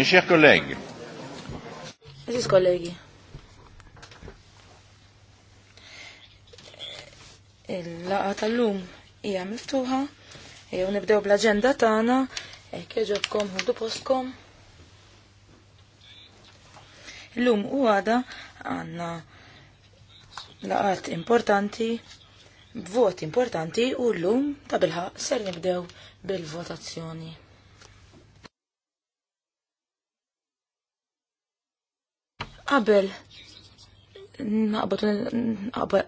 Mes chers collègues. Mes collègues. Il-laqa tal-lum hija miftuħa, jew nibdew bl-aġenda tagħna, hekk jogħġobkom ħudu postkom. Illum u għada għandna laqat importanti, vot importanti u llum ta' bilħaq ser nibdew bil-votazzjoni. Qabel qabel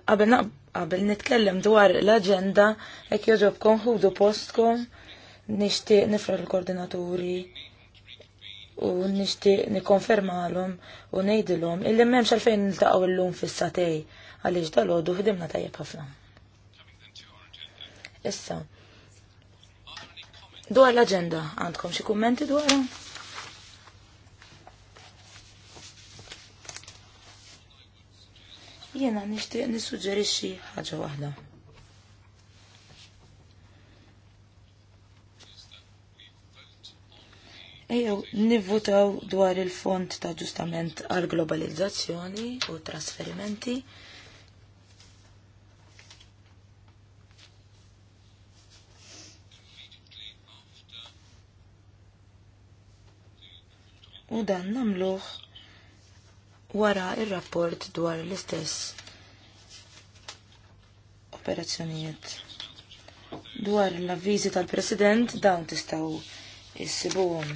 qabel nitkellem dwar l agenda jekk jogħġobkom ħudu postkom nixtieq nifra l-koordinaturi u nixtieq nikkonfermalhom u ngħidilhom illi m'hemmx għalfejn niltaqgħu llum fis-satej għaliex dalgħodu ħdimna tajjeb ħafna. Issa, dwar l agenda għandkom xi kummenti dwarha? Jena nishtiq nissuġġerixxi ħaġa waħda. Ejjew nivvutaw dwar il-Fond ta' Ġustament għal Globalizzazzjoni u Trasferimenti. U dan namluħ wara il rapport dwar l-istess operazzjonijiet. Dwar l-avviżi tal-President dawn tistgħu jissibuhom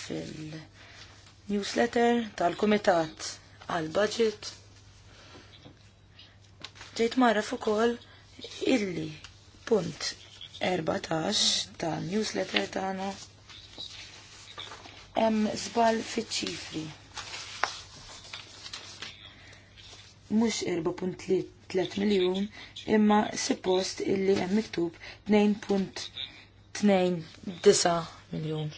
fil-newsletter tal-Kumitat għal-Budget. Ġejt marraf ukoll illi punt 14 tal-newsletter tagħna hemm żball fiċ-ċifri. mhux 4.3 miljun imma suppost illi hemm miktub 2.29 miljun.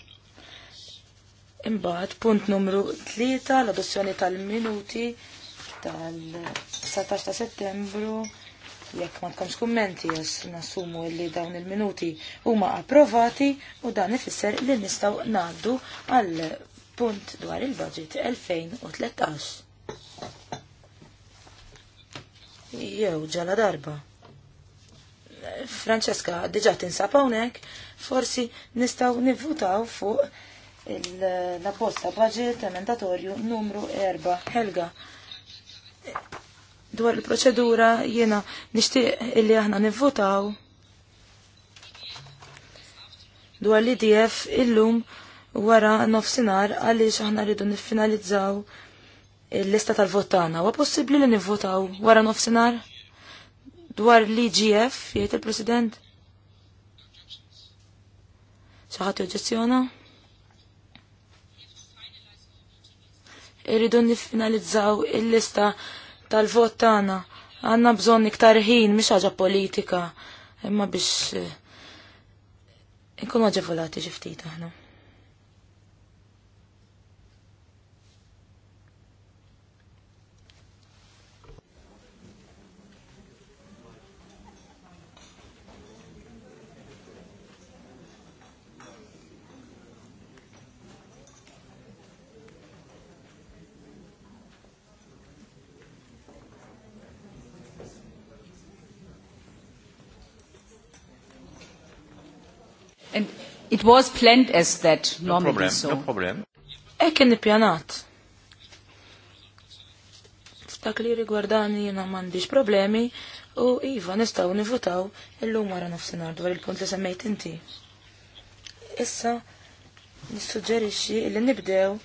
Imbagħad punt numru 3 l-adozzjoni tal-minuti tal-19 ta' settembru jekk ma tkomx kummenti jess nassumu li dawn il-minuti huma approvati u dan ifisser li nistgħu ngħaddu għal punt dwar il-budget 2013. jew ġala darba. Franceska, diġa tinsab hawnhekk, forsi nistgħu nivvutaw fuq il apposta budget emendatorju numru 4. Helga, dwar il-proċedura jiena nixtieq illi aħna nivvutaw dwar l-IDF illum wara nofsinhar għaliex aħna rridu niffinalizzaw l-lista tal-votana. Wa possibli li nivvotaw wara nofsinar dwar l-IGF, jgħid il-President? Saħat oġezzjona? Irridu nifinalizzaw il-lista tal votana tagħna. Għandna bżonn iktar ħin mish ħaġa politika, imma biex eh, inkunu aġevolati xi ftit aħna. It was planned as that, no normally problem, so. No problem. Ekken ippjanat. F'dak li rigwardani jena mandiġ problemi u Iva nistaw nivutaw illum wara nofsinhar dwar il-punt li semmejt inti. Issa nissuġġerixxi li nibdew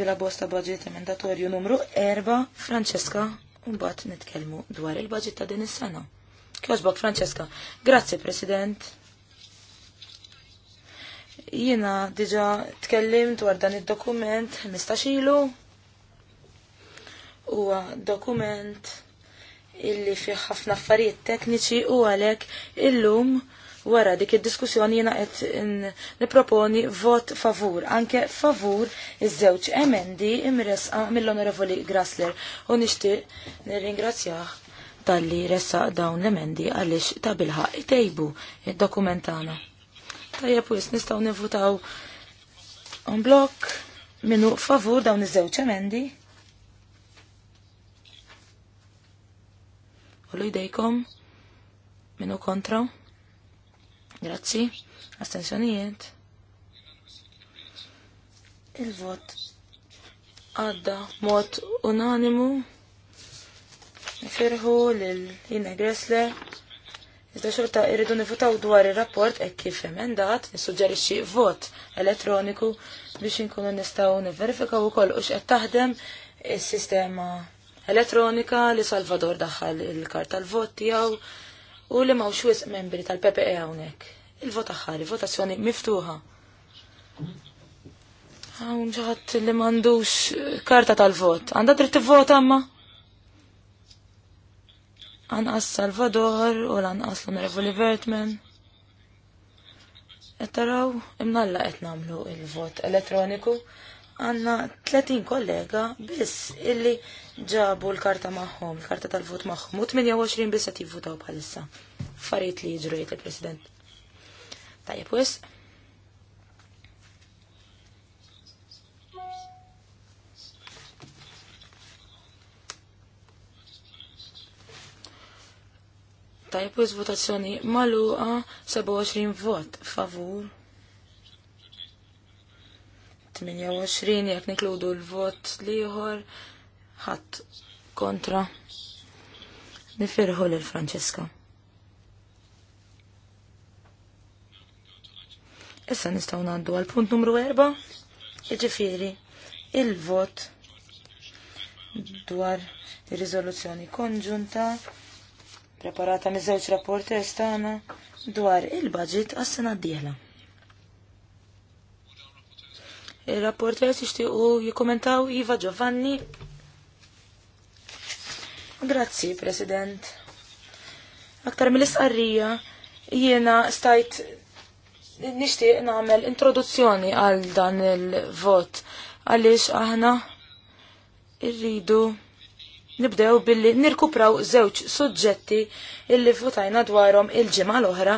bila bosta budget emendatorju numru 4 Francesca u mbagħad nitkellmu dwar il-budget ta' din is-sena. Kjożbok Francesca, Grazie, President. Jiena diġa tkellimt dwar dan id-dokument mistaxilu huwa dokument illi fih ħafna affarijiet tekniċi u għalhekk illum wara dik id-diskussjoni jiena qed nipproponi vot favur, anke favur iż-żewġ emendi imresqa mill-Onorevoli Grasler u nixtieq nirringrazzjah talli ressaq dawn l-emendi għaliex ta' bilħaq itejbu id-dokumentana. Tajja pwis nistaw nivutaw un blok minu favur dawn iż-żewġ emendi. Ullu jdejkom minu kontra. Grazzi. Astensjonijiet. Il-vot għadda mod unanimu. Nifirħu lil Ina Gressler Iżda xorta irridu nifutaw dwar ir-rapport hekk kif emendat, nissuġġerixxi vot elettroniku biex inkunu nistgħu u ukoll ux qed taħdem is-sistema elettronika li Salvador daħħal il-kart tal-vot tiegħu u li mawx wisq membri tal-PPE hawnhekk. Il-vot aħħari, votazzjoni miftuħa. Hawn xi li m'għandux karta tal-vot. Għandha dritt vot għamma? anqas Salvador u lanqas l-Onorevoli Vertman. Qed taraw imnalla qed nagħmlu il-vot elettroniku għandna 30 kollega biss illi ġabu l-karta magħhom, l-karta tal-vot magħhom, u 28 biss qed jivvutaw bħalissa. Affarijiet li jiġru jgħid il-President. Tajjeb wisq. tajb u votazzjoni maluqa 27 vot favur. 28 jekk nikludu l-vot liħor ħadd kontra. Nifirħu lil Franċeska. Issa nistgħu ngħaddu għal punt numru 4, jiġifieri il-vot dwar ir-riżoluzzjoni konġunta preparata mi żewġ rapport tagħna dwar il-budget għas-sena d-dieħla. Il-rapporter tixtiequ jikkommentaw Iva Giovanni. Grazzi, President. Aktar mill-istqarrija jiena stajt nixtieq nagħmel introduzzjoni għal dan il-vot għaliex aħna irridu Nibdew billi nirkupraw żewġ suġġetti illi votajna dwarhom il-ġimgħa l-oħra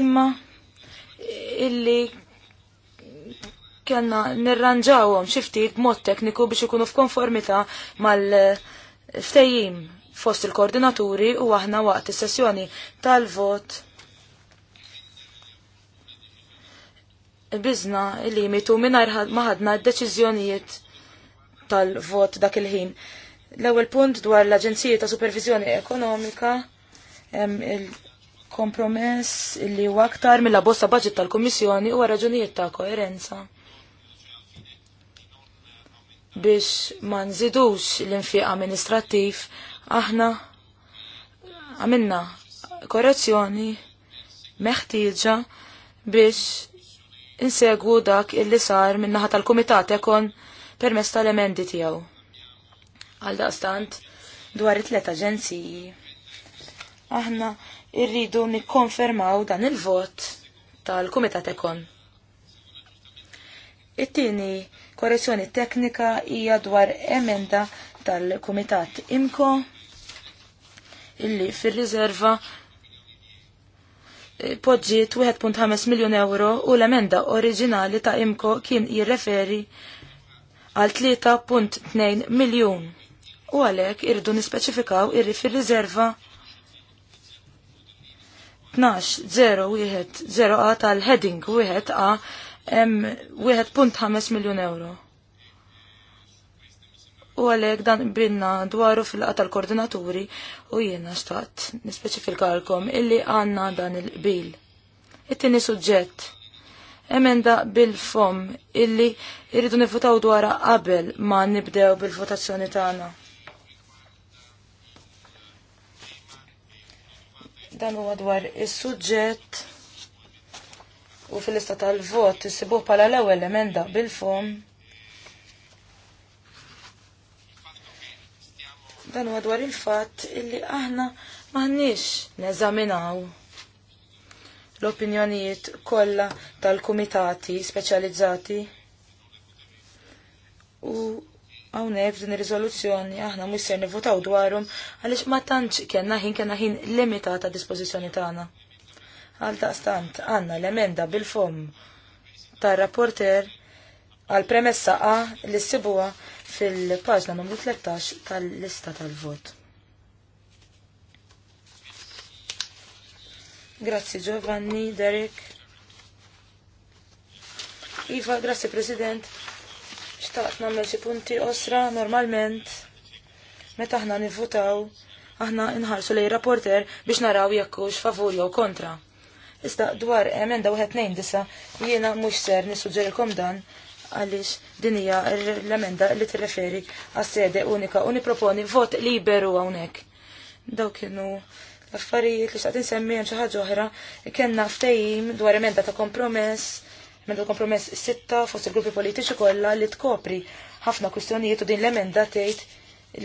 imma illi kellna nirranġawhom xi ftit b'mod tekniku biex ikunu f'konformità mal-ftejjim fost il-koordinaturi u aħna waqt is-sessjoni tal-vot bizna li mitu minn maħadna d-deċiżjonijiet tal-vot dak il-ħin. L-ewwel punt dwar l-Aġenziji ta' Supervizjoni Ekonomika hemm il-kompromess li huwa aktar mill bossa budget tal-Kummissjoni huwa raġunijiet ta' koerenza biex ma nżidux l-infiq amministrattiv aħna għamilna korrezzjoni meħtieġa biex insegwu dak illi sar minnaħa tal-Kumitat ekon permess tal-emendi tiegħu għal daqstant dwar it-tlet aġenziji. Aħna irridu nikkonfermaw dan il-vot tal-Kumitat Ekon. It-tieni korrezzjoni teknika hija dwar emenda tal-Kumitat Imko illi fir-riserva eh, poġġiet 1.5 miljon euro u l-emenda oriġinali ta' Imko kien jirreferi għal 3.2 miljon u għalhekk irridu nispeċifikaw irri fil rizerva 12.01.0 A tal-heading 1 A hemm 1.5 miljun euro. U għalhekk dan brinna dwaru fil-qa tal-koordinaturi u jiena xtaqt nispeċifikalkom illi għandna dan il bil It-tieni suġġett emenda bil-fom illi irridu nifutaw dwar qabel ma nibdew bil-votazzjoni tagħna. Dan huwa dwar is-suġġett u fil-lista tal-vot isibuh pala l-ewwel emenda bil-fom. Dan huwa dwar il-fatt illi aħna maħniex neżaminaw l-opinjonijiet kollha tal-kumitati speċjalizzati u Hawnhekk f'din ir-riżoluzzjoni aħna mux ser nivvotaw dwarhom għaliex ma tantx kellna ħin kellna ħin limitata dispożizzjoni tagħna. Għal daqstant għandna l-emenda bil-fom tar-rapporter għal premessa A li sibuha fil-paġna numru 13 tal-lista tal-vot. Grazzi Giovanni, Derek. Iva, grazzi President. Xtaqt nagħmel xi punti osra normalment meta aħna nivvutaw aħna nħarsu lej rapporter biex naraw jekk hux favur jew kontra. Iżda dwar emenda wieħed nejn disa jiena mhux ser nissuġġerilkom dan għaliex din hija l-emenda li tirreferi għas-sede unika u niproponi vot liberu hawnhekk. Daw kienu l-affarijiet li xtaqt insemmi għan xi ħaġa oħra kellna dwar emenda ta' kompromess Emenda kompromess sitta fost il-gruppi politiċi kollha li tkopri ħafna kwistjonijiet u din l-emenda tgħid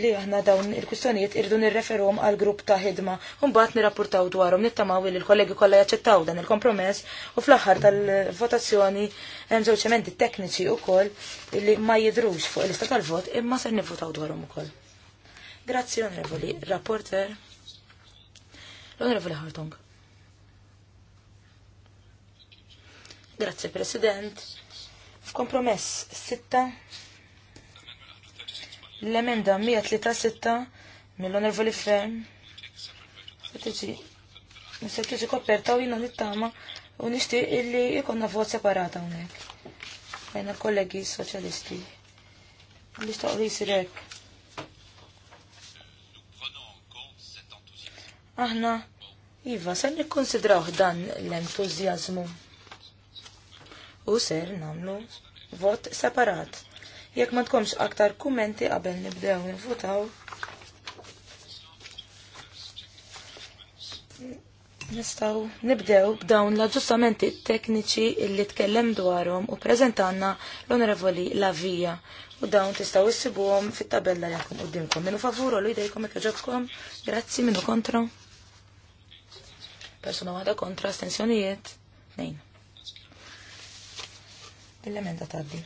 li aħna dawn il-kwistjonijiet irdu nirreferhom għal grupp ta' ħidma u mbagħad nirrapportaw dwarhom nittamaw li l-kollegi kollha jaċċettaw dan il-kompromess u fl-aħħar tal-votazzjoni hemm żewġ emendi tekniċi wkoll li ma jidrux fuq il-lista tal-vot imma ser nivvotaw dwarhom ukoll. Grazzi onorevoli Rapporter. L-Onorevoli Hartung. Grazie President. F'kompromess sitta. L-emenda 136 mill-onervoli ferm. Se tiġi koperta u jina nittama u nishti illi jikonna vot separata unek. Bajna kollegi soċjalisti. Li u jisirek. Aħna, Iva, sa' nikkonsidraw dan l-entuzjazmu u ser namlu vot separat. Jekk ma tkomx aktar kummenti qabel nibdew nivvotaw. Nistaw nibdew b'dawn l-aġġustamenti tekniċi illi tkellem dwarhom u preżentanna l-Onorevoli Lavija u dawn tistgħu issibuhom fit-tabella li għandkom qudiemkom. Minu favur u jdejkom jekk ġobkom, grazzi minu kontra. Persuna waħda kontra astensjonijiet nejn l-emenda taddi.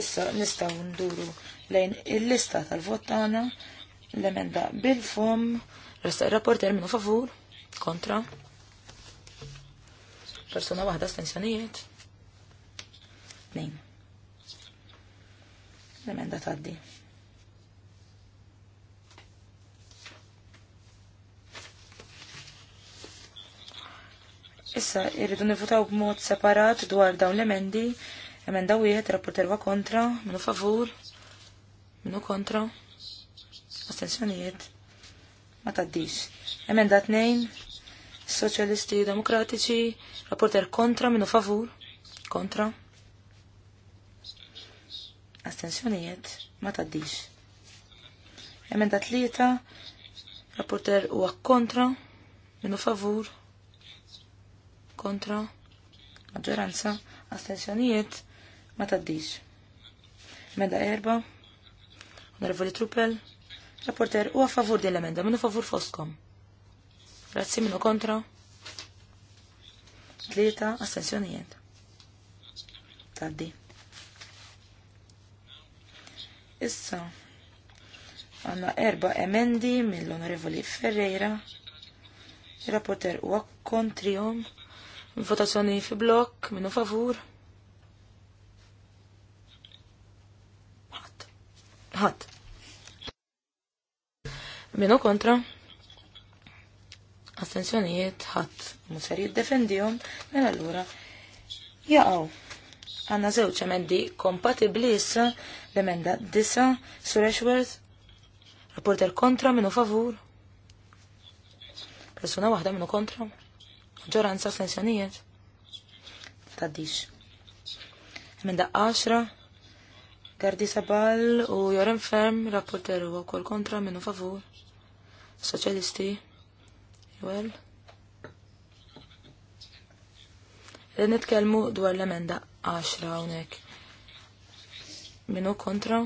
Issa nistaw nduru lejn il-lista tal-vot tagħna l-emenda bil-fom resta rapporter minu favur kontra Persona waħda stensjonijiet nejn l-emenda taddi. Issa irridu nivutaw b'mod separat dwar dawn l-emendi. Emenda wieħed rapporter wa kontra, minu favur, minu kontra. Astensjonijiet. Ma taddix. Emenda tnejn, Soċjalisti Demokratiċi, rapporter kontra, minu favur, kontra. Astensjonijiet. Ma taddix. Emenda tlieta, rapporter huwa kontra, minu favur, kontra maġġoranza astensjonijiet ma taddix. Meda erba, onorevoli Truppel, rapporter u favur din l-emenda, minnu favur fostkom. Grazzi minnu kontra. Tlieta astensjonijiet. Taddi. Issa, għanna erba emendi mill-onorevoli Ferreira, il-rapporter u kontrijom. Votazzjoni fi blok, minnu favur. Ħadd. Ħadd. Minnu kontra. Attenzjonijiet, ħadd Muser jiddefendijom, jiddefendihom mela allura jaqgħu. Għandna żewġ emendi kompatibbli issa l-emenda disa su Rashworth. Rapporter kontra minnu favur. Persuna waħda minnu kontra ġoranza sensjonijiet? taddix. Emenda 10 Gardi Sabal u Jorem Ferm rapporter u kol kontra minnu favur. Soċjalisti. Jwel. Well. nitkellmu dwar l-emenda 10 hawnhekk. Minnu kontra?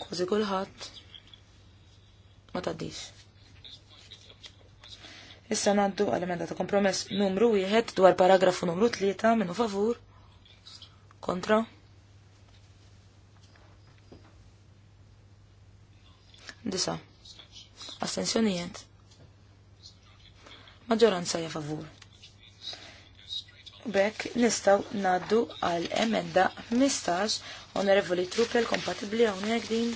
Kważi kulħadd ma tgħaddix. Issa naddu għal-emenda ta' kompromess numru wieħed dwar paragrafu numru 3 minnu favur. Kontra. Disa. Astensjonijiet. Maġġoranza ja favur. Bek nistaw naddu għal emenda 15 onorevoli trupel kompatibli hawnhekk din.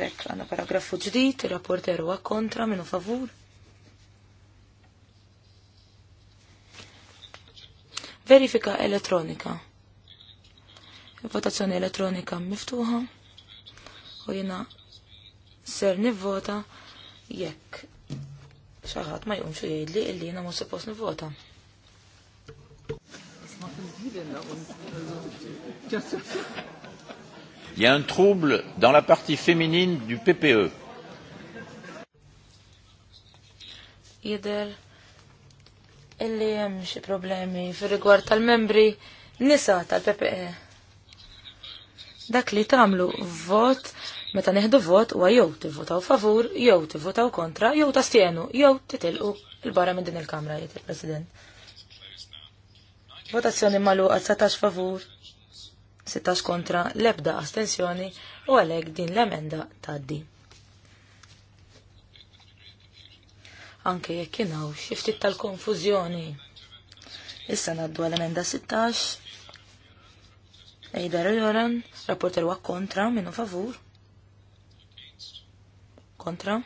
Bek għandna paragrafu ġdid, ir-rapporteru kontra minnu favur. verifika elettronika. Votazzjoni elettronika miftuħa u jina ser nivvota jekk xaħat ma jgħumx jgħidli illi jina mu suppost nivvota. Il y a un trouble dans la partie féminine du PPE. Il y a Jeder illi hemm xi problemi fir-rigward tal-membri nisa tal-PPE. Dak li tagħmlu vot meta neħdu vot huwa jew tivvotaw favur, jew tivvotaw kontra, jew tastienu, jew titilqu il-barra minn din il-Kamra jgħid il-President. Votazzjoni magħluqa 16 favur, 16 kontra, l-ebda astensjoni u għalhekk din l-emenda din. anke jekk kienaw xiftit tal-konfużjoni. Issa naddu għal-emenda 16. Ejder Joran, rapporter wa kontra, minnu favur. Kontra.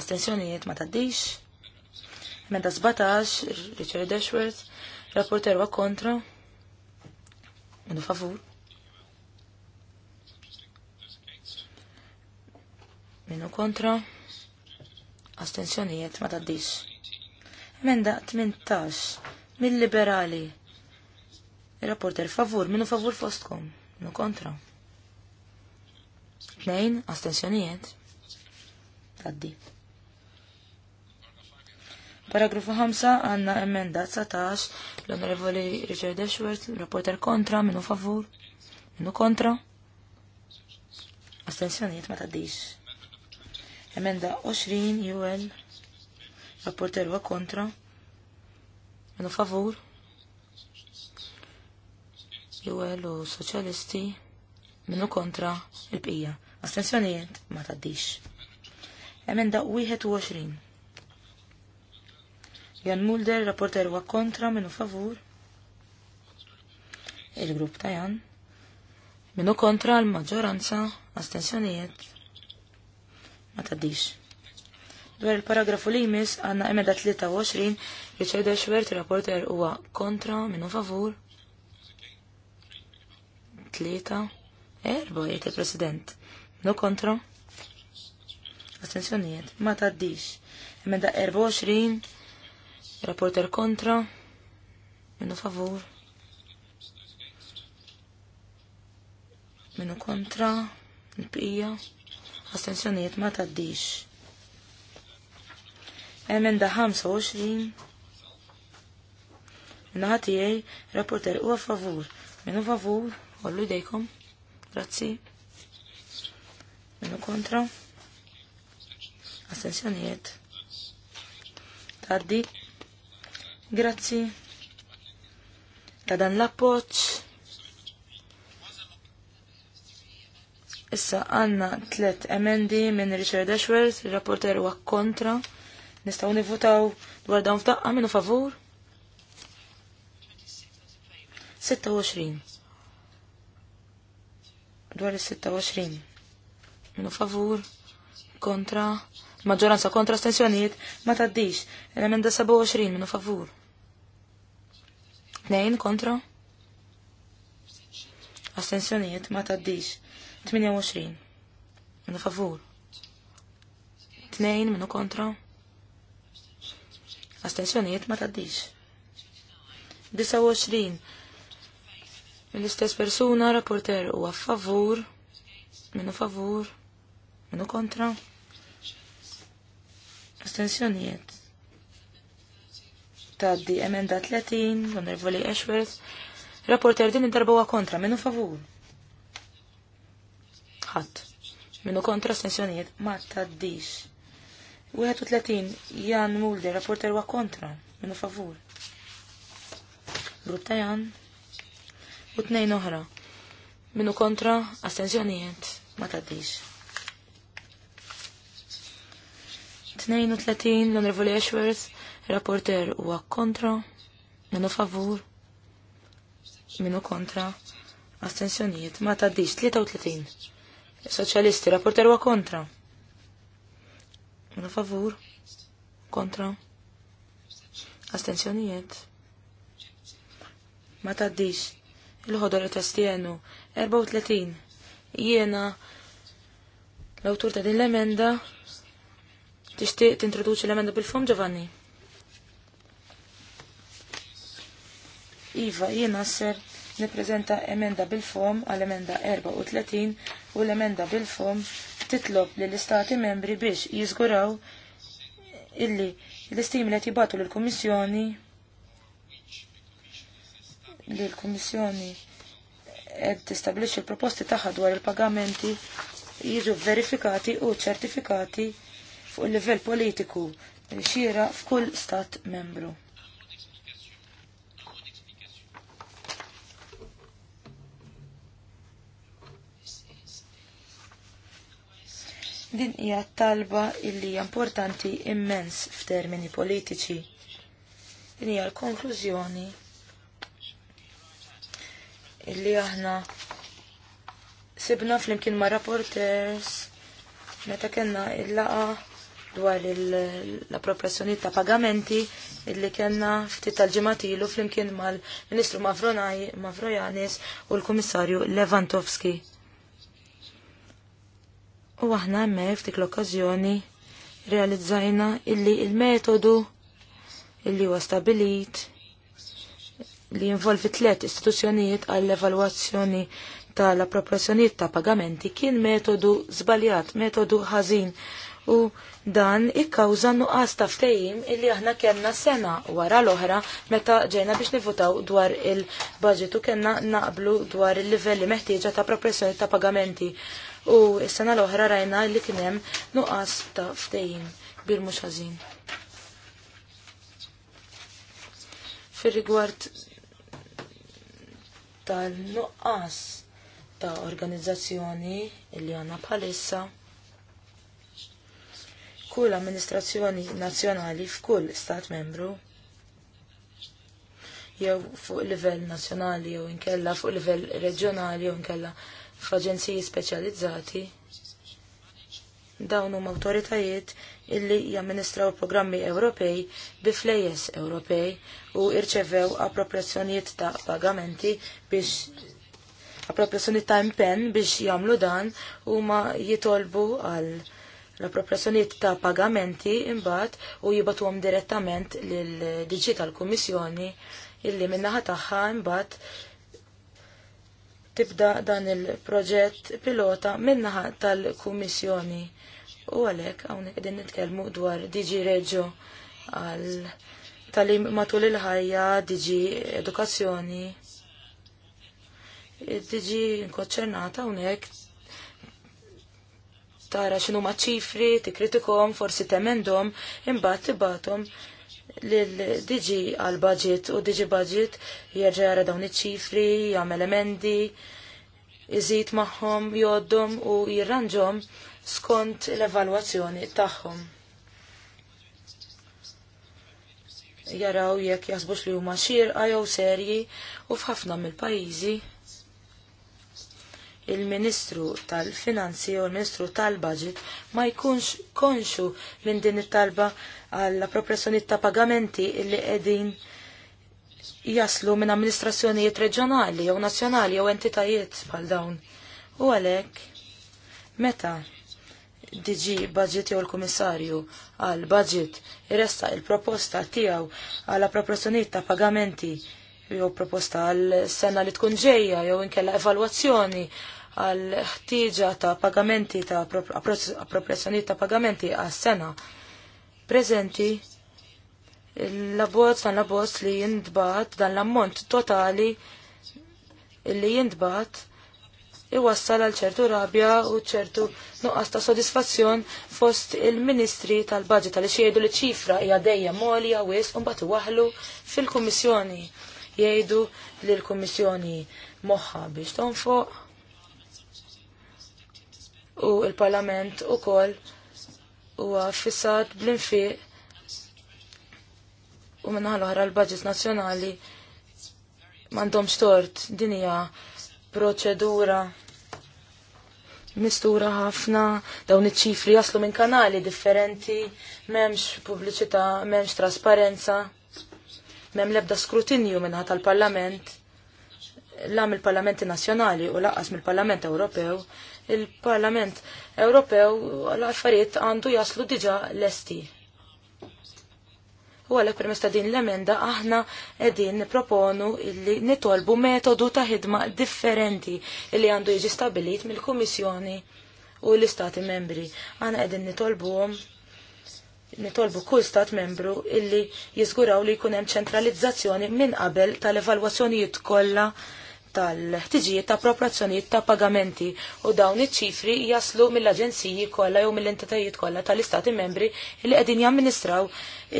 Astensjonijiet ma taddix. Emenda 17, Richard Ashworth, rapporter wa kontra, minnu favur. Minnu kontra. Astenzjonijiet ma taddis. Emenda 18 mill-liberali. Il-rapporter favur, minu favur fostkom, minu kontra. Tnejn, astenzjonijiet. Taddi. Paragrafu 5 għanna emenda 19 l-onorevoli Richard Ashworth, rapporter kontra, minu favur, minu kontra. Astenzjonijiet ma taddix. Emenda 20 UL. Rapporter huwa kontra. Minu favur. UL u soċjalisti. Minu kontra il-bqija. Astenzjonijiet ma taddix. Emenda 21. Jan Mulder, rapporter wa kontra, minu favur. Il-grupp ta' Jan. Minu kontra l-maġġoranza, astensjonijiet, ma taddix. Dwar il-paragrafu li jmiss għanna emeda 23 Richard il rapporter huwa kontra minnu favur. Tlieta. Erba jgħid il-President. No kontra. Astenzjonijiet. Ma taddix. Emenda 24. Rapporter kontra. Minnu favur. Minnu kontra. Il-pija astensjoniet ma taddix. Emenda 25 Minna ħatijaj, rapporter u għafavur. Minnu favur, għallu idejkom. Grazzi. Minnu kontra. Astensjoniet. Taddi. Grazzi. Tadan l-appoċ Issa għanna tlet emendi minn Richard Ashworth, il-rapporter huwa kontra. Nistaw nivutaw dwar dawn f'daqqa minnu favur. 26. Dwar is-26. Minnu favur kontra maġġoranza kontra stensjoniet? ma taddix. Il-emenda 27 minu favur. Nejn kontra? Astensjoniet? ma taddix. 28. Minu favur. 2 minu kontra. Astensjonijiet ma taddix. 29. Mill-istess persuna rapporter huwa favur, minu favur, minu kontra. Astensjonijiet. Taddi emenda 30, l-onorevoli Ashworth. Rapporter din id-darba huwa kontra, minu favur ħadd. minnu kontra stensjonijiet ma taddix. 31 Jan Mulder, rapporter wa kontra. Minu favur. Grupp ta' Jan. U tnejn oħra. Minnu kontra astensjonijiet ma taddix. 32 l-Onorevoli Ashworth, rapporter huwa kontra, minnu favur, minnu kontra, astensjonijiet ma taddix 33 Soċjalisti, rapporter huwa kontra. Mela favur. Kontra. Astenzjonijiet. Ma taddis. Il-ħodor tastienu. 34. Jiena l-awtur ta' din l-emenda tixtieq tintroduċi l-emenda bil-fom Giovanni. Iva, jiena ser nippreżenta emenda bil-fom għal emenda 34 u l-emenda bil-fom titlob li l-istati membri biex jiżguraw illi l-istim li jibatu l-Komissjoni li l-Komissjoni ed tistabliċi l-proposti taħħa dwar il-pagamenti jiġu verifikati u ċertifikati fuq il-livell politiku xira f'kull stat membru. Din hija talba illi hija importanti immens f'termini politiċi. Din hija l-konklużjoni illi aħna sibna flimkien ma' rapporters meta kellna il-laqa dwar l-appropriazzjoni ta' pagamenti illi kellna ftit tal-ġimatilu flimkien mal-Ministru Mavrojanis u l-Kummissarju Lewandowski. U aħna hemmhekk f'dik l-okkażjoni realizzajna illi il-metodu illi huwa stabilit li involvi tliet istituzzjonijiet għall-evalwazzjoni tal-appropriazzjonijiet ta' pagamenti kien metodu żbaljat, metodu ħażin u dan ikkawża nuqqas ta' ftehim illi aħna kellna sena wara l-oħra meta ġejna biex nivutaw dwar il-budget u kellna naqblu dwar il-livelli meħtieġa ta' proporzjoni ta' pagamenti u s-sena l-oħra rajna li kienem nuqqas ta' ftejim bil mhux ħażin. Fir-rigward tal-nuqqas ta' organizzazzjoni li għanna bħalissa kull amministrazzjoni nazzjonali f'kull stat membru jew fuq livell nazzjonali jew inkella fuq livell reġjonali jew inkella f'aġenziji speċjalizzati dawn huma awtoritajiet illi jamministraw programmi Ewropej bi flejjes Ewropej u irċevew appropriazzjonijiet ta' pagamenti biex appropriazzjonijiet ta' impenn biex jagħmlu dan huma jitolbu għal l-appropriazzjonijiet ta' pagamenti imbagħad u jibatuhom direttament lil digital kummissjoni illi min-naħa tagħha imbagħad tibda dan il-proġett pilota minnaħa tal-Kummissjoni. U għalek, għawni għedin nitkelmu dwar Digi Reġo għal tal-im matul il-ħajja, Digi Edukazzjoni. Digi nkoċernata għawnek tara xinu maċifri, tikritikom, forsi temendom, imbat tibatom l-diġi għal-budget u diġi budget jirġera dawn iċ-ċifri, jagħmel emendi, iżid magħhom, joddom u jirranġhom skont l-evalwazzjoni tagħhom. Jaraw jekk jazbux li huma xirqa jew serji u f'ħafna mill-pajjiżi il-Ministru tal-Finanzi u l-Ministru tal-Budget ma jkunx konxu minn din it-talba għall appropriazzjoni ta' pagamenti li qegħdin jaslu minn amministrazzjonijiet reġjonali jew nazzjonali jew entitajiet bħal dawn. U għalhekk meta DG Budget jew l-Kummissarju għal Budget irresta il-proposta tiegħu għal appropriazzjonijiet ta' pagamenti jew proposta għal sena li tkun ġejja jew inkella evalwazzjoni għal ħtieġa ta' pagamenti ta' appropriazzjoni ta' pagamenti għas sena preżenti l-abbozz għan abbozz li jindbat dan l-ammont totali li jindbat iwassal għal ċertu rabja u ċertu nuqqas ta' sodisfazzjon fost il-Ministri tal-Budget li xiejdu li ċifra hija dejjem molja wis u mbagħad waħlu fil-Kummissjoni jgħidu li l-Kummissjoni moħħa biex tonfoq u il-Parlament u kol u għafisat bl u minnaħal oħra l-budget nazjonali mandom stort dinija proċedura mistura ħafna, dawn iċ-ċifri jaslu minn kanali differenti, memx pubbliċità, memx trasparenza, mem lebda skrutinju minn tal-Parlament, l-għam il parlamenti Nazzjonali u laqqas mill-Parlament Ewropew, il-Parlament Ewropew l-affarijiet għandu jaslu diġa lesti. U għalek permess ta' din l-emenda aħna edin proponu illi nitolbu metodu ta' ħidma differenti illi għandu jiġi stabilit mill-Kummissjoni u l-Istati membri. Għana edin nitolbuhom nitolbu kull stat membru illi jizguraw li jkun hemm ċentralizzazzjoni minn qabel tal-evalwazzjonijiet kollha tal-ħtiġijiet ta' proporzjonijiet ta' pagamenti u dawn iċ-ċifri jaslu mill-aġenziji kollha jew mill-entitajiet kollha tal-istati membri li qegħdin jamministraw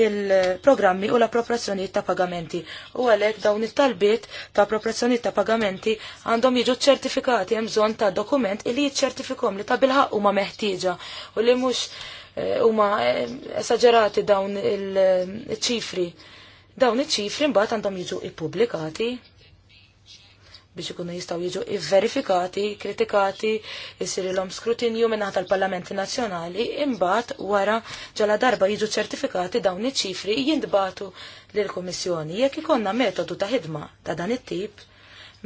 il-programmi u l-appropriazzjonijiet ta' pagamenti. U għalhekk dawn it-talbiet ta' appropriazzjonijiet ta' pagamenti għandhom jiġu ċertifikati hemm bżonn ta' dokument li jiċċertifikhom li ta' bilħaq huma meħtieġa u li mhux eh, huma eh, esaġerati dawn il-ċifri. Eh, dawn iċ-ċifri mbagħad għandhom jiġu ippubblikati biex ikunu jistaw jiġu verifikati, kritikati, jisir l-om skrutinju minna tal-Parlamenti Nazjonali, imbat wara ġala darba jiġu ċertifikati dawn iċ-ċifri jindbatu l-Komissjoni. Jekk ikonna metodu ta' ħidma ta' dan it-tip,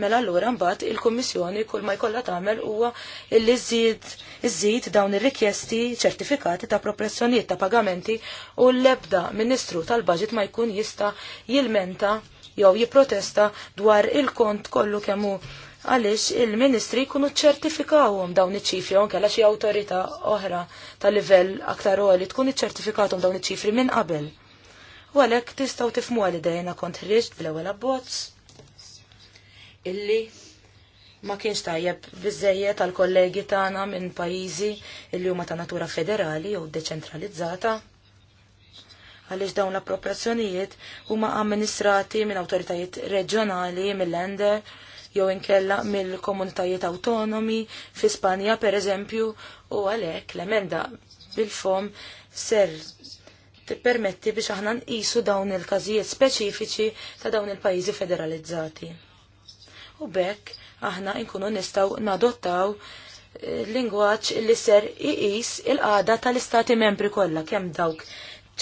mela allura mbagħad il-Kummissjoni kull ma jkollha tagħmel huwa illi żżid dawn ir-rikjesti ċertifikati ta' propressjonijiet ta' pagamenti u l-ebda Ministru tal-Baġit ma jkun jista' jilmenta jew jipprotesta dwar il-kont kollu kemm hu għaliex il-ministri jkunu ċertifikawhom dawn iċ-ċifri onkella xi awtorità oħra ta' livell aktar għoli tkun iċċertifikatom dawn iċ-ċifri minn qabel. U għalhekk tistgħu tifhmu għal idejna kont ħriġt bl-ewwel abbozz illi ma kienx tajjeb biżejjed għal kollegi tagħna minn pajjiżi illi huma ta' natura federali jew deċentralizzata għaliex dawn l-appropriazzjonijiet huma amministrati minn awtoritajiet reġjonali mill-lender jew inkella mill-komunitajiet autonomi fi Spanja per eżempju u għalhekk l-emenda bil-fom ser tippermetti biex aħna nqisu dawn il-każijiet speċifiċi ta' dawn il-pajjiżi federalizzati. U bekk aħna nkunu nistgħu nadottaw eh, lingwaġġ li ser iqis il-qada tal-istati membri kollha kemm dawk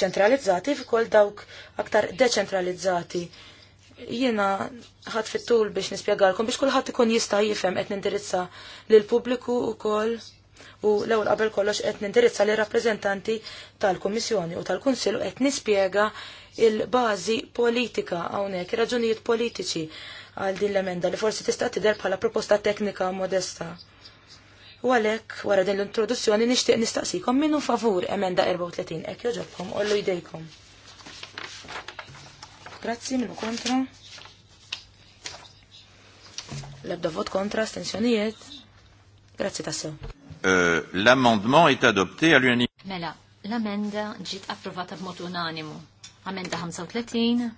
ċentralizzati f'kol dawk aktar deċentralizzati. Jiena ħadd fit-tul biex nispjegalkom biex kulħadd ikun jista' jifhem qed nindirizza lil pubbliku wkoll u l-ewwel qabel kollox qed nindirizza li rappreżentanti tal-Kummissjoni u tal-Kunsill qed nispjega il-bażi politika hawnhekk, ir-raġunijiet politiċi għal din l-emenda li forsi tista' tidher bħala proposta teknika modesta. U għalek, wara din l-introduzzjoni, nishtiq nistaqsikom minnu favur emenda 34, ek joġobkom, ollu jdejkom. Grazzi, minnu kontra. Lebda vot kontra, stensjonijiet. Grazzi tassew. Eh, L-amendment est adopté à l'unanimité. Mela, l-amenda ġiet approvata b'mod unanimu. Amenda 35,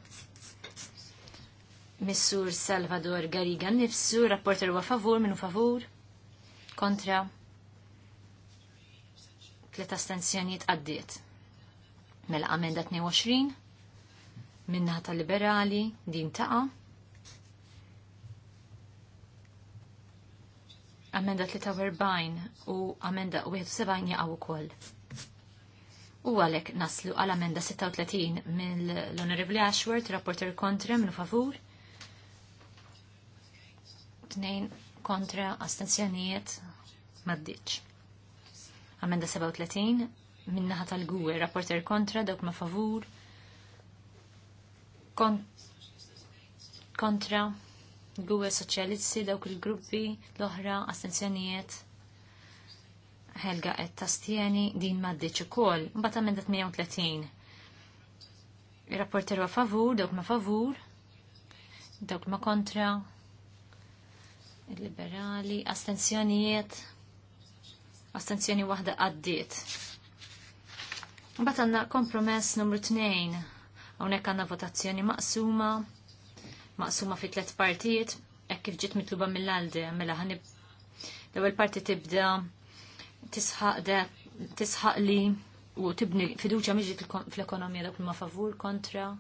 Missur Salvador Garriga nifsu, rapporter wa favur, minnu favur kontra tliet astenzjonijiet għaddiet. Mela amenda 22 minnaħa tal-liberali din taqa. Amenda 43 u amenda 71 jaqgħu ukoll. U għalek naslu għal amenda 36 mill-Onorevli Ashworth, rapporter kontra minn favur. Tnejn kontra astenzjonijiet maddiċ. Amenda 37, minnaħa tal-gwe, rapporter kontra, dawk ma favur, Kon kontra, gwe soċjalisti, dawk il-gruppi, l-oħra, astenzjonijiet, Helga et tastieni din maddiċ ukoll. Mbagħad amenda 38. Ir-rapporter wa favur, dawk ma favur, dawk ma kontra, il-liberali, astenzjonijiet, astenzjoni waħda għaddiet. Bat għanna kompromess numru 2, għonek għanna votazzjoni maqsuma, maqsuma fi tlet partijiet, ek kif ġiet mitluba mill-għaldi, mela ħani l-ewel parti tibda tisħaq li u tibni fiduċa miġi fl-ekonomija dak ma favur kontra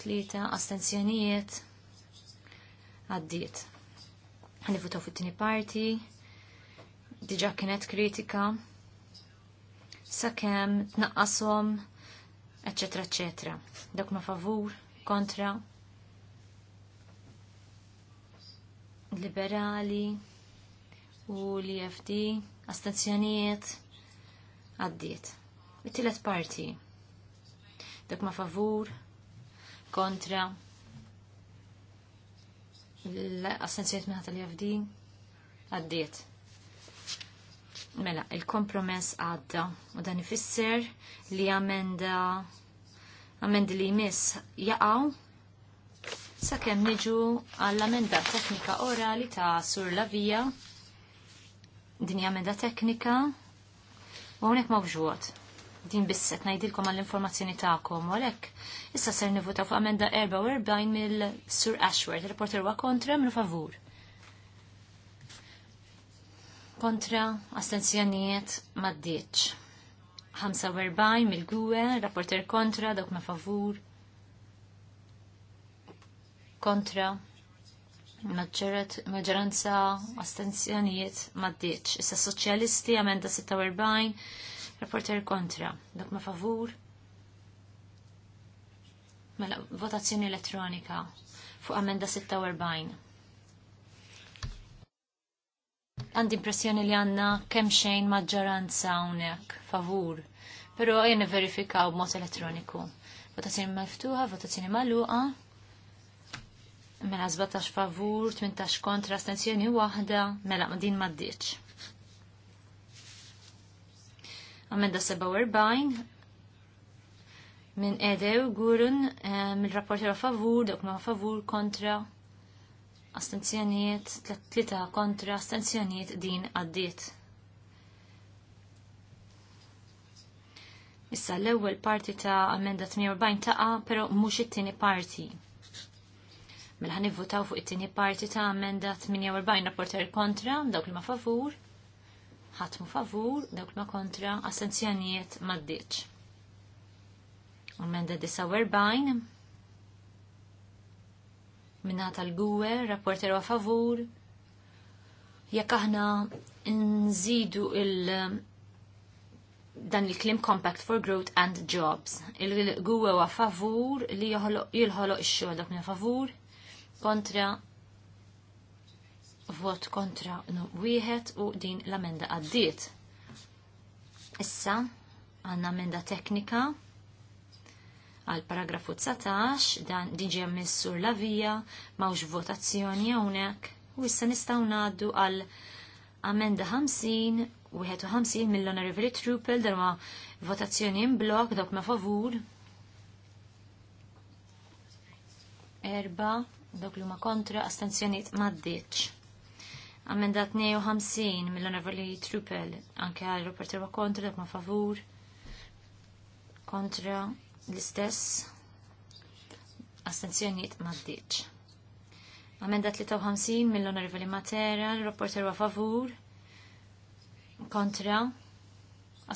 tlieta astenzjonijiet għaddiet. Ħani votaw fit-tini parti, diġa kienet kritika sakemm tnaqqashom, eċetera, eċetera. Dak ma favur, kontra, liberali u li FD, astenzjonijiet, għaddiet. It-tielet parti. Dak ma favur, kontra, l-astenzjonijiet minħat li FD, għaddiet. Mela, il-kompromess għadda u dan ifisser li amenda amendi li jmiss jaqaw sakemm niġu għall-amenda teknika orali ta' Sur Lavija din amenda teknika u hawnhekk mawġuot. Din bisset ngħidilkom għall-informazzjoni tagħkom u għalhekk issa ser nivutaw fuq amenda 44 mill-Sur Ashworth, reporter wa kontra minn favur kontra astenzjonijiet maddiċ. 45 mil-gwe, rapporter kontra, dok ma favur, kontra, maġġoranza astenzjonijiet maddiċ. Issa soċjalisti, amenda 46, rapporter kontra, dok ma favur, mela votazzjoni elettronika fuq amenda 46. għandi impressjoni li għanna kemm xejn maġġoranza hawnhekk favur, però jien verifikaw b'mod elettroniku. Votazzjoni miftuħa, votazzjoni magħluqa. Mela 17 favur, 18 kontra, astenzjoni waħda, mela din m'għaddiċ. Amenda 47 minn edew gurun eh, mill-rapporti favur, dok ma favur kontra astenzjonijiet, tlita kontra astenzjonijiet din għaddiet. Issa l-ewwel parti ta' amenda 48 taqa, però mhux it-tieni parti. Mela ħan fuq it-tieni parti ta' amenda 48 rapporter kontra, dawk li ma favur, ħatmu favur, dawk li ma kontra, astenzjonijiet maddiċ. Amenda 49 minna tal-gwe, rapporteru a favur, jekk aħna nżidu il- dan il-klim Compact for Growth and Jobs. Il-gwe huwa favur li jilħoloq ix-xogħol dak minn favur kontra vot kontra no, wieħed u din l-amenda għaddiet. Issa għandna amenda teknika għal paragrafu 19 dan diġi ammissur la vija mawx votazzjoni hawnhekk u issa nistgħu ngħaddu għal amenda 50 u 51 mill-Honorable Trupel dan ma votazzjoni in blok dok ma favur erba dok li ma kontra astenzjoniet ma Amenda 52 mill-Honorable Trupel anke għal Rupert kontra dok ma favur kontra l-istess astenzjoniet maddiċ. Amenda 53 mill-Onorevoli Matera, l-rapporter wa favur, kontra,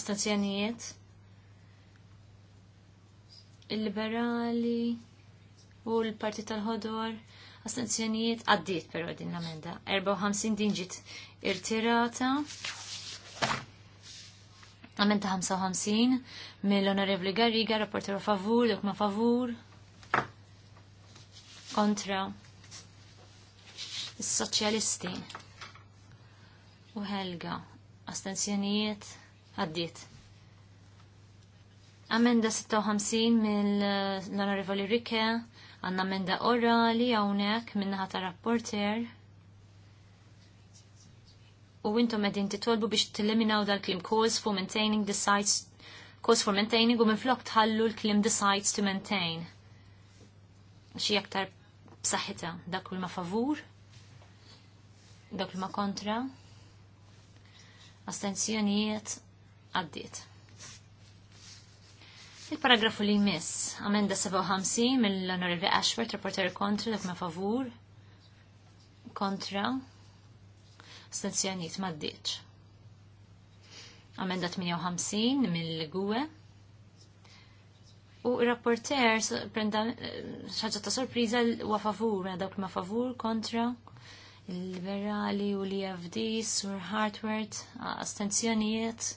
astenzjonijiet, il-liberali u l-parti tal-ħodor, astenzjonijiet għaddiet pero din l-amenda. 54 din ġiet irtirata. Amenda 55 mill-Onorevli Garriga, rapporter favur, dok ma favur. Kontra is-soċjalisti u Helga astensjonijiet għaddiet. Amenda 56 mill-Onorevoli Rike, għanna amenda orali għawnek minnaħata rapporter u intom qegħdin titolbu biex t-eliminaw dal-klim cause for maintaining the sites cause for maintaining u minflok tħallu l-klim the sites to maintain. Xi aktar b'saħħita dak ma favur, dak ma kontra, astenzjonijiet għaddiet. Il-paragrafu li jmiss, amenda 57 mill-Onorevoli Ashford, reporter kontra, dak ma favur, kontra, stazzjoniet maddiċ. Amenda 58 mill-gwe. U rapporter prenda eh, xaġa ta' sorpriza wa favur, mela dawk ma' favur kontra il liberali u li FD, Sur hardwert astenzjonijiet,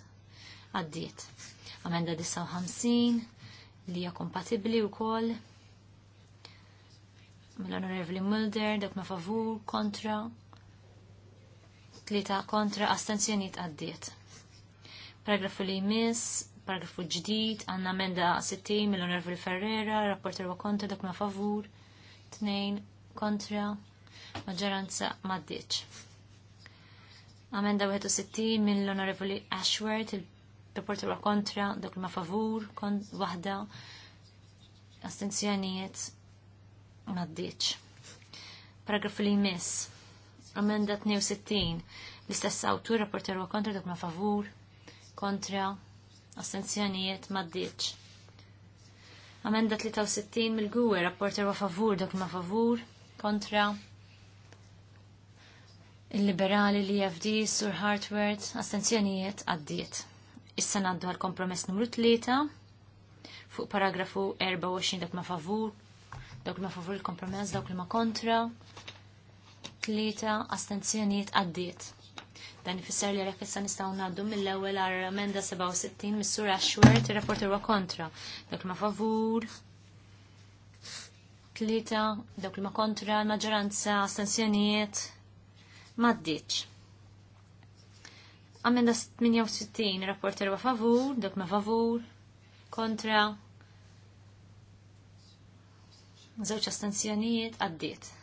għaddiet. Amenda 59, li hija kompatibbli wkoll mill mela onorevli Mulder, dak ma' favur, kontra, tlita kontra astenzjoniet għaddiet. Paragrafu li jmiss, paragrafu ġdid, għanna amenda 60 mill-Onorevoli Ferrera, rapporter wa kontra dak ma favur, 2 kontra, maġġoranza maddiċ. Amenda 61 mill-Onorevoli Ashworth, il-rapporter wa kontra dak ma favur, wahda, astenzjoniet maddiċ. Paragrafu li jmiss, Amenda 62. L-istess autur rapporter huwa kontra dak ma favur, kontra, assenzjonijiet ma Amenda 63 mill-gwer rapporter huwa favur dak ma favur, kontra, il-liberali li FD sur Hartworth assenzjonijiet għaddiet. Issa naddu għal kompromess numru 3 fuq paragrafu 24 dak ma favur, dak ma favur il-kompromess, dak li ma kontra, tlieta astenzjonijiet għaddiet. Dan ifisser li jekk issa nistgħu ngħaddu mill-ewwel għal emenda 67 mis sura Ashworth ir-rapport huwa kontra. Dak ma favur. Tlieta dawk li ma kontra l-maġġoranza astenzjonijiet m'għaddietx. Amenda 68, rapport huwa favur, dak ma favur, kontra, żewġ astenzjonijiet għaddiet.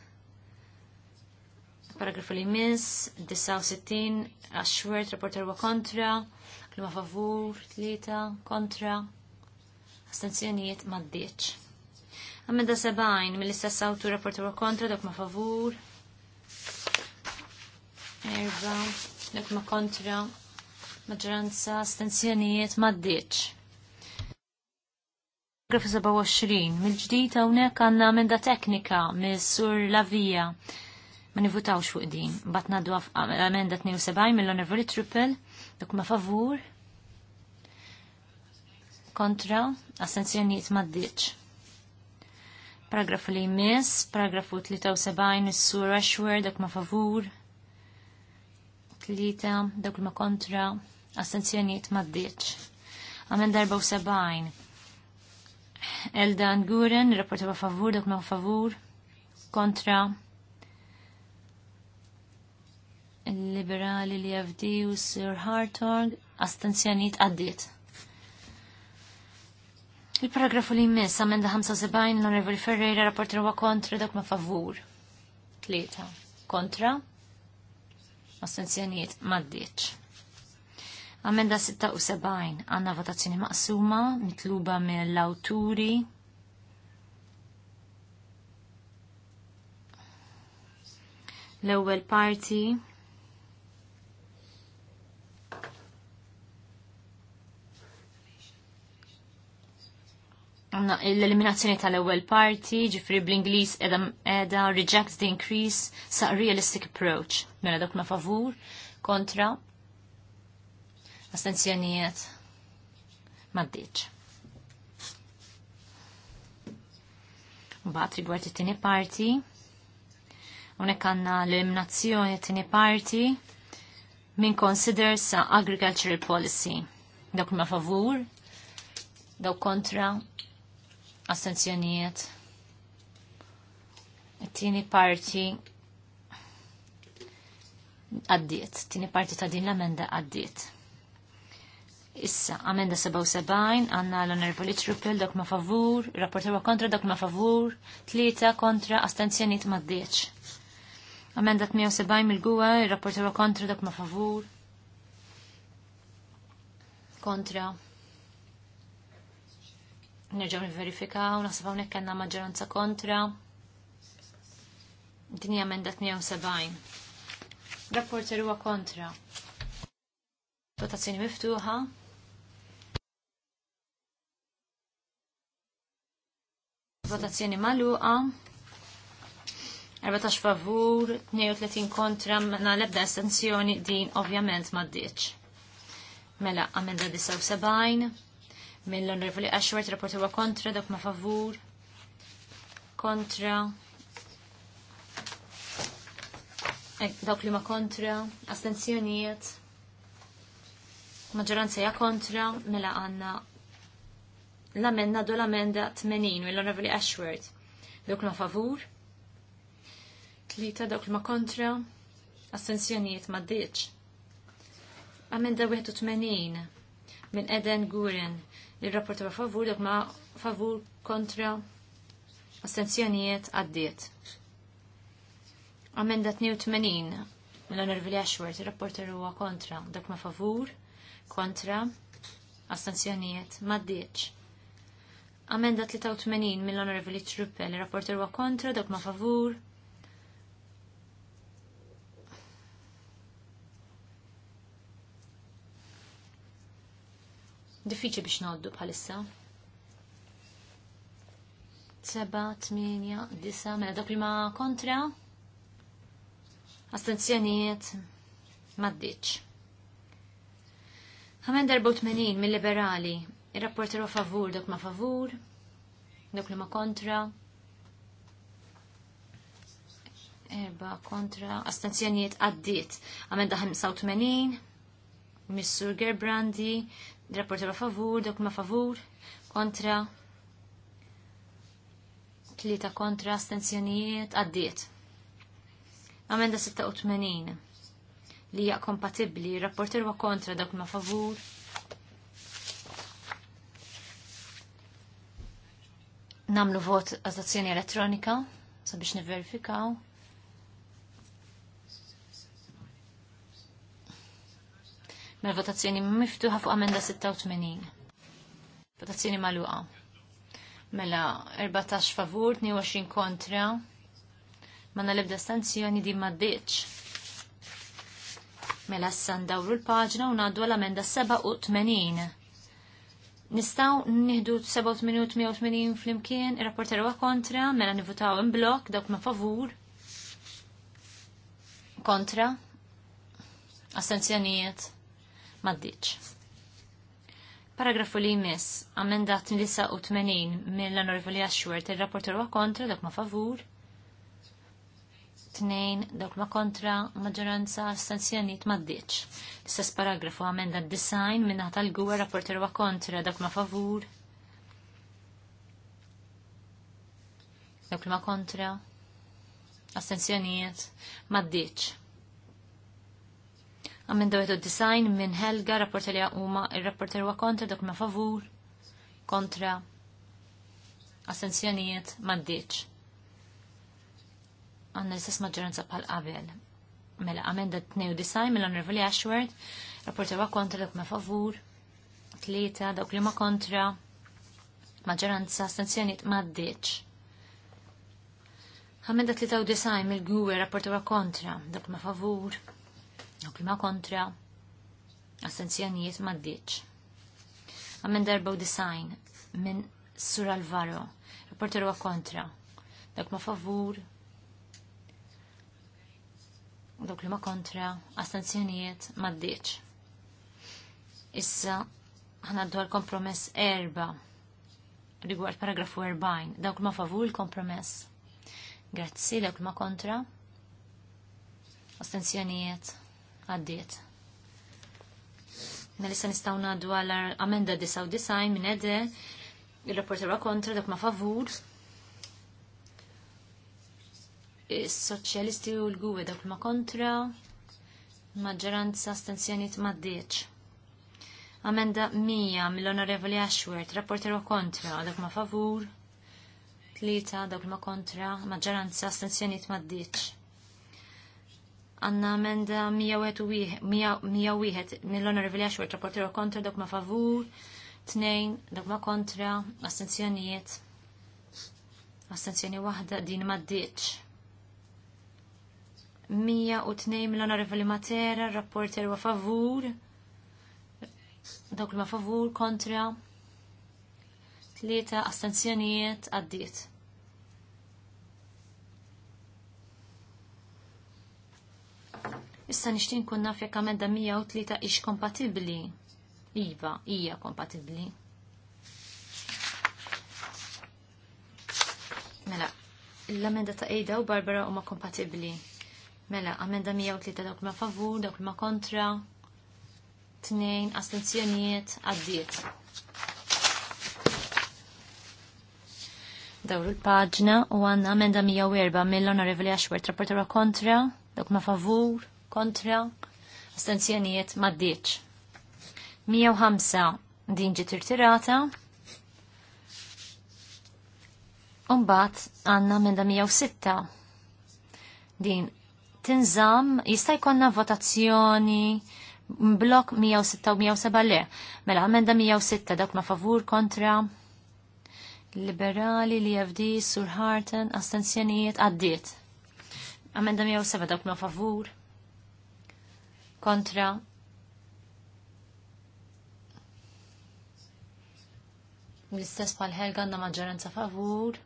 Paragrafu li miss, 69, għaxwert, reporter wa kontra, klima favur, tlita, kontra, astenzjonijiet maddieċ. Għamenda 70, mill-istess autur reporter wa kontra, dok ma favur, erba, dok ma kontra, maġranza, astenzjonijiet maddieċ. Paragrafu 27, mill-ġdita unek għanna amenda teknika, mill-sur Lavija ma nivutawx fuq din. Bat naddu amenda 72 mill-Honorable Triple, dak ma favur, kontra, assenzjoniet ma Paragrafu li jmiss, paragrafu 73 nissur sur Ashwer, dak ma favur, tlita, dak ma kontra, assenzjoniet ma Amenda 74. Eldan Guren, rapporta ma favur, dak ma favur, kontra, liberali li FD u Sir Hartog astenzjoniet għaddiet. Il-paragrafu li jmiss, amenda 75, l-Onorevoli Ferreira, rapporti huwa kontra, dak ma favur. Tlieta. Kontra. Astenzjonijiet maddiċ. Amenda 76, għanna votazzjoni maqsuma, mitluba mill-awturi. L-ewwel parti l-eliminazzjoni tal-ewwel parti, ġifri bl-Ingliż edha edha reject the increase sa realistic approach. Mela ma' favur kontra astenzjonijiet ddiċ. Mbagħad rigward it-tieni parti, hawnhekk għandna l-eliminazzjoni t-tieni parti min considers sa agricultural policy. Dawk ma favur, dawk kontra assenzjonijiet. It-tieni parti għaddiet, tieni parti ta' din l-amenda għaddiet. Issa, amenda 77, għanna l-onorevoli Truppel, dak ma favur, rapportewa kontra, dak ma favur, tlieta kontra, astenzjoniet ma d Amenda 78 mil-gwa, rapportewa kontra, dak ma favur, kontra, Nerġaw niverifikaw, naħseb hawnhekk għandna maġġoranza kontra. Din hija emenda 78. Rapporter huwa kontra. Votazzjoni miftuħa. Votazzjoni magħluqa. 14 favur, 32 kontra, na mela lebda estensjoni din ovvjament ma ddiċ. Mela, amenda 79, mill-Onorevoli Ashworth, rapport kontra, dok ma favur, kontra, dawk li ma kontra, astenzjonijiet, maġġoranza ja kontra, mela għanna l-amenda do l-amenda 80 mill-Onorevoli Ashworth, dawk ma favur, tlita dawk li ma kontra, astenzjonijiet ma ddiċ. Amenda 81 minn Eden Guren Il-rapport ma favur, dak ma favur kontra astenzjonijiet għaddiet. Amenda 82 l-onorvili Ashworth, il-rapporter huwa kontra, dak ma favur, kontra, astenzjonijiet, maddiċ. Amenda 83 mill-onorvili Truppel, il-rapporter huwa kontra, dak ma favur, diffiċi biex noddu bħalissa. Seba, tminja, disa, mela dak li ma kontra. Astenzjonijiet, maddiċ. Għamen darba 80 mill-liberali, il-rapporteru favur, dak ma favur, dak li ma kontra. Erba kontra, astenzjonijiet għaddit. Għamen da 85, Missur Gerbrandi, Rapporter favur, dok ma favur, kontra, tlita kontra, astenzjonijiet, għaddiet. Amenda 86 li hija kompatibbli, rapporter wa kontra dak ma favur. Namlu vot għazazzjoni elettronika sabiex niverifikaw. mill votazzjoni miftuħa fuq amenda 86. Votazzjoni maluqa. Mela 14 favur, 22 kontra. Manna l-ebda stanzjoni di maddiċ. Mela s-san dawru l-pagġna u naddu l-amenda 87. Nistaw nihdu 7 minut 180 fl-imkien, il-rapporteru kontra, mela nivutaw in blok, dawk ma favur kontra, astenzjonijiet, maddiċ. Paragrafu li jmiss, amendat 89 mill-onorevoli Ashworth, il-rapporter wa kontra, dak ma favur, tnejn, dak ma kontra, maġġoranza stanzjoniet maddiċ. Istess paragrafu amenda design minna tal-gwer rapporter wa kontra, dak ma favur, dok ma kontra, astenzjonijiet maddiċ. Amenda design minn Helga, rapporta li huma il-rapporter li kontra, dok ma favur, kontra, assenzjonijiet maddiċ. Għanna l-istess maġġoranza bħal qabel. Mela, amenda minn mill-Onorevoli Ashworth, rapporter huwa kontra, dok ma favur, tlieta, dok li ma kontra, maġġoranza assenzjonijiet maddiċ. Amenda 93 mill-Gwe, rapporta li kontra, dok ma favur, Dawk li kontra assenzjonijiet ma ddiċ. Għamen darba u design minn Sur Alvaro, reporter u kontra. Dak ma favur, Dak li ma kontra, astenzjonijiet ma ddiċ. Issa, ħana għal kompromess erba rigward paragrafu 40, dawk ma favur il-kompromess. Grazzi, dawk ma kontra, astenzjonijiet għaddiet. Melissa nistaw naddu għal amenda 99 minn edhe, il-rapporter wa kontra, dak ma favur. Is-soċjalisti u l-gwe dak ma kontra, maġġoranza stanzjoniet ma d Amenda 100 mill-onorevoli Ashworth, rapporter wa kontra, dak ma favur. Tlita, dak ma kontra, maġġoranza stanzjoniet ma d għanna amenda 101 mill-onorevoli għaxwet rapportero kontra dok ma favur, tnejn, dokma ma kontra, astenzjonijiet, astenzjoni wahda din ma u 102 mill-onorevoli matera, rapporter ma favur, dok ma favur kontra, tlieta, astenzjonijiet għaddiet. Issa nixtin kun naf jekk amenda 103 ix kompatibbli. Iva, hija kompatibbli. Mela, l-amenda ta' Ejda u Barbara huma kompatibbli. Mela, amenda 103 dawk ma' favur, dawk ma' kontra, tnejn, astenzjonijiet, għaddiet. Dawru l-pagġna u għanna amenda 104 mill-onorevoli Ashworth, rapportera kontra, dawk ma' favur, kontra astenzjonijiet maddiċ. 105 din ġiet Umbat għanna minn 106 din tinżam jista' jkollna votazzjoni blok 106 u 107 le. Mela amenda 106 dak ma favur kontra liberali li jafdi sur Harten għaddiet. Amenda 107 dak ma favur kontra l-istess pal ħelga għandna maġġoranza favur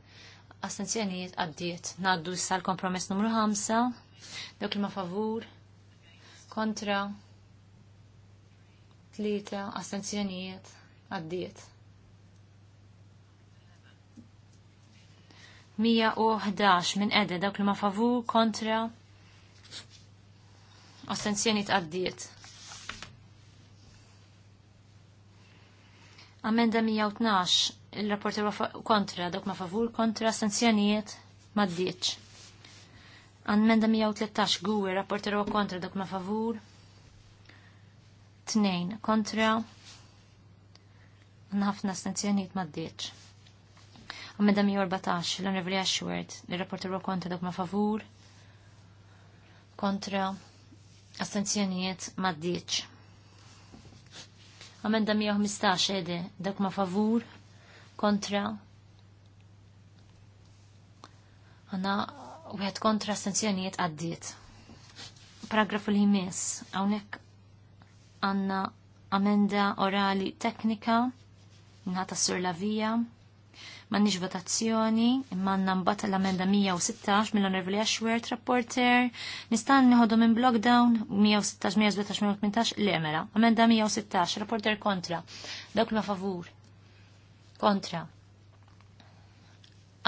astenzjonijiet għaddiet naddu issa l-kompromess numru 5 dawk li ma favur kontra tlieta astenzjonijiet għaddiet 111 minn qede dawk li ma favur kontra Astenzjoni tqaddiet. Amenda 112. Il-rapporter kontra, dok ma favur kontra, astenzjonijiet ma ddiċ. Amenda 113 gwe, rapporter kontra, dok ma favur. Tnejn kontra. Nħafna astenzjonijiet ma ddiċ. Amenda 114, l-Honorable Ashworth, il-rapporter kontra, dok ma favur. Kontra Astenzjonijiet maddiċ. Amenda 115 edhe dak ma favur, kontra. Għana u għed kontra astenzjonijiet għaddiet. Paragrafu li jmiss, għawnek għanna amenda orali teknika, s sur la vija. M'għandniex votazzjoni, imma għandna mbagħad l-amenda 116 mill-Onorevoli Ashworth rapporter. Nista' nieħodu minn blockdown 116, 118 l-emela. Amenda 116 rapporter kontra. Dawk ma favur. Kontra.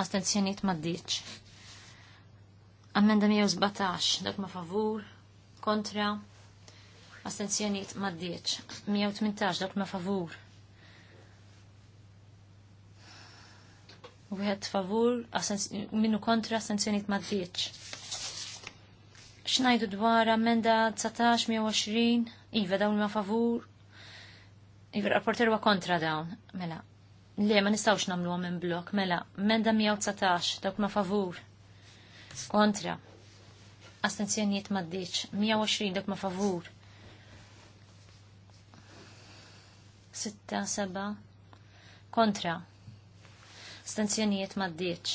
Astenzjoniet ma ddiċ. Amenda 117 dak ma favur. Kontra. Astenzjoniet ma ddiċ. 118 dak ma favur. wieħed favur, minnu kontra assenzjoniet ma ddieċ. Xnajdu dwar amenda 19-120, iva dawn ma favur, iva rapporter wa kontra dawn, mela. Le, ma nistawx namlu minn blok, mela, menda 119, dawk ma favur, kontra, astenzjoniet ma ddieċ, 120 dawk ma favur, 6, 7, kontra, stanzjonijiet d-dieċ.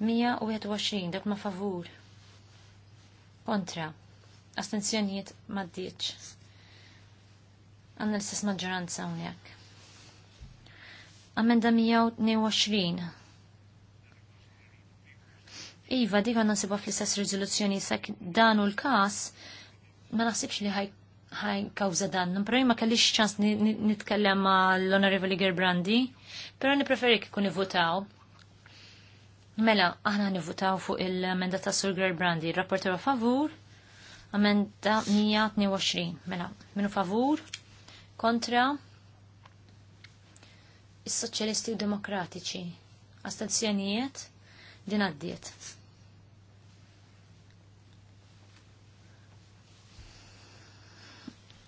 121 dak ma favur. Kontra. Astenzjonijiet dieċ Għanna l-istess maġġoranza unjak. Amenda 122. Iva, dik għanna nsibu fl-istess rizoluzzjoni sak danu l-kas, ma naħsibx li ħaj ħaj kawza dan. Pero ma kellix ċans nitkellem ma l-Honorable Gerbrandi, pero nipreferi kikun nivutaw. Mela, aħna nivutaw fuq il-amenda ta' Sur Gerbrandi. Rapporter favur, amenda 122. Mela, minu favur, kontra, is-Soċjalisti u Demokratiċi. Astazzjonijiet, din għaddiet.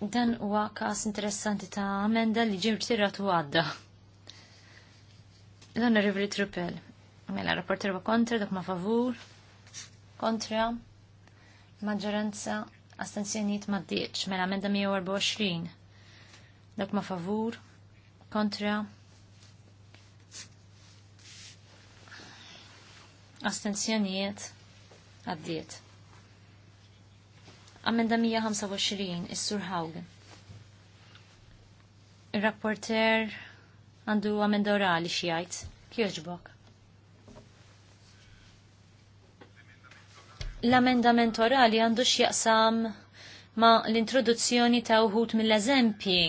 Dan huwa każ interessanti ta' amenda li ġim tirat u għadda. l rivri Truppel. Mela, rapporter wa kontra, dak ma favur. Kontra. Maġġoranza astenzjoniet ma d-dieċ. Mela, amenda 124. Dak ma favur. Kontra. Astenzjoniet għaddiet. Amenda 125, Is-Sur Haug. Il-rapporter għandu amenda orali xijajt. Kjoġbok. L-amendament orali għandu xjaqsam ma l-introduzzjoni ta' uħut mill-eżempji.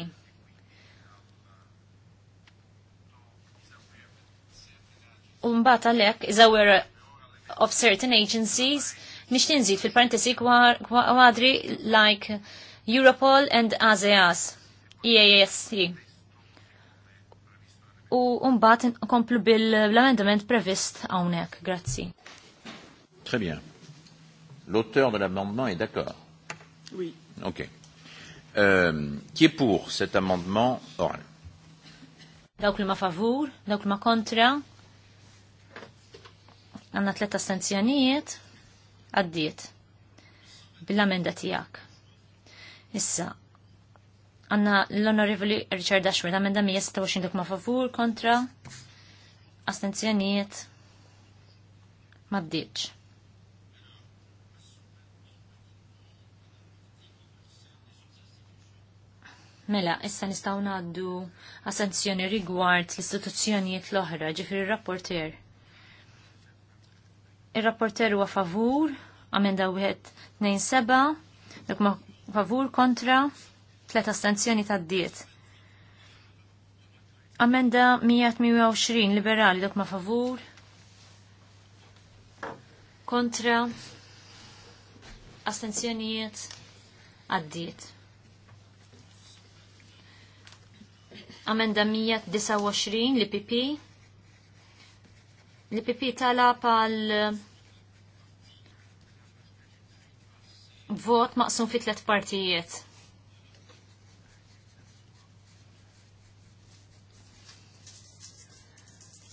Umbat għalek, is aware of certain agencies, Nixtieq nżid fil-parentesi kwadri like Europol and ASEAS, EASC. U mbagħad nkomplu bil-amendament previst hawnhekk. Grazzi. Très bien. L'auteur de l'amendement est d'accord Oui. OK. Euh, qui est pour cet amendement oral Dawk li ma favur, dawk li ma kontra. Għanna tleta astenzjonijiet għaddiet bil-amenda tijak. Issa, għanna l-Onorevoli Richard Ashford, amenda 126 dokma ma favur kontra astenzjoniet, maddiċ. Mela, issa nistaw naddu assenzjoni rigward l-istituzzjonijiet l-oħra, ġifir il-rapporter. Il-rapporter huwa favur Amenda wieħed għed seba, dak ma favur kontra tleta stanzjoni ta' diet. Amenda 128 liberali dak ma favur kontra astenzjonijiet għaddiet. Amenda 129 li pipi li pipi tala pal vot maqsum fi tlet partijiet.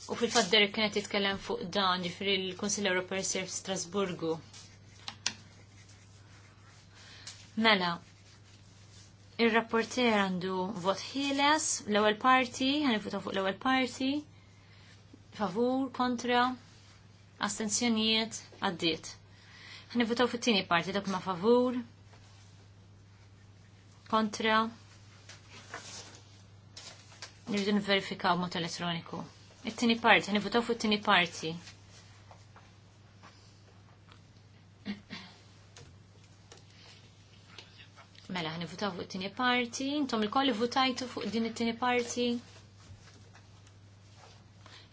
U fil-fat Derek kienet jitkellem fuq dan ġifri l-Konsil Ewropej Sirf Strasburgu. Mela, il-rapporter għandu vot ħieles, l-ewel parti, għan fuq l-ewel parti, favur, kontra, astenzjonijiet, għaddiet. Nivutaw fit-tieni parti dak ma' favur, kontra, nirridu nverifikaw mot elettroniku. It-tieni parti, nivutaw fuq it-tieni parti. Mela, nivutaw fuq it-tieni parti, intom il kolli votajtu fuq din it-tieni parti.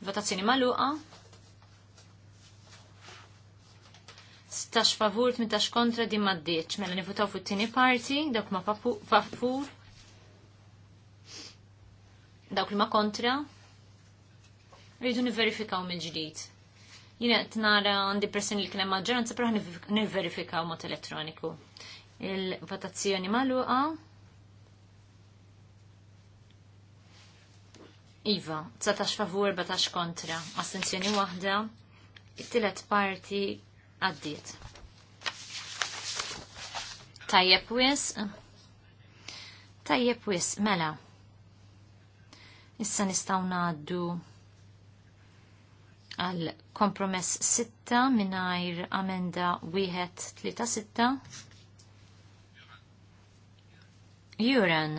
Votazzjoni maluqa. Tax favur, 1tax kontra din maddeċ. Mela fu t tini parti, dawk ma favur, dawk li ma kontra. Rridu niverifikaw mill-ġdid. Jina t-nara għandi pressjoni li kienem maġġoranza, pero niverifikaw mod elettroniku. Il-votazzjoni maluqa. Iva, 19 favur, tax kontra. Astenzjoni wahda. It-tilet parti għaddiet. Tajjeb wis. Tajjeb wis, mela. Issa nistaw naddu għal kompromess 6 minnajr amenda 1 3 6. Juran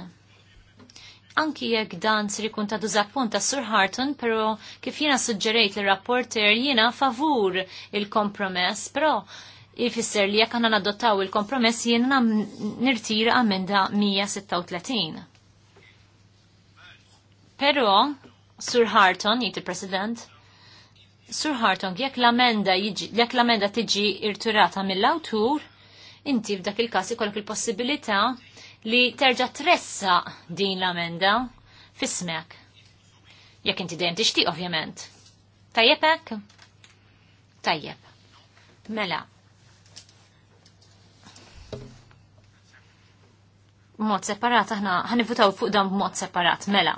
anki jekk dan sir ikun ta' dużappunt ta' Sur Harton, pero kif jiena suġġerejt li rapporter jiena favur il-kompromess, però ifisser li jekk aħna nadottaw il-kompromess jiena nirtir amenda 136. Però Sur Harton, jit il-President, Sur Harton, jekk l-amenda tiġi irturata mill-awtur, inti f'dak il-każ ikollok il-possibilità li terġa tressa din l-amenda fismek. Jekk inti dejjem tixtieq ovvjament. Tajjeb hekk? Tajjeb. Mela. Mod separat aħna ħanivutaw fuq dan b'mod separat, mela.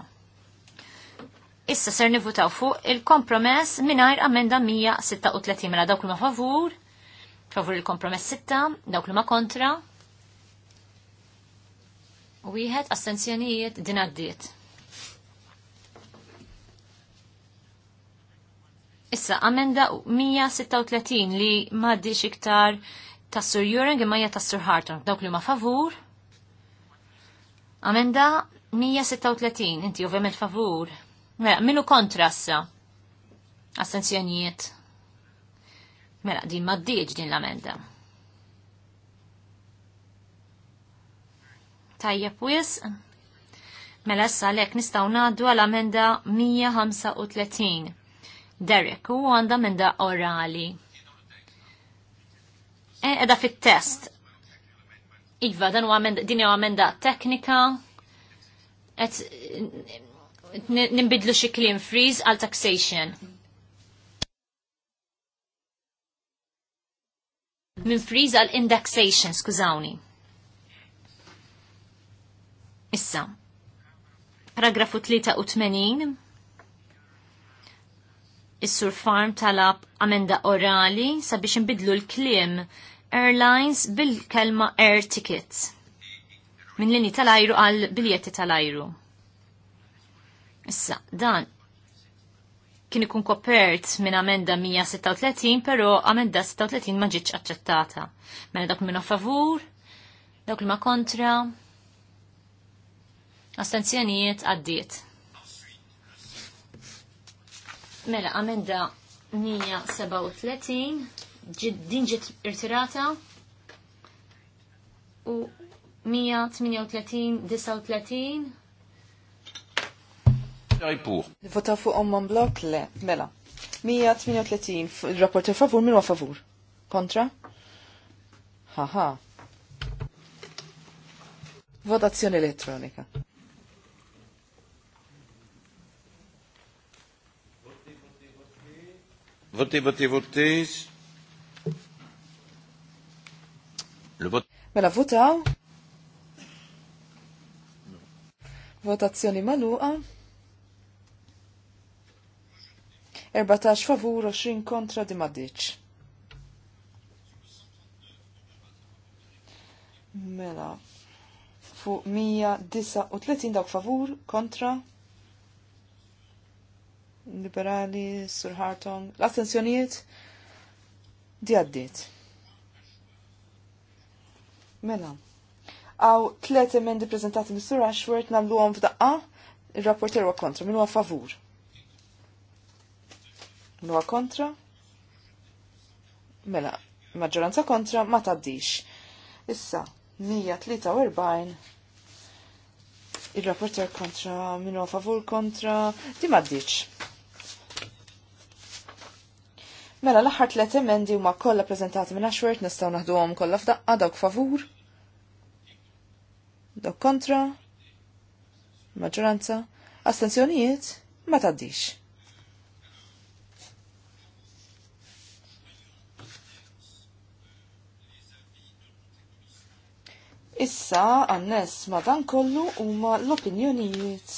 Issa ser nivutaw fuq il-kompromess mingħajr amenda 136 mela dawk li ma favur, favur il-kompromess 6, dawk li ma kontra, Wieħed assenzjonijiet din għaddiet. Issa, amenda 136 li maddi iktar tassur Juren imma hija tassur Harton, dawk li ma favur. Amenda 136, inti ovvjament favur. Mela, minu kontra issa? Astenzjonijiet. Mela, din maddiġ din l-amenda. Tajjeb wis. Mela issa għalhekk nistgħu ngħaddu għal amenda 135. Derek u għandha amenda orali. Eh, edha fit-test. Iva, dan għamenda, din u amenda teknika. Et nimbidlu xi kliem freeze għal taxation. Min freeze għal indexation, skużawni. Issa, paragrafu 83, is-sur farm talab amenda orali sabiex nbidlu l-kliem airlines bil-kelma air tickets minn lini tal-ajru għal biljetti tal-ajru. Issa, dan kien ikun kopert minn amenda 136, pero amenda 36 ma ġietx aċċettata. Mela dak minn favur, dak ma kontra, Astenzjonijiet għaddiet. Mela, amenda 137, din ġiet irtirata u 138, 39. Ripur. Vota fuq omman blok le, mela. 138, rapporter favur, minu favur? Kontra? Haha. Votazzjoni elettronica. Votez, votez, votez. Mela votaw. Votazzjoni maluqa. 14 favur, 20 kontra di maddiċ. Mela, fu 139 dawk favur, kontra, liberali, Surħartom, l attenzjoniet di għaddit. Mela, għaw tlet emendi prezentati mis-sur Ashworth namlu għom f'daqqa, il-rapporter huwa kontra, minu huwa favur. Minn huwa kontra? Mela, maġġoranza kontra ma taddix. Issa, 143 il-rapporter kontra, minu huwa favur kontra, di ma Mela l-aħħar tliet emendi huma kollha preżentati minn Ashworth nistgħu naħduhom kollha f'daqqa dawk favur. Dawk kontra. Maġġoranza. Astenzjonijiet ma tgħaddix. Issa għannes ma dan kollu huma l-opinjonijiet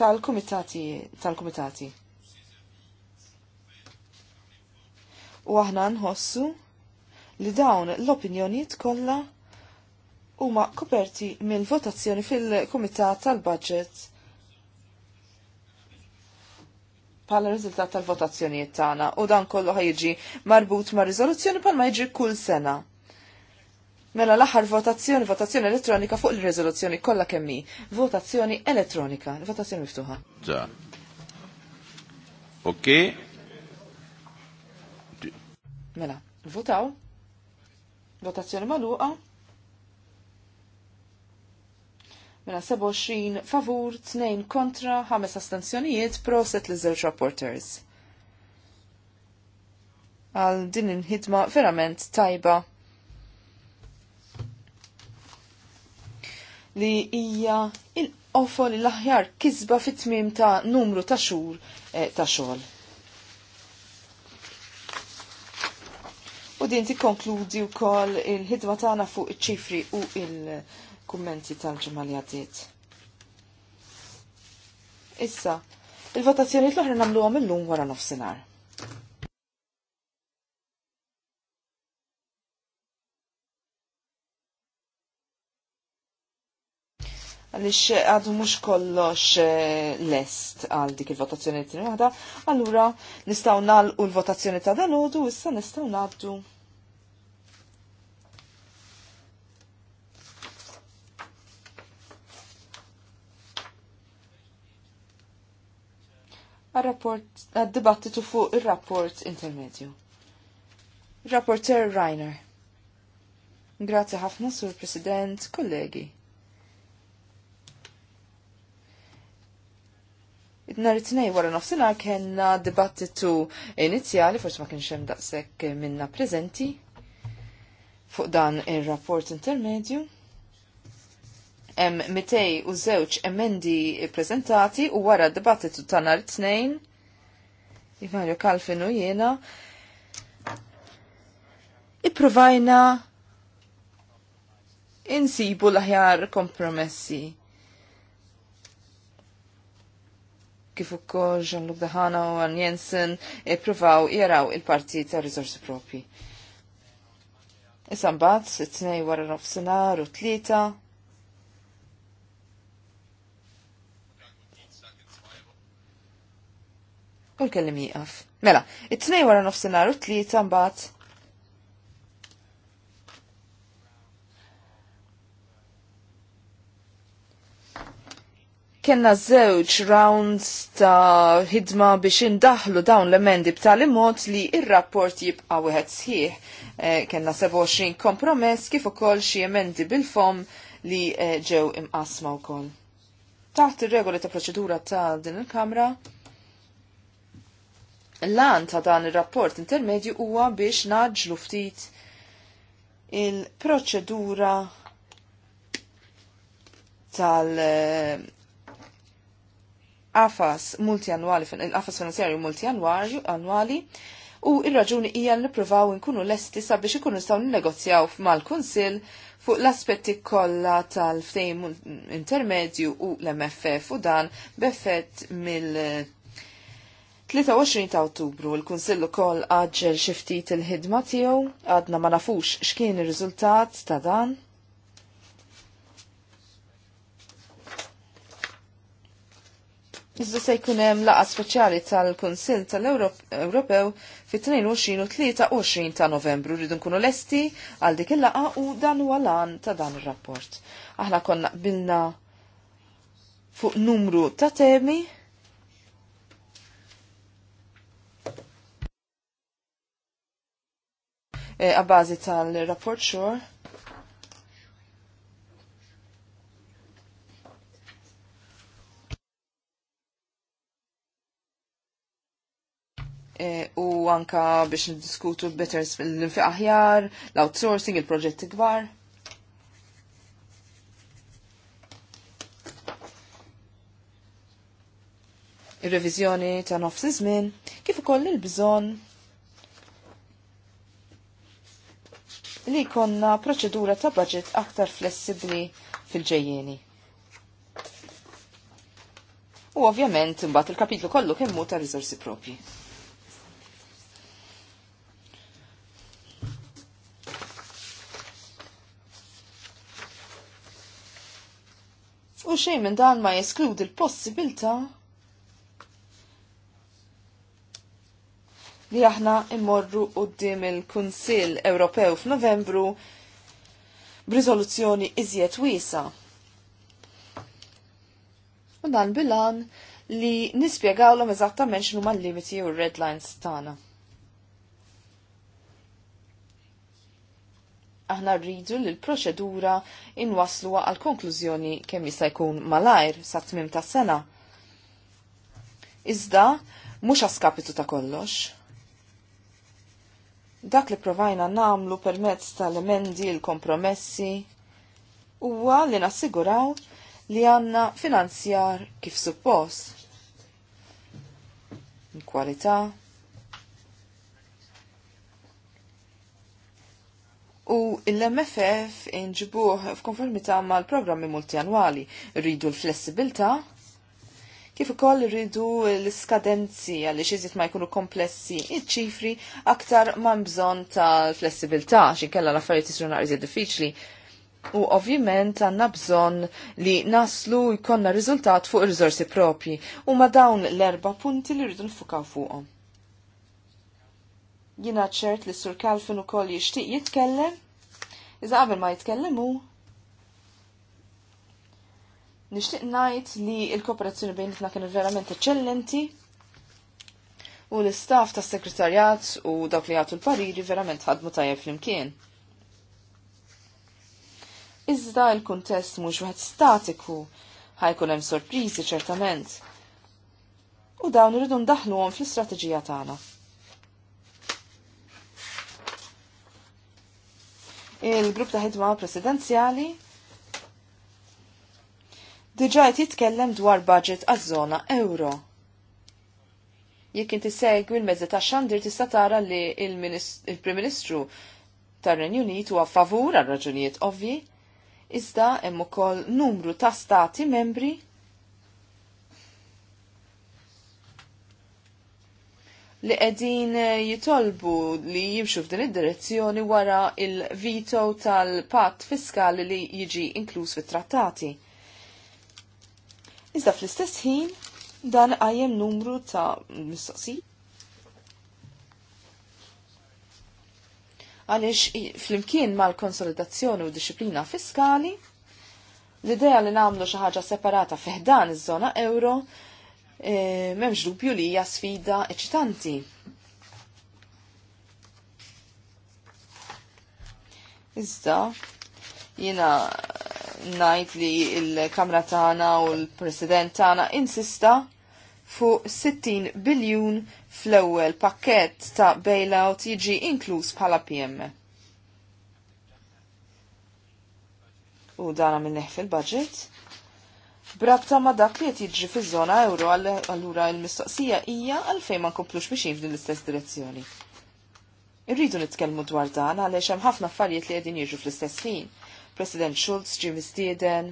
tal-kumitati tal-kumitati. u aħna nħossu li dawn l-opinjonijiet kollha huma koperti mill-votazzjoni fil-Kumitat tal-Budget pala riżultat tal-votazzjonijiet tagħna u dan kollu ħajġi marbut ma' riżoluzzjoni ma jiġi kull sena. Mela l-aħħar votazzjoni, votazzjoni elettronika fuq il-riżoluzzjoni kollha kemm hi. Votazzjoni elettronika, votazzjoni miftuħa. Ġa. Ok, Mela, votaw. Votazzjoni maluqa. Mela 27 favur, 2 kontra, 5 astensjonijiet, proset li żewġ rapporters. Għal din il-ħidma verament tajba li hija il-qofol l-aħjar kisba fit-tmim ta' numru ta' xhur eh, ta' xogħol. U din tikkonkludi wkoll il-ħidma tagħna fuq iċ-ċifri u il-kummenti tal-ġimgħa li għaddiet. Issa, il-votazzjonijiet l-oħra nagħmluhom illum wara nofsinhar. għalix għadu mux kollox eh, lest għal dik il-votazzjoni t-tinwada, allura nistaw nal u l-votazzjoni ta' dal-ħodu, issa nistaw naddu għal dibattitu fuq il-rapport intermedju. Rapporter Reiner. Grazie ħafna, Sur President, kollegi. Id-nar it-tnej wara nofsina kena dibattitu inizjali, forse ma kienx hemm daqshekk minna preżenti fuq dan ir-rapport intermedju. Hemm mitej u żewġ emendi prezentati u wara d-dibattitu ta' nhar tnejn. Ivario Kalfin u jiena. Ipprovajna insibu l-aħjar kompromessi. kif ukoll Jean-Luc Dahana u Ann Jensen ippruvaw jaraw il-parti ta' riżorsi propri. Issa mbagħad it-tnej wara nofsinhar u tlieta Kull kellim jiqaf. Mela, it-tnej wara nofsinhar u t-tlieta għambat. Kenna żewġ rounds ta' ħidma biex indaħlu dawn l-emendi b'tali mod li il rapport jibqa' wieħed sħiħ. Eh, kenna 27 kompromess kif ukoll xi emendi bil-fom li eh, ġew imqasma wkoll. Taħt ir-regoli ta' proċedura ta' din il-Kamra, l-an ta' dan il-rapport intermedju huwa biex naġlu ftit il-proċedura tal- afas multianwali, il afas finanzjarju multianwali annwali, u il raġuni hija nippruvaw nkunu lesti sabiex ikunu nistgħu negozjaw mal-Kunsill fuq l-aspetti kollha tal ftejn intermedju u l-MFF u dan beffett mill 23 ta' Ottubru il kunsillu kol għadġel xiftit il-ħidma tiegħu għadna ma nafux x'kien ir-riżultat ta' dan. Iżda se jkun hemm laqgħa speċjali tal-Kunsill tal-Ewropew fit-22 u 23 ta' Novembru rridu nkunu lesti għal dik il-laqgħa u dan huwa lan ta' dan ir-rapport. Aħna konna qbilna fuq numru ta' temi għabbażi eh, tal-rapport xor. Eh, u anka biex niddiskutu betters fil-infiq aħjar, l-outsourcing, il-proġetti kbar. Ir-reviżjoni ta' nofs iż-żmien, kif ukoll il-bżonn li konna proċedura ta' budget aktar flessibli fil-ġejjeni. U ovvjament imbagħad il-kapitlu kollu kemm ta' riżorsi propji. U xejn minn dan ma jeskludi l-possibilta li aħna immorru qudiem il-Kunsill Ewropew f'Novembru b'riżoluzzjoni iżjed wiesa. U dan bilan li nispjegawlhom eżattament x'numa l-limiti u r-red lines tagħna. aħna rridu li l-proċedura inwaslu għal konklużjoni kemm jista' jkun malajr sa tmim tas sena. Iżda mhux għaskapitu ta' kollox. Dak li provajna namlu permezz tal-emendi l-kompromessi huwa li nassiguraw li għanna finanzjar kif suppost. Kwalità U l-MFF inġibuħ f'konformità mal-programmi multianwali, rridu l-flessibilta Kif ukoll rridu l-skadenzi xi żied ma jkunu komplessi iċ-ċifri aktar ma bżonn tal-flessibilità xinkella l-affarijiet isru naqra iżjed diffiċli. U ovvjament għanna bżonn li naslu jkollna riżultat fuq ir-riżorsi propji u ma dawn l-erba punti li rridu nfukaw fuqhom. Jina ċert li Sur Kalfin ukoll jixtieq jitkellem, iżda qabel ma jitkellem hu Nixtieq ngħid li l-kooperazzjoni bejnietna kienet verament eċċellenti u l-istaff tas sekretarjat u dawk li għatu l-pariri verament ħadmu tajjeb flimkien. Iżda l-kuntest mhux wieħed statiku ħajkun hemm sorpriżi ċertament. U dawn irridu ndaħluhom fl-istrateġija tagħna. Il-grupp ta' ħidma presidenzjali diġa qed jitkellem dwar budget għaż-żona euro. Jekk inti segwi l-mezzi ta' xandir tista' tara li il-Prim Ministru tar-Renju Unit huwa favur għal raġunijiet ovvi, iżda hemm ukoll numru ta' stati membri li qegħdin eh, jitolbu li jimxu f'din id-direzzjoni wara il-vito tal-patt fiskali li jiġi inkluż fit-trattati. Iżda fl-istess ħin dan għajem numru ta' mistoqsi. Għalix fl-imkien mal-konsolidazzjoni u disciplina fiskali, l-ideja li namlu xaħġa separata fiħdan iż-żona euro e, memx dubju li hija sfida eċitanti. Iżda, jina najt li il-Kamra Tana u l-President tagħna insista fuq 60 biljun fl-ewwel pakkett ta' bailout jiġi inkluż bħala PM. U dana minn fil-budget. Brabta ma dak li qed fi fiż-żona euro allura l-mistoqsija hija għalfejn ma nkomplux biex jifdu l-istess direzzjoni. Irridu nitkellmu dwar dan għaliex hemm ħafna affarijiet li qegħdin jiġu fl-istess ħin. President Schulz ġim istieden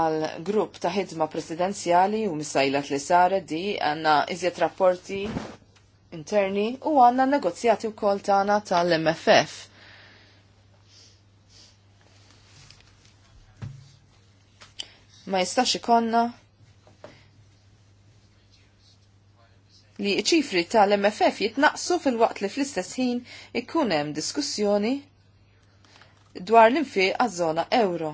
għal grupp ta' ħidma presidenzjali u misajlat li saret di għanna iżjed rapporti interni u għanna negozjati u kol tana tal-MFF. Ma jistax ikonna li ċifri tal-MFF jitnaqsu fil-waqt li fl-istess ħin ikkunem diskussjoni dwar l-infiq għaż-żona euro.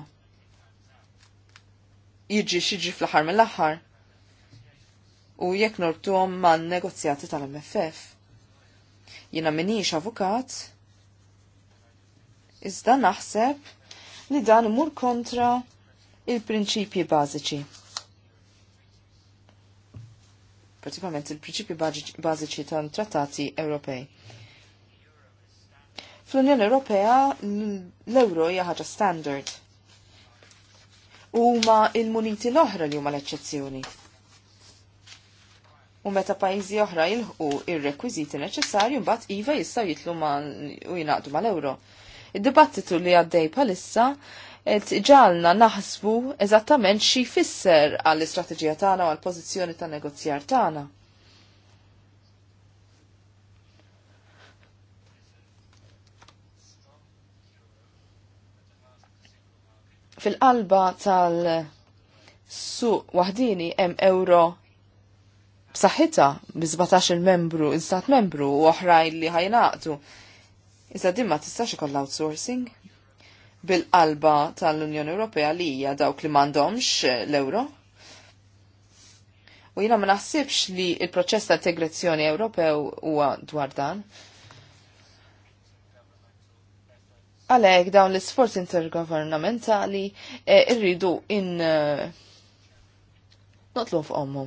Jiġi xiġi fl-aħħar mill-aħħar. U jekk nortuhom man negozjati tal-MFF. Jiena minix avukat, iżda naħseb li dan mur kontra il-prinċipji bażiċi. Pratikament il-prinċipji bażiċi tal-trattati Ewropej Fl-Unjoni Ewropea l-euro hija ħaġa standard. Huma il-muniti l-oħra li huma l-eċċezzjoni. U meta pajjiżi oħra jilħqu ir-rekwiżiti neċessarji mbagħad iva jistgħu jitlu ma u jingħaqdu mal-euro. Id-dibattitu li għaddej bħalissa ġalna naħsbu eżattament xi jfisser għall-istrateġija tagħna u għall-pożizzjoni tan-negozjar tagħna. fil-qalba tal-suq wahdini hemm euro b'saħħitha bi 17 membru, instat membru u oħrajn li ħajnaqtu. Iżda din ma tistax ikoll outsourcing bil-qalba tal-Unjoni Ewropea li hija dawk li m'għandhomx l-euro. U jiena ma naħsibx li il-proċess ta' integrazzjoni Ewropew huwa dwar dan. Għalek dawn l-isforzi intergovernamentali eh, irridu in eh, notlu f'ommu.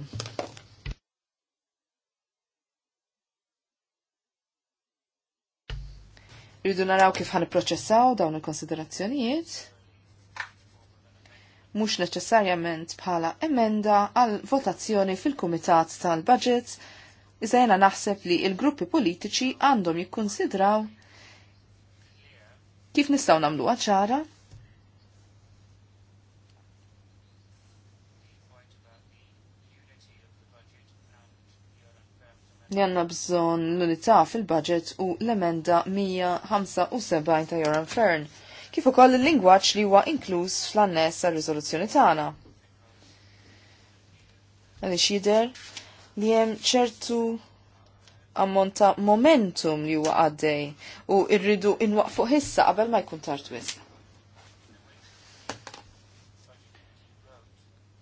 Rridu naraw kif ħan proċessaw dawn il-konsiderazzjonijiet. Mhux neċessarjament bħala emenda għal votazzjoni fil-Kumitat tal-Budget, iżajna jena naħseb li il-gruppi politiċi għandhom jikkonsidraw Kif nistaw namlu ċara? li għanna bżon l-unità fil-budget u l-emenda 175 ta' Joran Fern, kif ukoll il-lingwaġġ li huwa inkluż fl-annes għal riżoluzzjoni tagħna. Għaliex jidher li hemm ċertu ammont ta' momentum li huwa għaddej u irridu inwaqfu ħissa qabel ma jkun tard wisq.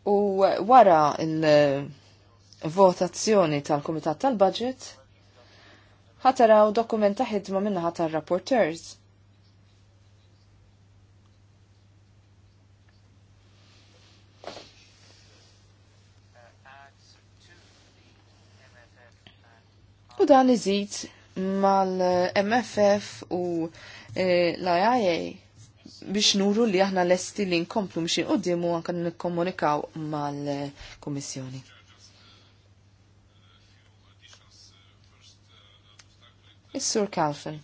U wara il-votazzjoni tal-Kumitat tal-Budget ħataraw dokumenta ħidma minna ħatar rapporters u dan iżid mal-MFF u eh, l-IIA biex nuru li aħna lesti li nkomplu mxie qoddimu għankan nikkomunikaw mal-Komissjoni. Is-Sur Kalfin.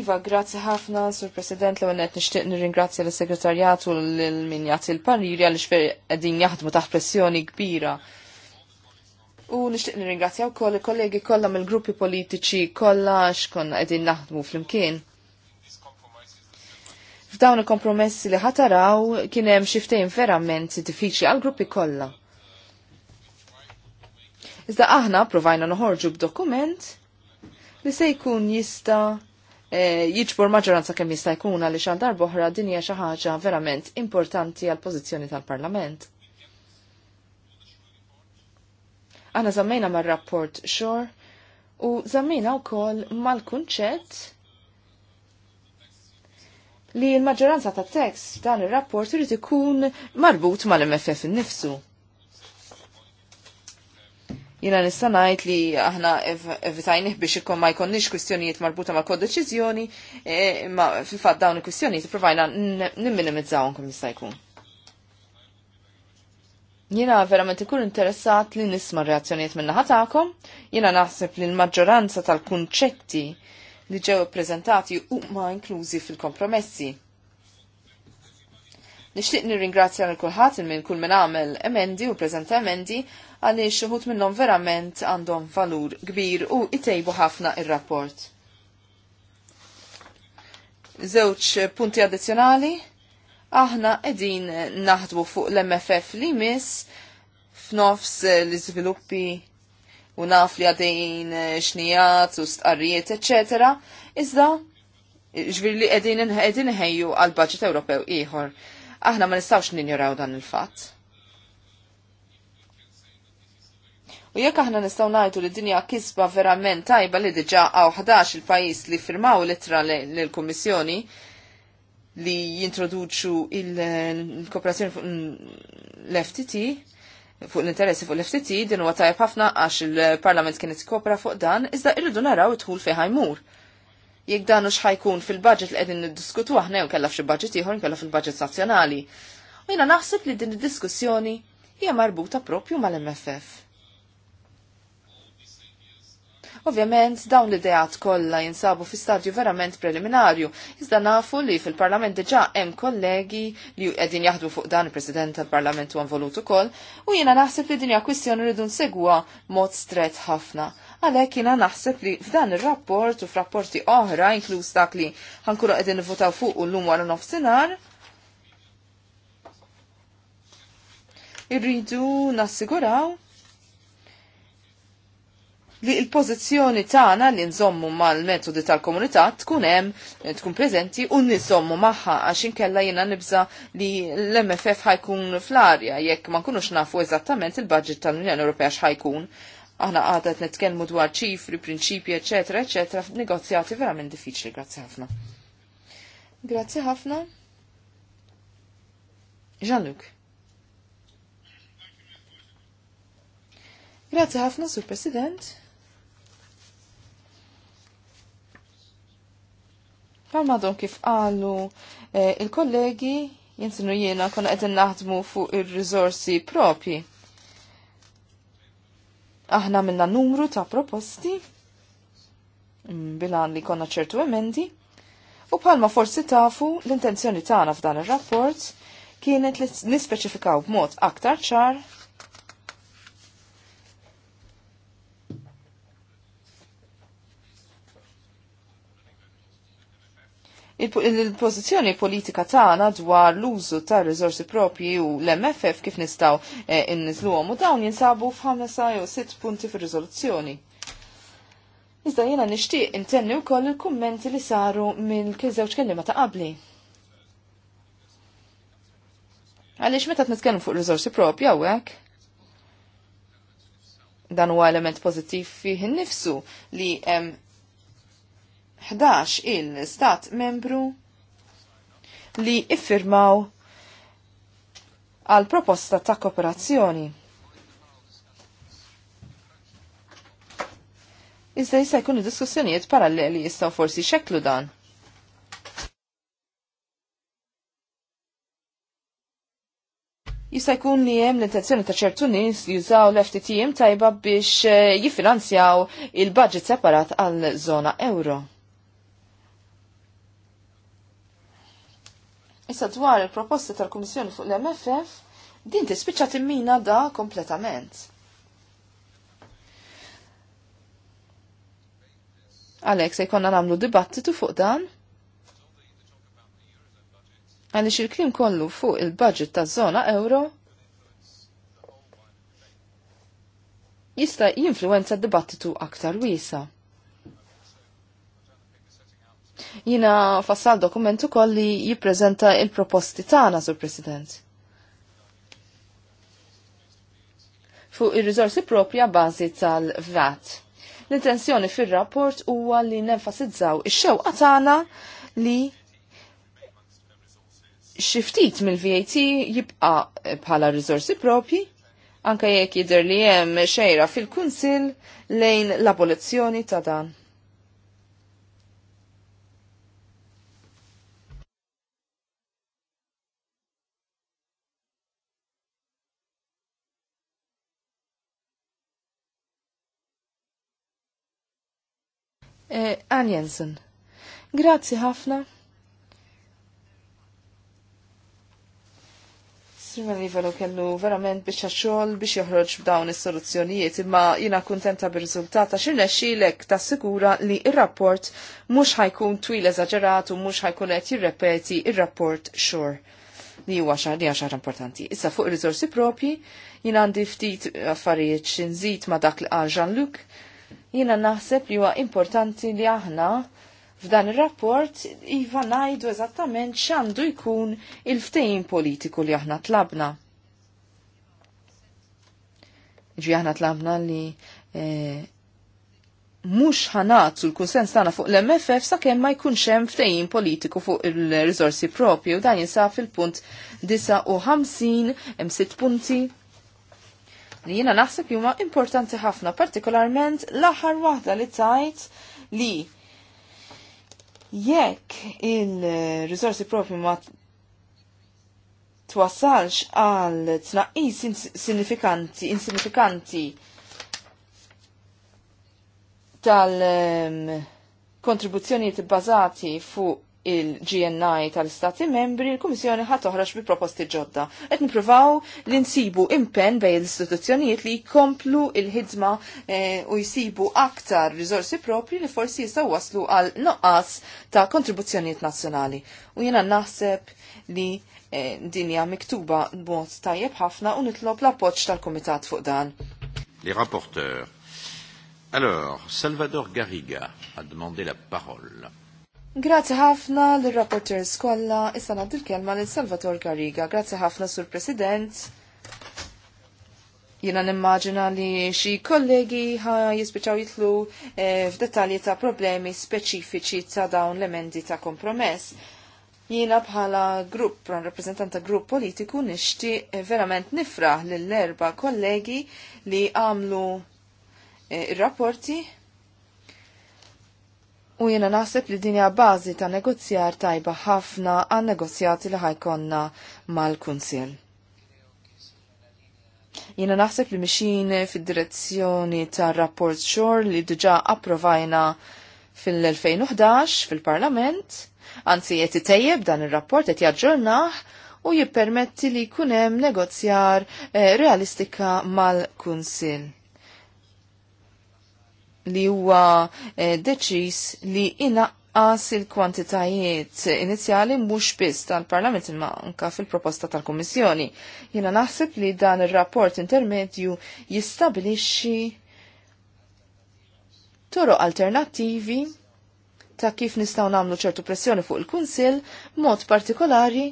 Iva, grazzi ħafna, Sur President, l għet nishtiq nirringrazzja l segretarjatu u l-Minjat il-Pariri għal xfer għedin jaħdmu taħt pressjoni kbira U nishtiq nirringrazzja wkoll il-kollegi kollha mill-gruppi politiċi kollha x'konna qegħdin naħdmu flimkien. F'dawn il-kompromessi li ħataraw kien hemm xi ftehim verament diffiċli għall-gruppi kollha. Iżda aħna provajna noħorġu b'dokument li se jkun jista' eh, jiġbor maġġoranza kemm jista' jkun għaliex għal darba oħra din hija xi ħaġa verament importanti għall pożizzjoni tal-Parlament. Għana zammina mar rapport xor u zammina u kol mal-kunċett li l-maġġoranza ta' teks dan il-rapport irrid ikun marbut mal-MFF nifsu. Jina nistanajt li aħna evitajnih biex ikon ma jkonniex kwistjonijiet marbuta ma' kod deċizjoni, eh, ma fil-fat dawn il-kwistjonijiet provajna n-minimizzawon kum jista' jkun. Jena verament ikun interessat li nisma reazzjoniet minna ħatakom, jena naħseb li l-maġġoranza tal-kunċetti li ġew prezentati huma inklużi fil-kompromessi. Nixtieq nirringrazzja l kulħadd minn kull minn għamel emendi u preżenta emendi għaliex xuħut minnhom verament għandhom valur kbir u itejbu ħafna ir-rapport. Żewġ punti addizzjonali aħna edin naħdbu fuq l-MFF li mis f'nofs eh, l sviluppi u naf li għadin eh, xnijat u stqarrijiet, etc. Iżda, ġvir li edin edin ħeju għal budget Ewropew ieħor. Aħna ma nistawx ninjoraw dan il-fatt. U jekk aħna nistgħu ngħidu li dinja kisba verament tajba li diġa' għaw 11 il-pajjiż li firmaw litra lill-Kummissjoni, li jintroduċu il-kooperazzjoni l-FTT fuq l-interessi fuq l-FTT din huwa tajb ħafna għax il-Parlament kienet kopra fuq dan, iżda irridu naraw it-tħul fejn ħajmur. Jekk dan u xħajkun fil-budget li qegħdin diskutu aħna jew kellha fil budget ieħor kellha fil-budget nazzjonali. U jiena naħseb li din id-diskussjoni hija marbuta propju mal-MFF. Ovvjament dawn l ideat kollha jinsabu fi stadju verament preliminarju, iżda nafu li fil-Parlament diġà hemm kollegi li qegħdin jaħdmu fuq dan il-President tal-Parlament u anvolut ukoll, u jiena naħseb li dinja kwistjoni rridu nsegwa mod stret ħafna għalek jina naħseb li f'dan il-rapport u f'rapporti oħra, inkluż dak li ħankunu għedin votaw fuq u l-lum għara nofsinar, irridu nassiguraw li l-pożizzjoni tagħna li nżommu mal-metodi tal-komunità tkun hemm tkun preżenti u nżommu magħha għax inkella jiena nibża li l-MFF ħajkun fl-arja jekk ma nkunux nafu eżattament il-budget tal-Unjoni Ewropea x'ħajkun. Aħna għadet netkellmu dwar ċifri, prinċipji, eċetera, eċetera, f'negozjati verament diffiċli, grazzi ħafna. Grazzi ħafna. Jean-Luc. Grazie ħafna, Sur President. Palmadon kif għallu eh, il-kollegi jinsinu jiena konna għedin naħdmu fuq il-rizorsi propi. Aħna minna numru ta' proposti mm, bilan li konna ċertu emendi u palma forsi tafu l-intenzjoni tagħna f'dan ir-rapport kienet li nispeċifikaw b'mod aktar ċar il-pozizjoni politika tagħna dwar l-użu ta' riżorsi propji u l-MFF kif nistgħu eh, innizluhom u dawn jinsabu f'ħamesa jew sitt punti fir-riżoluzzjoni. Iżda jiena nixtieq intenni wkoll il-kummenti li saru minn kien żewġ kelliema ta' qabli. Għaliex meta t-nitkellmu fuq riżorsi propji hawnhekk, dan huwa element pożittiv fih innifsu li hemm 11 il-stat membru li iffirmaw għal proposta ta' kooperazzjoni. Iżda jista' jkunu diskussjonijiet paralleli jistgħu forsi xeklu dan. Jista' jkun li hemm l-intenzjoni ta' ċertu nies jużaw l-FTT tajba biex eh, jiffinanzjaw il-budget separat għal żona euro. Issa dwar il-proposti tal-Kummissjoni fuq l-MFF, din tispiċċa timmina da kompletament. Alex, se jkonna namlu dibattitu fuq dan? Għalix il-klim kollu fuq il-budget ta' zona euro jista' jinfluenza dibattitu aktar wisa. Jina fassal dokument ukoll li jippreżenta il-proposti tagħna sur President. Fuq ir rizorsi propja bażi tal-VAT. L-intenzjoni fir-rapport huwa li nenfasizzaw ix-xewqa tagħna li xiftit mill-VAT jibqa bħala rizorsi propji, anka jekk jidher li hemm xejra fil-kunsil lejn l-abolizzjoni ta' dan. eh, Ann Jensen. Grazzi ħafna. Sirma Livelo kellu verament biex xogħol biex joħroġ b'dawn is-soluzzjonijiet imma jiena kuntenta bir-riżultat għax irnexxielek tassigura li ir-rapport mhux ħajkun twil eżaġerat u mhux ħajkun qed jirrepeti ir-rapport xor li huwa xar li xar importanti. Issa fuq ir-riżorsi propji jien għandi ftit affarijiet xi nżid ma' dak li qal Jean-Luc Jiena naħseb li huwa importanti li aħna f'dan ir-rapport iva ngħidu eżattament x'għandu jkun il-ftehim politiku li aħna tlabna. Ġi aħna tlabna li e, mhux ħanazzu l-kunsens tagħna fuq l-MFF sakemm ma jkunx hemm ftehim politiku fuq il-riżorsi propju u dan jinsab fil-punt 59 hemm sitt punti li jiena naħseb huma importanti ħafna, partikolarment l-aħħar waħda li tajt li jekk il-risorsi propri ma twassalx għal tnaqqis sinifikanti, insinifikanti tal-kontribuzzjonijiet bazati fuq il-GNI tal-Stati membri, il-Kummissjoni ħat toħroġ bi proposti ġodda. Qed nippruvaw li nsibu impenn bejn l-istituzzjonijiet li jkomplu il-ħidma eh, u jsibu aktar rizorsi propri li forsi jistgħu waslu għal noqqas ta' kontribuzzjonijiet nazzjonali. U jiena naħseb li eh, dinja miktuba b'mod tajjeb ħafna u nitlob l-appoġġ tal-Kumitat fuq dan. Li rapporteur. Alors, Salvador Garriga a demandé la parole. Grazzi ħafna l-rapporters kollha issa nagħti l-kelma lil Salvator Garriga. Grazzi ħafna sur President. Jiena nimmaġina li xi kollegi jispiċaw jitlu eh, f'dettalji ta' problemi speċifiċi ta' dawn l-emendi ta' kompromess. Jiena bħala grupp, ta' grupp politiku nishti eh, verament nifraħ lill erba kollegi li għamlu eh, rapporti u jena naħseb li dinja bazi ta' negozjar tajba ħafna għan negozjati li ħajkonna mal-Kunsil. Jena naħseb li mixin fid-direzzjoni ta' rapport xor li diġa approvajna fil-2011 fil-Parlament, anzi jeti tejjeb dan il-rapport jeti jaġġornaħ u jippermetti li kunem negozjar eh, realistika mal-Kunsil li huwa eh, deċis li inaqqas il-kwantitajiet inizjali mhux biss tal-Parlament imma anka fil-proposta tal-Kummissjoni. Jiena naħseb li dan ir-rapport intermedju jistabilixxi toroq alternattivi ta' kif nistgħu nagħmlu ċertu pressjoni fuq il-Kunsill mod partikolari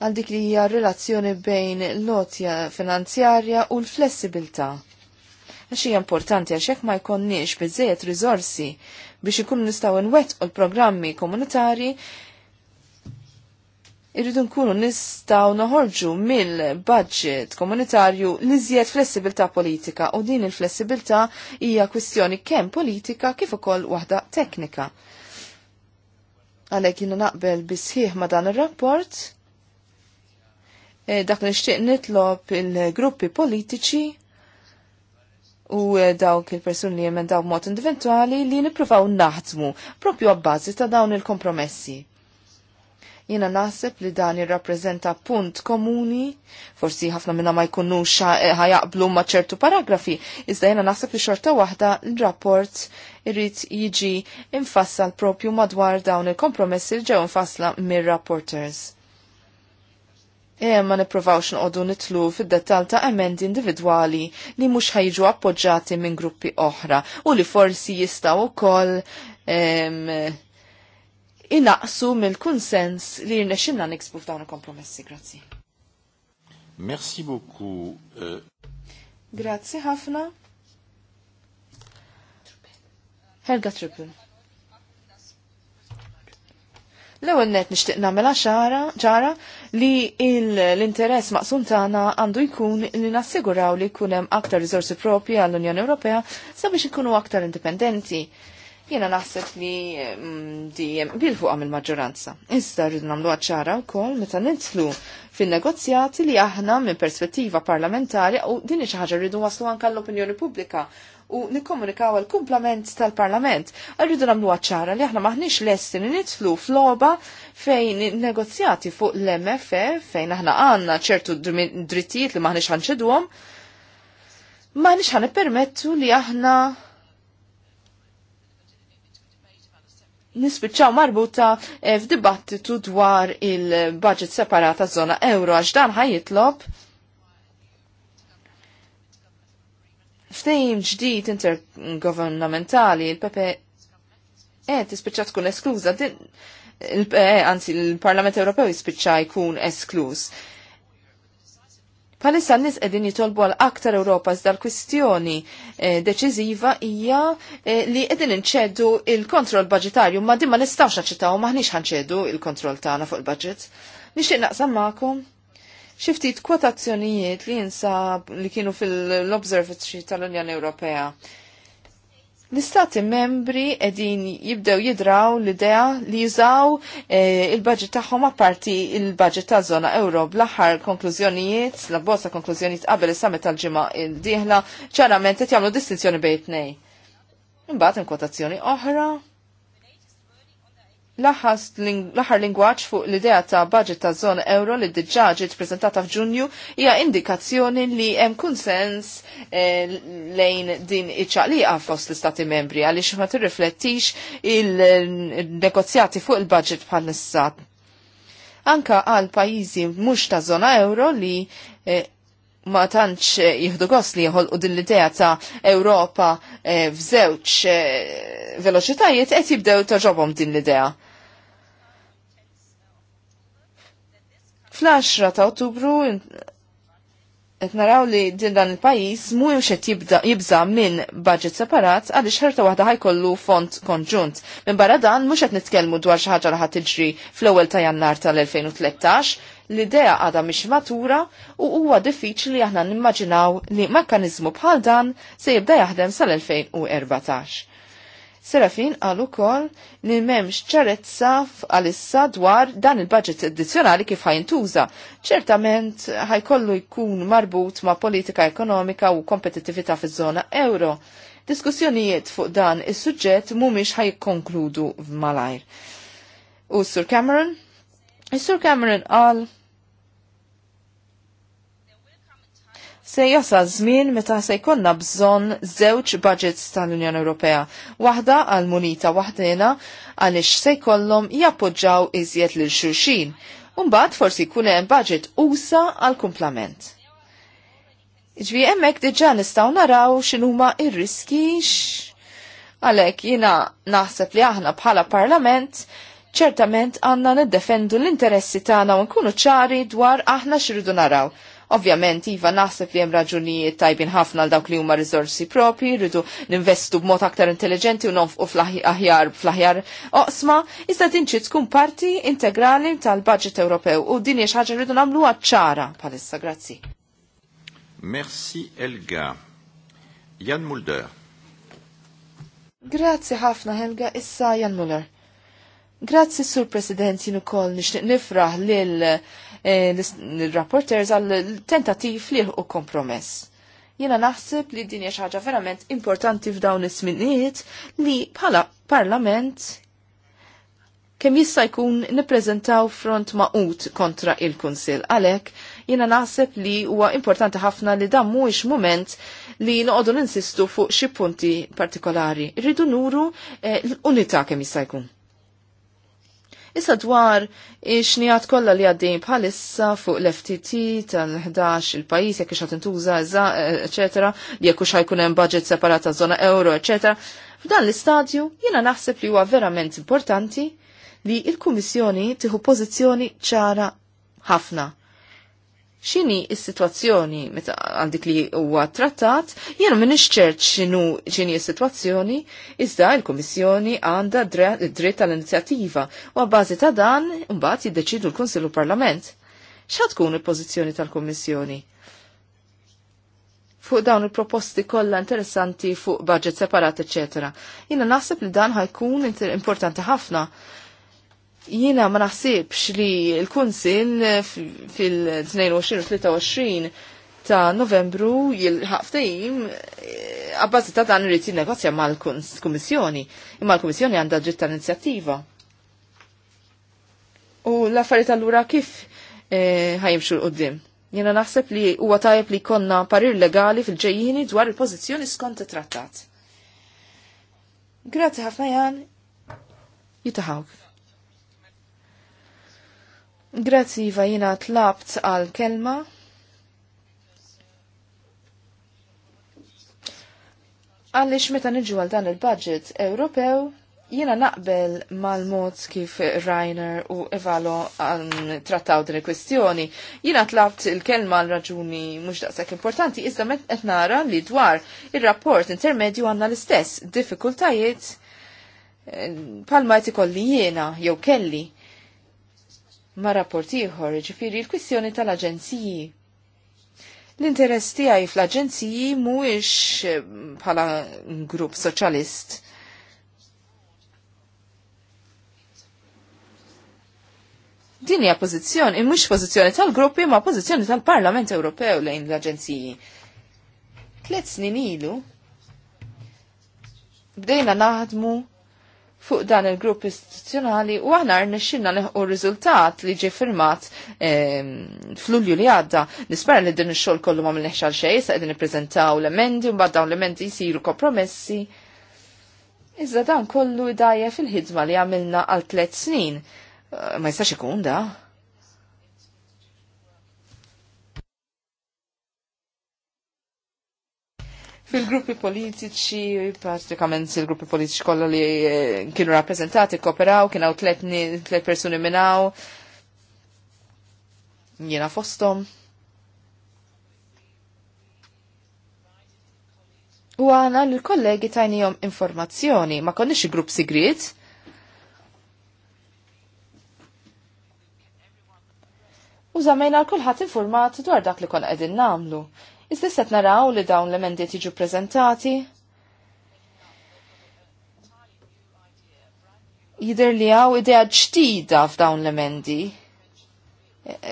għal dik li hija relazzjoni bejn l-lotja finanzjarja u l-flessibilta għax hija importanti għax hekk ma jkonniex biżejjed riżorsi biex ikun nistgħu nwettqu l-programmi komunitarji irridu nkunu nistgħu noħorġu mill-budget komunitarju li żjed flessibilità politika u din il-flessibilità hija kwistjoni kemm politika kif ukoll waħda teknika. Għalhekk jiena naqbel bisħieħ ma' dan ir-rapport eh, dak nixtieq nitlob il-gruppi politiċi u eh, dawk il-persuni li jemendaw mod individuali li nipruvaw naħdmu propju għabbazi ta' dawn il-kompromessi. Jena naħseb li dan jirrappreżenta punt komuni, forsi ħafna minna ma jkunux eh, ħajaqblu ma ċertu paragrafi, iżda jena naħseb li xorta waħda l-rapport irrit jiġi infassal propju madwar dawn il-kompromessi li ġew infassla mir-rapporters E ma niprovawx nqodu nitlu fid-dettal ta' emendi individwali li mhux ħajġu appoġġati minn gruppi oħra u li forsi jistgħu wkoll inaqsu mill-kunsens li rnexxinna niksbu f'dawn il-kompromessi. Grazzi. Merci beaucoup. Euh, Grazzi ħafna. Helga Triple. L-ewwel net nixtieq nagħmilha ċara li l-interess maqsum tagħna għandu jkun li nassiguraw li jkun hemm aktar riżorsi propri għall-Unjoni Ewropea sabiex ikunu aktar indipendenti. Jena naħseb li mm, dijem bil għam mill-maġġoranza. Issa rridu namlu ċara wkoll meta nitlu fin-negozjati li aħna minn perspettiva parlamentari u din xi ħaġa rridu waslu anke l-opinjoni pubblika u nikkomunikaw għal-kumplament tal-parlament. Rridu namlu ċara li aħna maħniex lessi li nitlu floba fejn negozjati fuq l-MFF e, fejn aħna għanna ċertu drittijiet li maħniex ħanċeduhom. Ma nix ħan permettu li aħna nispiċċaw marbuta eh, f'dibattitu dwar il-budget separata zona euro għax dan ħajitlob Ftejn ġdid intergovernamentali il pepe e eh, tispiċċa tkun eskluża il eh, anzi il-Parlament Ewropew jispiċċa jkun eskluż. Palissa n-nis edin jitolbu għal aktar Ewropa iżda l-kwistjoni e, eh, deċiżiva hija eh, li edin nċeddu il-kontroll budgetarju ma dimma nistax ma maħniex ħanċedu il-kontroll tagħna fuq il-budget. Nixtieq naqsam magħkom xiftit kwotazzjonijiet li jinsa li kienu fil-Observatory tal-Unjoni Ewropea L-istati membri edin jibdew jidraw l-idea li jużaw eh, il-budget tagħhom apparti il-budget ta' zona euro bl-aħħar konklużjonijiet, la bozza konklużjonijiet qabel is-summit tal-ġimgħa il-dieħla ċarament qed jagħmlu distinzjoni bejn it-tnejn. Imbagħad kwotazzjoni oħra l-aħħar lingwaġġ fuq l-idea ta' budget ta' zona euro li diġà ġiet prezentata f'Ġunju hija indikazzjoni li hemm kunsens eh, lejn din iċ-ċaqliqa fost l-Istati membri għaliex ma tirriflettix il-negozjati fuq il-budget bħal-nissa. Anka għal pajjiżi mhux ta' zona euro li eh, ma tantx eh, jihdu gost li jħolqu din l-idea ta' Ewropa f'żewġ veloċitajiet qed jibdew toġobhom din l-idea. Fl-10 ta' Ottubru qed naraw li din dan il-pajjiż mhuwiex qed jibża minn budget separat għaliex ħerta waħda ħajkollu font konġunt. Minn barra dan mhux qed nitkellmu dwar xi ħaġa li ħadd tiġri fl-ewwel ta' Jannar tal-2013, l-idea għadha mhix matura u huwa diffiċli aħna nimmaġinaw li mekkaniżmu bħal dan se jibda jaħdem sal-2014. Serafin għal ukoll li m'hemmx ċarezza għalissa dwar dan il-budget addizzjonali kif tuża. Ċertament ħajkollu jkun marbut ma' politika ekonomika u kompetitivita fi zona euro. Diskussjonijiet fuq dan is-suġġett mhumiex ħajkonkludu malajr. U Sur Cameron? Is-Sur Cameron qal se jasal żmien meta se jkollna bżonn żewġ budgets tal-Unjoni Ewropea. Waħda għal munita waħdina għaliex se jkollhom jappoġġaw iżjed lil xulxin. Umbagħad forsi jkun hemm budget usa għal kumplament. Ġvi hemmhekk diġà nistgħu naraw x'inhuma ir-riski għalhekk jiena naħseb li aħna bħala parlament ċertament għanna niddefendu l-interessi tagħna u nkunu ċari dwar aħna xirridu naraw. Ovvjament, Iva naħseb li hemm raġunijiet tajbin ħafna għal dawk li huma riżorsi propri, rridu ninvestu b'mod aktar intelligenti u nonfqu fl-aħjar fl-aħjar oqsma, iżda din xi tkun parti integrali tal-budget Ewropew u din hija xi ħaġa rridu nagħmlu ċara bħalissa, grazzi. Merci Elga. Jan Mulder. Grazzi ħafna Helga, issa Jan Muller. Grazzi Sur President jien ukoll nixtieq nifraħ lil Eh, l-rapporters għal tentativ liħ u kompromess. Jena naħseb li din hija ħaġa verament importanti f'dawn is-sminijiet li bħala parlament kemm jista' jkun nippreżentaw front maqut kontra il-Kunsill. Għalhekk jiena naħseb li huwa importanti ħafna li dan mhuwiex mument li noqogħdu ninsistu fuq xi punti partikolari. Rridu nuru eh, l-unità kemm jista' jkun. Issa dwar xnijat kollha li għaddej bħalissa fuq l-FTT tal-11 il-pajjiż jekk ix intuża eċetera, eh, li jekk hux hemm budget separat ta' żona euro, eċetera. F'dan l-istadju jiena naħseb li huwa verament importanti li il-Kummissjoni tieħu pożizzjoni ċara ħafna xini il sitwazzjoni meta għandik dik li huwa trattat, jiena minn ċert x'inhu xini il sitwazzjoni iżda l-Kummissjoni għandha dritt tal-inizjattiva u għabbażi ta' dan mbagħad jiddeċidu l-Kunsill u Parlament. X'a tkun il-pożizzjoni tal-Kummissjoni? Fuq dawn il-proposti kollha interessanti fuq budget separat, eċċetera. Jiena naħseb li dan ħajkun importanti ħafna Jiena ma naħsibx li l-Kunsil fil-22-23 ta' novembru jil-ħaftajim għabbażi eh, ta' dan irrid jinnegozja mal-Kummissjoni. Imma l-Kummissjoni għandha ġitta inizjattiva. U l-affarijiet allura kif eh, ħajimxu l-qoddim? Jena naħseb li huwa tajjeb li konna parir legali fil-ġejjini dwar il-pożizzjoni skont trattat. Grazzi ħafna jan. Jitaħawk. Grazzi Iva jina tlabt għal kelma. Għalix meta niġu għal dan il-budget Ewropew, jina naqbel mal-mod kif Rainer u Evalo trattaw din il-kwestjoni. Jina tlabt il-kelma għal raġuni mux daqsak importanti, iżda met nara li dwar il-rapport intermedju għanna l-istess diffikultajiet eh, palma jtikolli jena jew kelli ma' rapporti ieħor, ġifiri l-kwistjoni tal-aġenziji. L-interess tiegħi fl-aġenziji mhuwiex bħala grupp soċjalist. Din hija pożizzjoni, mhux pożizzjoni tal-grupp imma pożizzjoni tal-Parlament Ewropew lejn l-aġenziji. Tliet snin ilu bdejna naħdmu fuq dan il-grupp istituzzjonali u aħna rnexxinna neħu riżultat li ġie firmat fl-Ulju li għadda. Nispera li din ix-xogħol kollu ma mill għal xej, sa qegħdin nippreżentaw l-emendi u mbagħad dawn l-emendi jsiru kompromessi. Iżda dan kollu dajja fil-ħidma li għamilna għal tliet snin. Eh, ma jistax ikun da. Fil-gruppi politiċi, pratikament il-gruppi politiċi kollha li eh, kienu rappresentati, kooperaw, kien hawn tliet persuni minnaw, jiena fostom. U għana l-kollegi tajnijom informazzjoni, ma konniex grupp sigrit. U zamejna l informat dwar dak li kon qegħdin namlu Iżda set naraw li dawn l-emendi tiġu prezentati. Jider li għaw idea ġtida f'dawn l-emendi.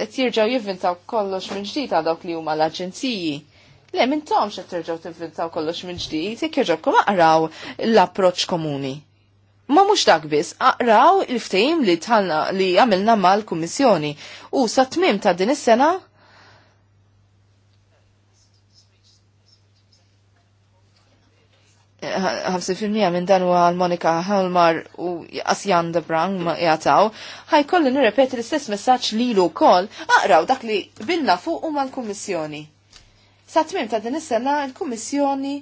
Et jirġaw jivvintaw kollox minn ġdida dawk li huma l-aġenziji. Le, minn tom qed terġgħu tivvintaw kollox minn ġdid, jirġaw jerġgħu aqraw l-approċċ komuni. Ma mhux dak biss, aqraw il-ftehim li tħallna li għamilna mal-Kummissjoni u sa tmiem ta' din is-sena 50% minn dan huwa Monika Halmar u Asjan de Brang ma jataw, ħajkolli nirrepeti l-istess messaġġ lilu wkoll aqraw dak li bilna fuq huma l-Kummissjoni. Sa tmim ta' din is-sena l-Kummissjoni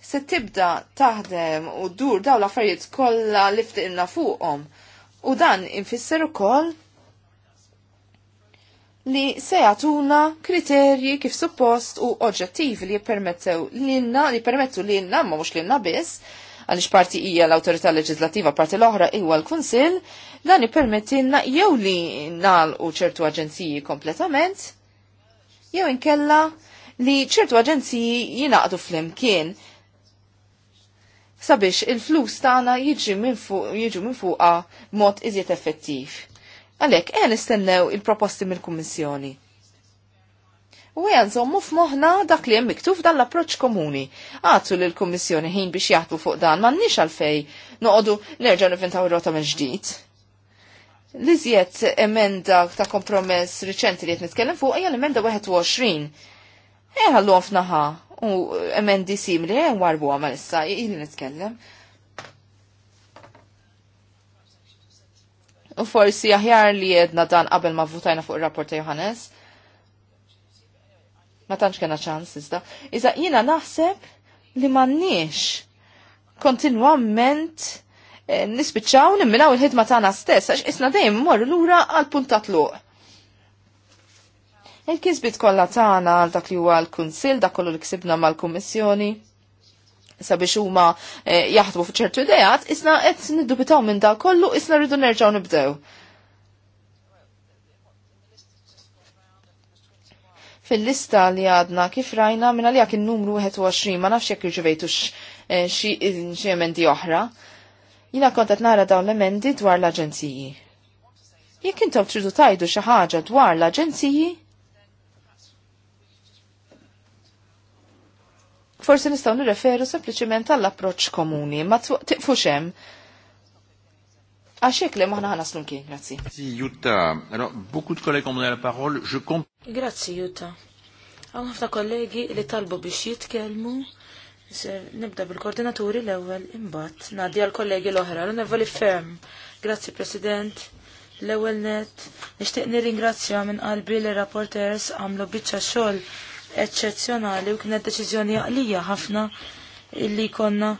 se tibda taħdem u dur daw l-affarijiet kollha li ftiqna fuqhom. U dan infisser ukoll li se jagħtuna kriterji kif suppost u oġġettivi li jippermettew lilna li permettu lilna ma mhux lilna biss għaliex parti hija l-awtorità leġislattiva parti l-oħra iwa l-Kunsill dan ippermettilna jew li u ċertu aġenziji kompletament jew inkella li ċertu aġenziji jinaqdu fl-imkien sabiex il-flus tagħna jiġu minn fuqa mod iżjed effettiv. Għalek, għen nistennew il-proposti mill-Kummissjoni. U għen zommu f-moħna dak li hemm miktuf dan l-approċ komuni. Għazzu li l-Kummissjoni ħin biex jaħtu fuq dan, ma nix għalfej noqdu nerġa' niventaw ir-rota minn ġdid. Li emenda ta' kompromess riċenti li qed nitkellem fuq hija emenda 21. Eħallu f'naħa u emendi simili, eħ warbu għamal issa, jgħin nitkellem. U forsi aħjar li jedna dan qabel ma votajna fuq il-rapport ta' Johannes. Ma tantx kena ċans iżda. Iżda jina naħseb li m'għandniex kontinwament nisbitċaw eh, nispiċċaw nimmilaw il-ħidma tagħna stess għax isna dejjem morru lura għal puntat luq. Il-kisbit kollha tagħna għal dak li huwa l-Kunsill dak kollu li ksibna mal-Kummissjoni sabiex huma eh, jaħdmu f'ċertu idejat, isna qed niddubitaw minn da kollu, isna rridu nerġgħu nibdew. Fil-lista li għadna kif rajna minna li għak il-numru 21, ma nafx jekk irġivejtu eh, xie emendi oħra. Jina kontat nara dawn l-emendi dwar l-aġenziji. Jekk intom tridu tajdu xi ħaġa dwar l-aġenziji, forsi nistgħu nirreferu sempliciment għall-approċċ komuni, ma tiqfux hemm. Għaxek li maħna ħana slunki, grazzi. Grazzi, Jutta. Allora, beaucoup de collègues ont donné la Grazzi, Jutta. Għam ħafna kollegi li talbu biex jitkellmu. nibda bil-koordinaturi l-ewel imbat. Nadi għal-kollegi l-oħra, l-nevoli ferm. Grazzi, President. L-ewel net, nishtiq nir-ingrazzja minn qalbi li rapporters għamlu bieċa xol eċċezzjonali u kienet deċiżjoni għalija ħafna illi konna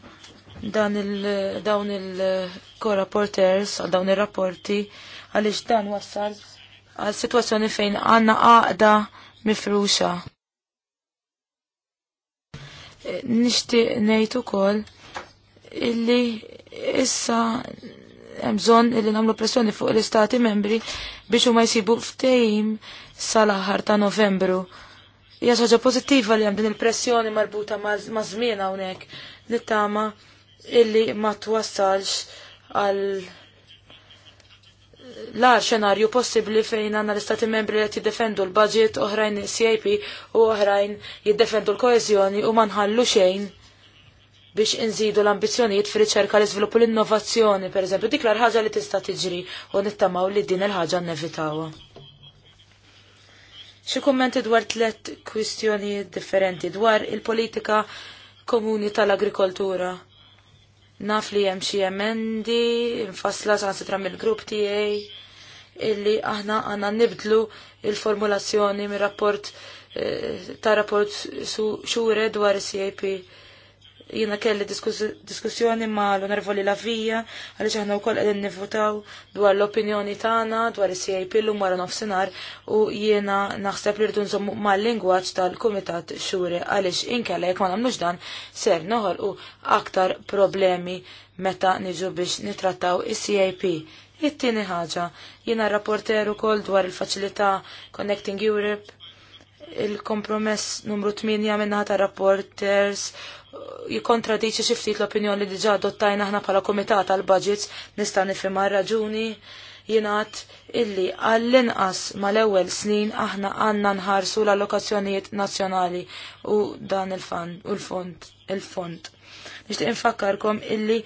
dan il dawn il-korrapporters dawn ir-rapporti għaliex dan wassal għal situazzjoni fejn għanna għaqda mifruxa. Nishti nejtu kol illi issa bżon illi namlu pressjoni fuq l-istati membri biex u ma jisibu ftejim sal ħar ta' novembru hija ħaġa pożittiva li hemm din il-pressjoni marbuta ma' żmien hawnhekk nittama illi ma twassalx għal l-għar xenarju possibli fejn għanna l-istati membri li jiddefendu l-budget, oħrajn CIP u oħrajn jiddefendu l-koezjoni u manħallu xejn biex inżidu l-ambizjonijiet fi riċerka li sviluppu l-innovazzjoni, per eżempju, dik l-ħaġa li tista' tiġri u nittamaw li din il-ħaġa nevitawa. Xi kummenti dwar tliet kwistjonijiet differenti dwar il-politika komuni tal-agrikoltura. Naf li hemm xi emendi infassla sansitra mill-grupp tiegħi illi aħna għandna nibdlu il-formulazzjoni mir-rapport eh, ta' rapport xure dwar is-CAP Jina kelli diskussjoni ma l-onervoli għalli ċaħna aħna wkoll qegħdin nivvutaw dwar l-opinjoni tagħna dwar is-CIP l wara nofsinhar u jiena naħseb li zommu ma mal-lingwaġġ tal-Kumitat Xuri għaliex inkella jekk ma nagħmlux dan ser noħolqu aktar problemi meta niġu biex nitrattaw is-CIP. It-tieni ħaġa, jiena rapporter ukoll dwar il-faċilità Connecting Europe il-kompromess numru 8 minna ta' rapporters jikontradiċi xiftit l-opinjoni li diġa adottajna ħna pala komitat għal budgets nista' nifhem raġuni jingħad illi għall-inqas mal-ewwel snin aħna għandna nħarsu l-allokazzjonijiet nazzjonali u dan il-fond il-fond. Nixtieq infakkarkom illi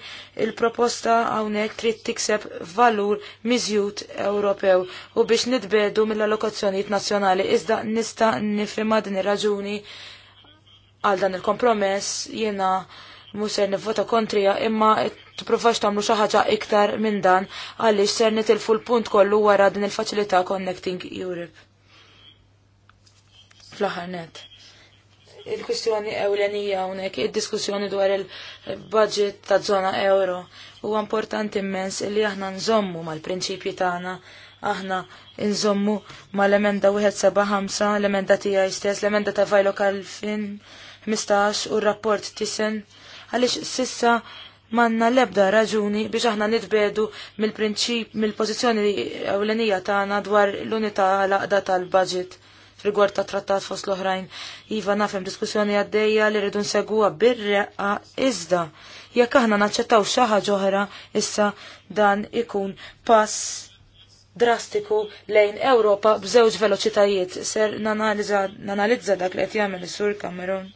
il-proposta hawnhekk trid tikseb valur miżjud Ewropew u biex nitbedu mill-allokazzjonijiet nazzjonali iżda nista' nifhimha din ir-raġuni għal dan il-kompromess jiena mhux ser nivvota kontrija imma tipprovax tagħmlu xi ħaġa iktar minn dan għaliex ser nitilfu l-punt kollu wara din il-faċilità Connecting Europe. Fl-aħħar net il-kwistjoni ewlenija unek, il-diskussjoni dwar il-budget ta' zona euro. U importanti immens li aħna nżommu mal-prinċipji tagħna, aħna nżommu mal-emenda 175, l-emenda tija stess, l-emenda ta' Vajlo Kalfin 15 u r-rapport tisen għaliex sissa manna lebda raġuni biex aħna nitbedu mill-prinċip, mill-pozizjoni ewlenija tagħna dwar l-unità laqda tal-budget rigward ta' trattat fost l-oħrajn. Iva nafem diskussjoni għaddejja li rridu nseguha birreqa iżda. Jekk aħna naċċettaw xi ħaġa oħra, issa dan ikun pass drastiku lejn Ewropa b'żewġ veloċitajiet. Ser nanalizza dak li qed jagħmel is-Sur Cameron.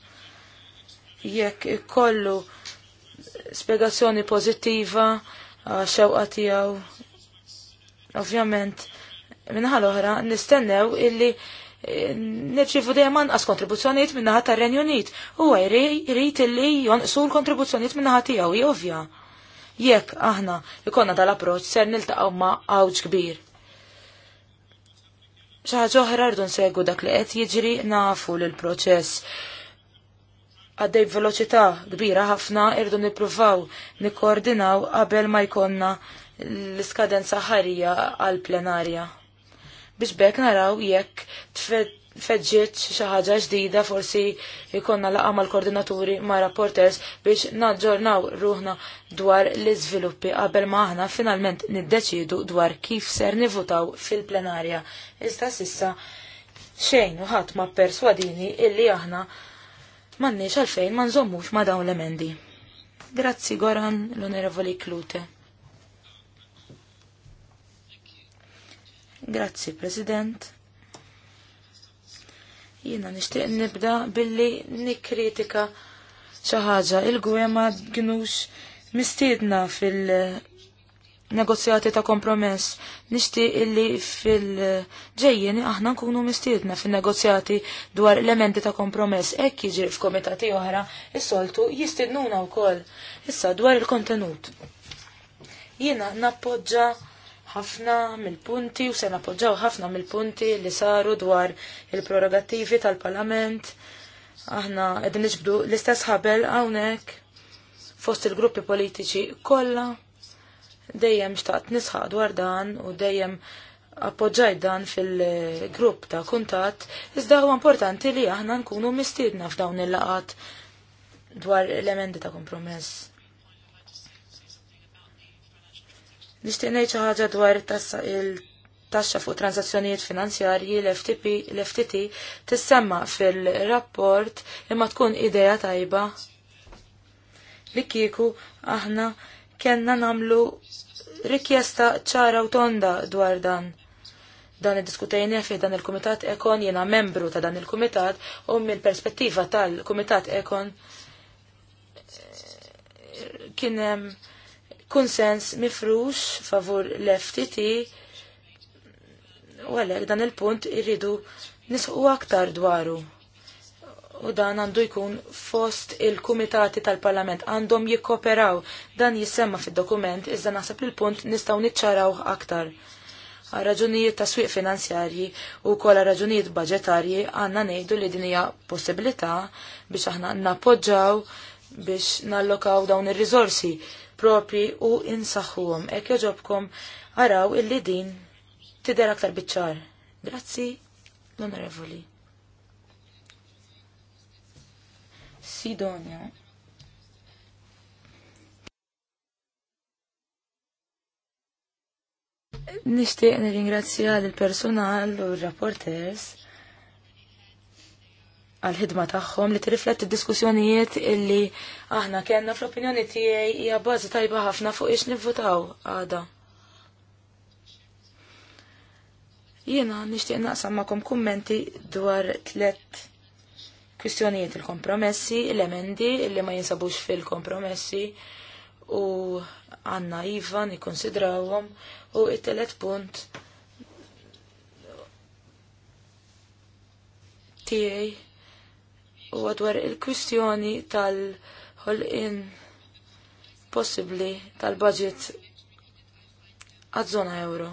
Jekk ikollu spjegazzjoni pożittiva xewqa tiegħu. Ovvjament, minħal oħra nistennew illi nirċifu dejman anqas kontribuzzjonijiet minna naħa tar-Renju Unit. Huwa jrid illi jonqsu l kontribuzzjoniet minna naħa tiegħu hi Jekk aħna jkonna dal-approċċ ser niltaqgħu ma' għawġ kbir. Xi ħaġa oħra dak li qed jiġri nafu l proċess għaddej veloċità kbira ħafna irdu nippruvaw nikkoordinaw qabel ma jkollna l-iskadenza ħarija għal plenarja biex bekk naraw jekk tfedġiet xi ħaġa ġdida forsi jkollna laqa mal-koordinaturi ma' rapporters biex naġġornaw ruħna dwar l-iżviluppi qabel ma aħna finalment niddeċidu dwar kif ser nivutaw fil-plenarja. Iżda sissa xejn u ħadd ma' perswadini illi aħna m'għandniex għalfejn ma nżommux ma' dawn l-emendi. Grazzi Goran l-Onorevoli Klute. Grazzi, President. Jiena nixtieq nibda billi nikkritika xi ħaġa il gwema ma mistidna mistiedna fil-negozjati ta' kompromess. Nixtieq illi fil-ġejjeni aħna nkunu mistiedna fil-negozjati dwar elementi ta' kompromess. Ekk jiġri f'komitati oħra is-soltu jistidnuna wkoll. Issa dwar il-kontenut. Jiena nappoġġa ħafna mill-punti u se napoġġaw ħafna mill-punti li saru dwar il prorogattivi tal-Parlament. Aħna qegħdin niġbdu l-istess ħabel hawnhekk fost il-gruppi politiċi kollha dejjem xtaqt nisħaq dwar dan u dejjem appoġġajt dan fil-grupp ta' kuntat, iżda huwa importanti li aħna nkunu mistiedna f'dawn il-laqat dwar l-emendi ta' kompromess. Nixtieq ngħid xi ħaġa dwar il-taxxa fuq transazzjonijiet finanzjarji l-FTP, l-FTT tissemma fil-rapport imma tkun idea tajba li kieku aħna kellna nagħmlu rikjesta ċara u tonda dwar dan dan id-diskutejni fih dan il-Kumitat Ekon jiena membru ta' dan il-Kumitat u mill perspettiva tal-Kumitat Ekon kienem kunsens mifrux favur l-FTT u għalek dan il-punt irridu nisqu aktar dwaru. U dan għandu jkun fost il-kumitati tal-parlament għandhom jikkoperaw dan jissemma fil-dokument iżda naħseb il punt nistaw nitċaraw aktar. Għal raġunijiet ta' swieq finanzjarji u kol raġunijiet budgetarji għanna nejdu li dinija possibilità biex aħna nappoġġaw biex nallokaw dawn ir-riżorsi propri u insaħħuhom. Hekk jogħġobkom araw illi din tidher aktar biċċar. Grazzi, l-onorevoli. Sidonia. Nishtiq nir-ingrazzja l-personal u r rapporters għal-ħidma tagħhom li tirriflet id diskussjonijiet illi aħna kellna fl-opinjoni tiegħi hija bażi tajba ħafna fuq ix nivvutaw għada. Jiena nixtieq naqsam magħkom kummenti dwar tliet kwistjonijiet il-kompromessi, l-emendi li ma jinsabux fil-kompromessi u għanna iva nikkonsidrawhom u it-telet punt tiegħi u għadwar il-kwistjoni tal-ħolqin possibli tal-budget għad-zona euro.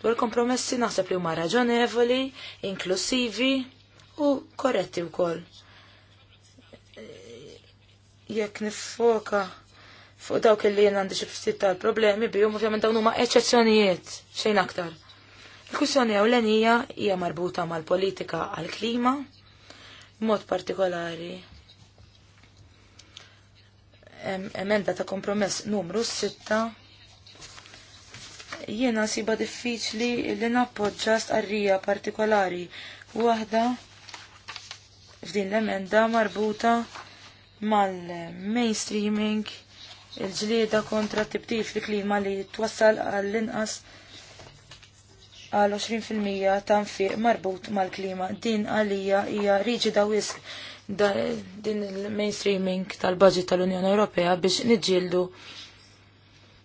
Dwar kompromessi naħseb li huma raġonevoli, inklusivi u korretti wkoll. Jekk nifoka fuq dawk li jien għandi xi ftit tal-problemi bihom ovvjament dawn huma eċċezzjonijiet xejn aktar. Il-kwistjoni ewlenija hija marbuta mal-politika għall-klima, mod partikolari. Emenda ta' kompromess numru 6 jiena siba diffiċli li nappoġġa starrija partikolari waħda f'din l-emenda marbuta mal-mainstreaming il-ġlieda kontra tibtif li klima li twassal għall-inqas għal 20% ta' nfiq marbut mal-klima. Din għalija hija riġida wisq din il-mainstreaming tal-budget tal-Unjoni Ewropea biex niġġieldu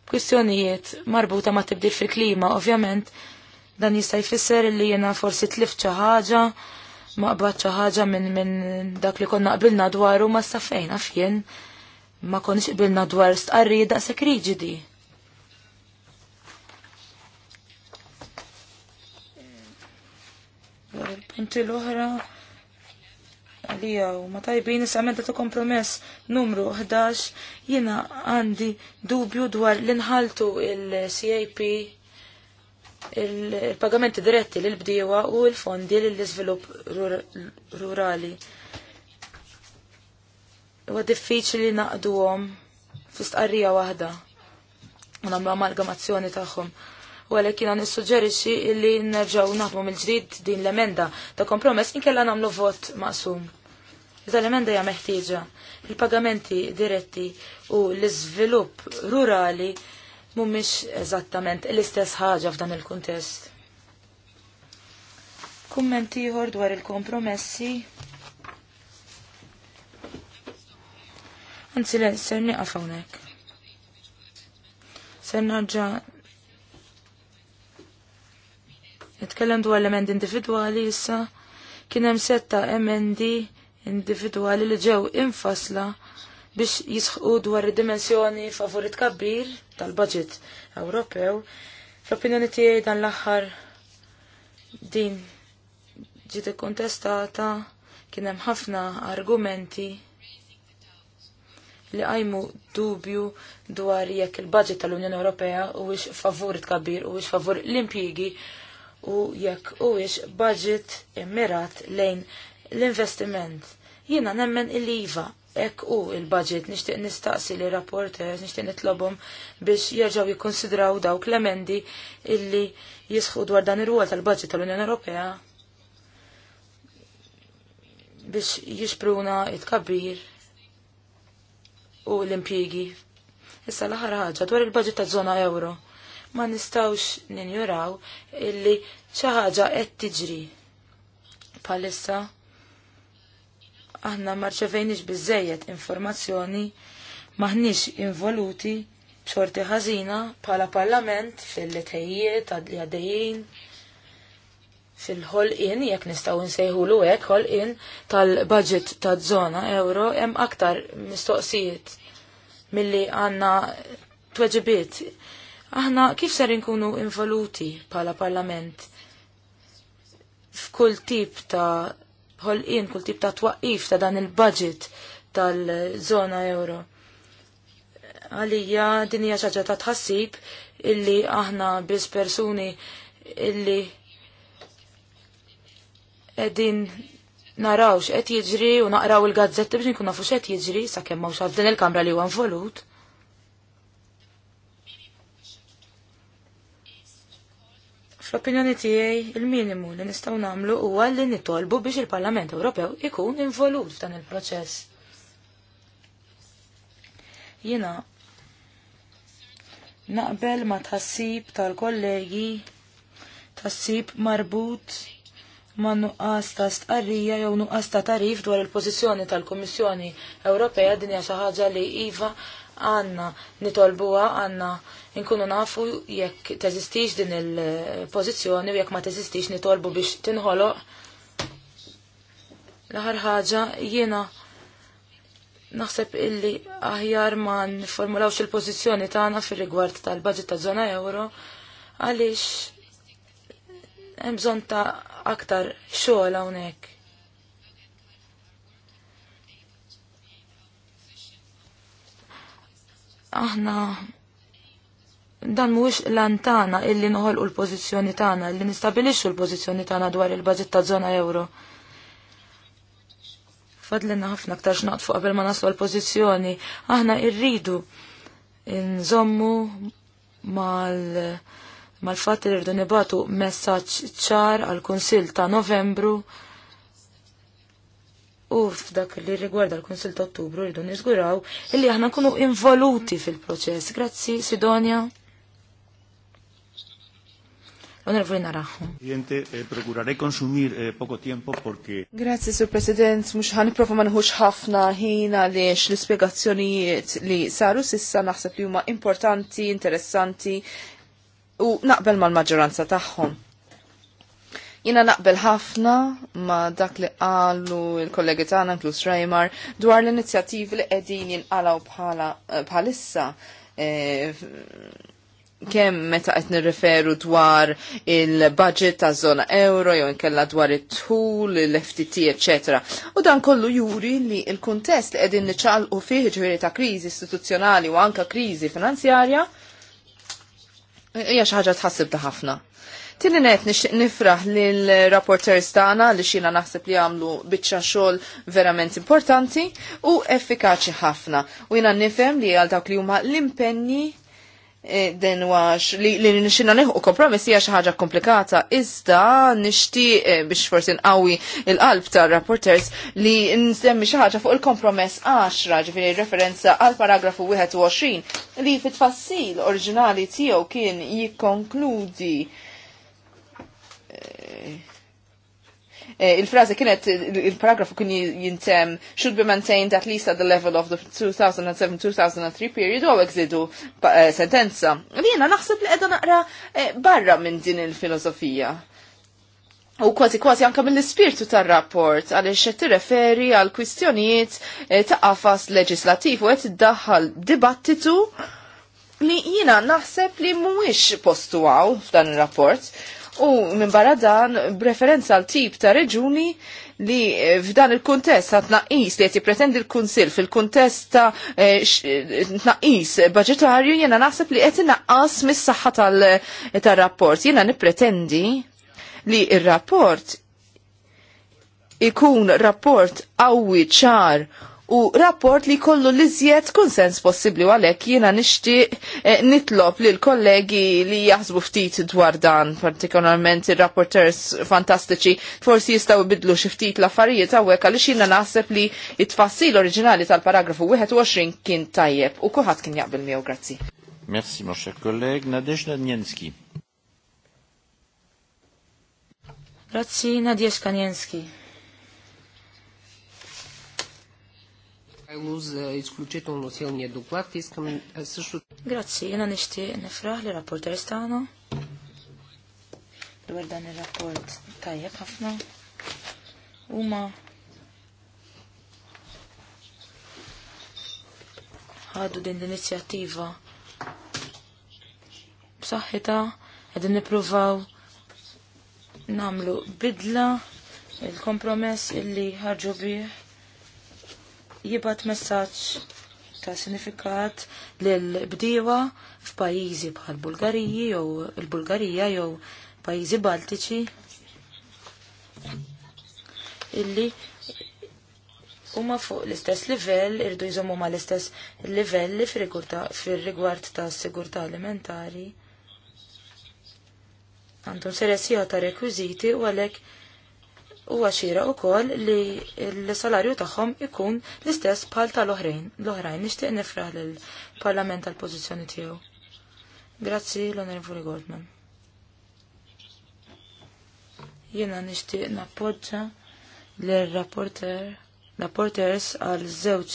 kwistjonijiet marbuta ma' tibdil fil-klima. Ovvjament dan jista' jfisser li jiena forsi tlif xi ħaġa maqbad xi ħaġa minn min dak li konna qbilna dwaru ma sa fejn għafjen ma konniex qbilna dwar stqarri daqshekk riġidi. punti l-oħra li għaw ma tajbin is ta' kompromess numru 11 jina għandi dubju dwar l-inħaltu il-CAP il-pagamenti diretti l-bdiewa u l-fondi l-izvilup rurali. Huwa diffiċli naqduhom fl-istqarrija waħda u nagħmlu amalgamazzjoni tagħhom u għalhekk jiena nissuġġerixxi li nerġgħu naħdmu mill-ġdid din l-emenda ta' kompromess inkella nagħmlu vot maqsum. Iżda l-emenda hija meħtieġa. Il-pagamenti diretti u l-iżvilupp rurali mhumiex eżattament l-istess ħaġa f'dan il-kuntest. Kummenti ieħor dwar il-kompromessi Anzi, le, ser niqaf hawnhekk. Ser naġġa'. Nitkellem dwar l-emendi individwali issa kien hemm setta emendi individwali li ġew infasla biex jisħu dwar id-dimensjoni favorit kabbir tal-budget Ewropew. Fl-opinjoni tiegħi dan l-aħħar din ġiet ikkontestata kien hemm ħafna argumenti li għajmu dubju dwar jekk il-budget tal-Unjoni Ewropea u wix kabir tkabbir u wix favur l-impjigi u jekk huwiex budget immirat lejn l-investiment. Jiena nemmen il-IVA ek u il-budget nixtieq nistaqsi li rapporters nixtieq nitlobhom biex jerġgħu jikkonsidraw dawk l-emendi illi jisħu dwar dan ir-rwol tal-budget tal-Unjoni Ewropea biex jixpruna it kabir u l-impjigi. Issa l-aħħar ħaġa dwar il-budget ta' żona euro ma nistawx ninjuraw illi xi ħaġa qed tiġri. Palissa aħna marċevejniex biżejjed informazzjoni maħniex involuti b'xorti ħażina bħala parlament fil-letejjiet għadli għaddejjin fil-ħolqin, jekk nistaw nsejħulu hekk ħolqin tal-budget taż-żona euro hemm aktar mistoqsijiet milli għandna tweġibiet Aħna kif ser inkunu involuti pala parlament f'kull tip ta' ħolqien, kull tip ta' twaqif ta' dan il-budget tal-zona euro. Għalija din hija xaġa ta' tħassib illi aħna biss persuni illi edin narawx qed jiġri u naqraw il-gazzetti biex nkun nafux qed jiġri sakemm mawx din il-kamra li huwa involut. Fl-opinjoni tiegħi il-minimu li nistgħu nagħmlu huwa li nitolbu biex il-Parlament Ewropew ikun involut f'dan il-proċess. Jiena naqbel ma tħassib tal-kollegi tħassib marbut ma nuqqas ta' stqarrija jew nuqqas ta' tarif dwar il-pożizzjoni tal-Kummissjoni Ewropea din hija xi ħaġa li iva għandna nitolbuha għandna nkunu nafu jekk teżistix din il-pożizzjoni u jekk ma teżistix nitolbu biex tinħoloq. L-aħħar ħaġa jiena naħseb illi aħjar ma nformulawx il-pożizzjoni tagħna fir-rigward tal-budget ta' żona euro għaliex hemm bżonn ta' aktar xogħol hawnhekk. Aħna dan mhuwiex lantana illi noħolqu l-pożizzjoni tagħna, illi nistabilixxu l-pożizzjoni tagħna dwar il-baġit ta' żona euro. Fadlinna ħafna aktar x'naqtfu qabel ma naslu l-pożizzjoni, aħna rridu nżommu mal mal-fatt li rridu nibatu messaġġ ċar għal kunsill ta' Novembru u f'dak li rigwarda l kunsil ta' Ottubru rridu niżguraw illi aħna nkunu involuti fil-proċess. Grazzi, Sidonia. Onorevoli eh, eh, poco tiempo porque... Grazie, Sur President. Mux ħan iprofa ma nħux ħafna ħin għaliex l-spiegazzjonijiet li saru sissa naħseb li huma importanti, interessanti u naqbel mal-maġġoranza tagħhom. Jina naqbel ħafna ma dak li qalu il-kollegi tagħna inkluż Reimar dwar l-inizjattivi li qegħdin jinqalgħu bħala eh, bħalissa kemm meta qed nirreferu dwar il-budget ta' zona euro jew inkella dwar it-tul, l-FTT, etc. U dan kollu juri li l-kuntest li qegħdin niċċalqu fih ġwieri ta' kriżi istituzzjonali u anka kriżi finanzjarja hija xi ħaġa tħassib ta' ħafna. Tini net nixtieq nifraħ lil rapporters tagħna li xina naħseb li għamlu biċċa xogħol verament importanti u effikaċi ħafna. U jiena nifhem li għal dawk li huma l-impenni E, den wax li, li nixina neħu kompromiss hija xi ħaġa komplikata, iżda nixtieq biex forsi nqawi il-qalb tar-rapporters li nsemmi xi ħaġa fuq il-kompromess 10 ġifiri referenza għal paragrafu 21 li fit-tfassil oriġinali tiegħu kien jikkonkludi e, Eh, il-frazi kienet, il-paragrafu kien jintem, should be maintained at least at the level of the 2007-2003 period, u għegżidu zidu eh, sentenza. Jena naħseb li edha naqra eh, barra minn din il-filosofija. U kważi kważi anka mill-ispirtu tar-rapport għaliex qed tirreferi għal kwistjonijiet ta' qafas leġislattiv u qed iddaħħal dibattitu li jina naħseb li mhuwiex postu għaw f'dan ir-rapport u minn barra dan b'referenza għal tip ta' reġuni li eh, f'dan il-kuntest ta' tnaqqis li qed jippretendi l-Kunsill fil-kuntest ta' eh, eh, tnaqqis budgetarju jiena naħseb li qed naqas mis-saħħa tal-rapport. Jiena nippretendi li il rapport ikun rapport qawwi ċar u rapport li kollu li zjed konsens possibli u għalek jina nishti eh, nitlob li l-kollegi li jaħsbu ftit dwar dan, partikolarment il-rapporters fantastiċi, forsi jistaw bidlu xiftit l-affarijiet għawek għalix jina naħseb li it-fassil oriġinali tal-paragrafu 21 kien tajjeb u kuħat kien jaqbil miegħu grazzi. Merci, mon cher collègue. Nadezhda Nienski. Grazzi, Nadezhda Nienski. Михайло за изключително силния доклад. Искам също... Граци, една Dwar dan il-rapport tajjeb ħafna Uma. ħadu din l-inizjattiva B'saħħita qegħdin nippruvaw namlu bidla il-kompromess illi ħarġu bih jibat messaġġ ta' sinifikat l-bdiewa f'pajjiżi bħal Bulgariji jew il-Bulgarija jew pajjiżi Baltiċi illi huma fuq l-istess livell irdu jżommu ma l-istess livelli fir-rigward ta' sigurtà alimentari. Għandhom seressija ta' rekwiżiti u għalhekk u għaxira u kol li l-salarju tagħhom ikun l-istess bħal tal-oħrejn. L-oħrajn nixtieq nifraħ l-Parlament tal-pożizzjoni tiegħu. Grazzi l-Onorevoli Goldman. Jiena nixtieq nappoġġa l-rapporter rapporters għal żewġ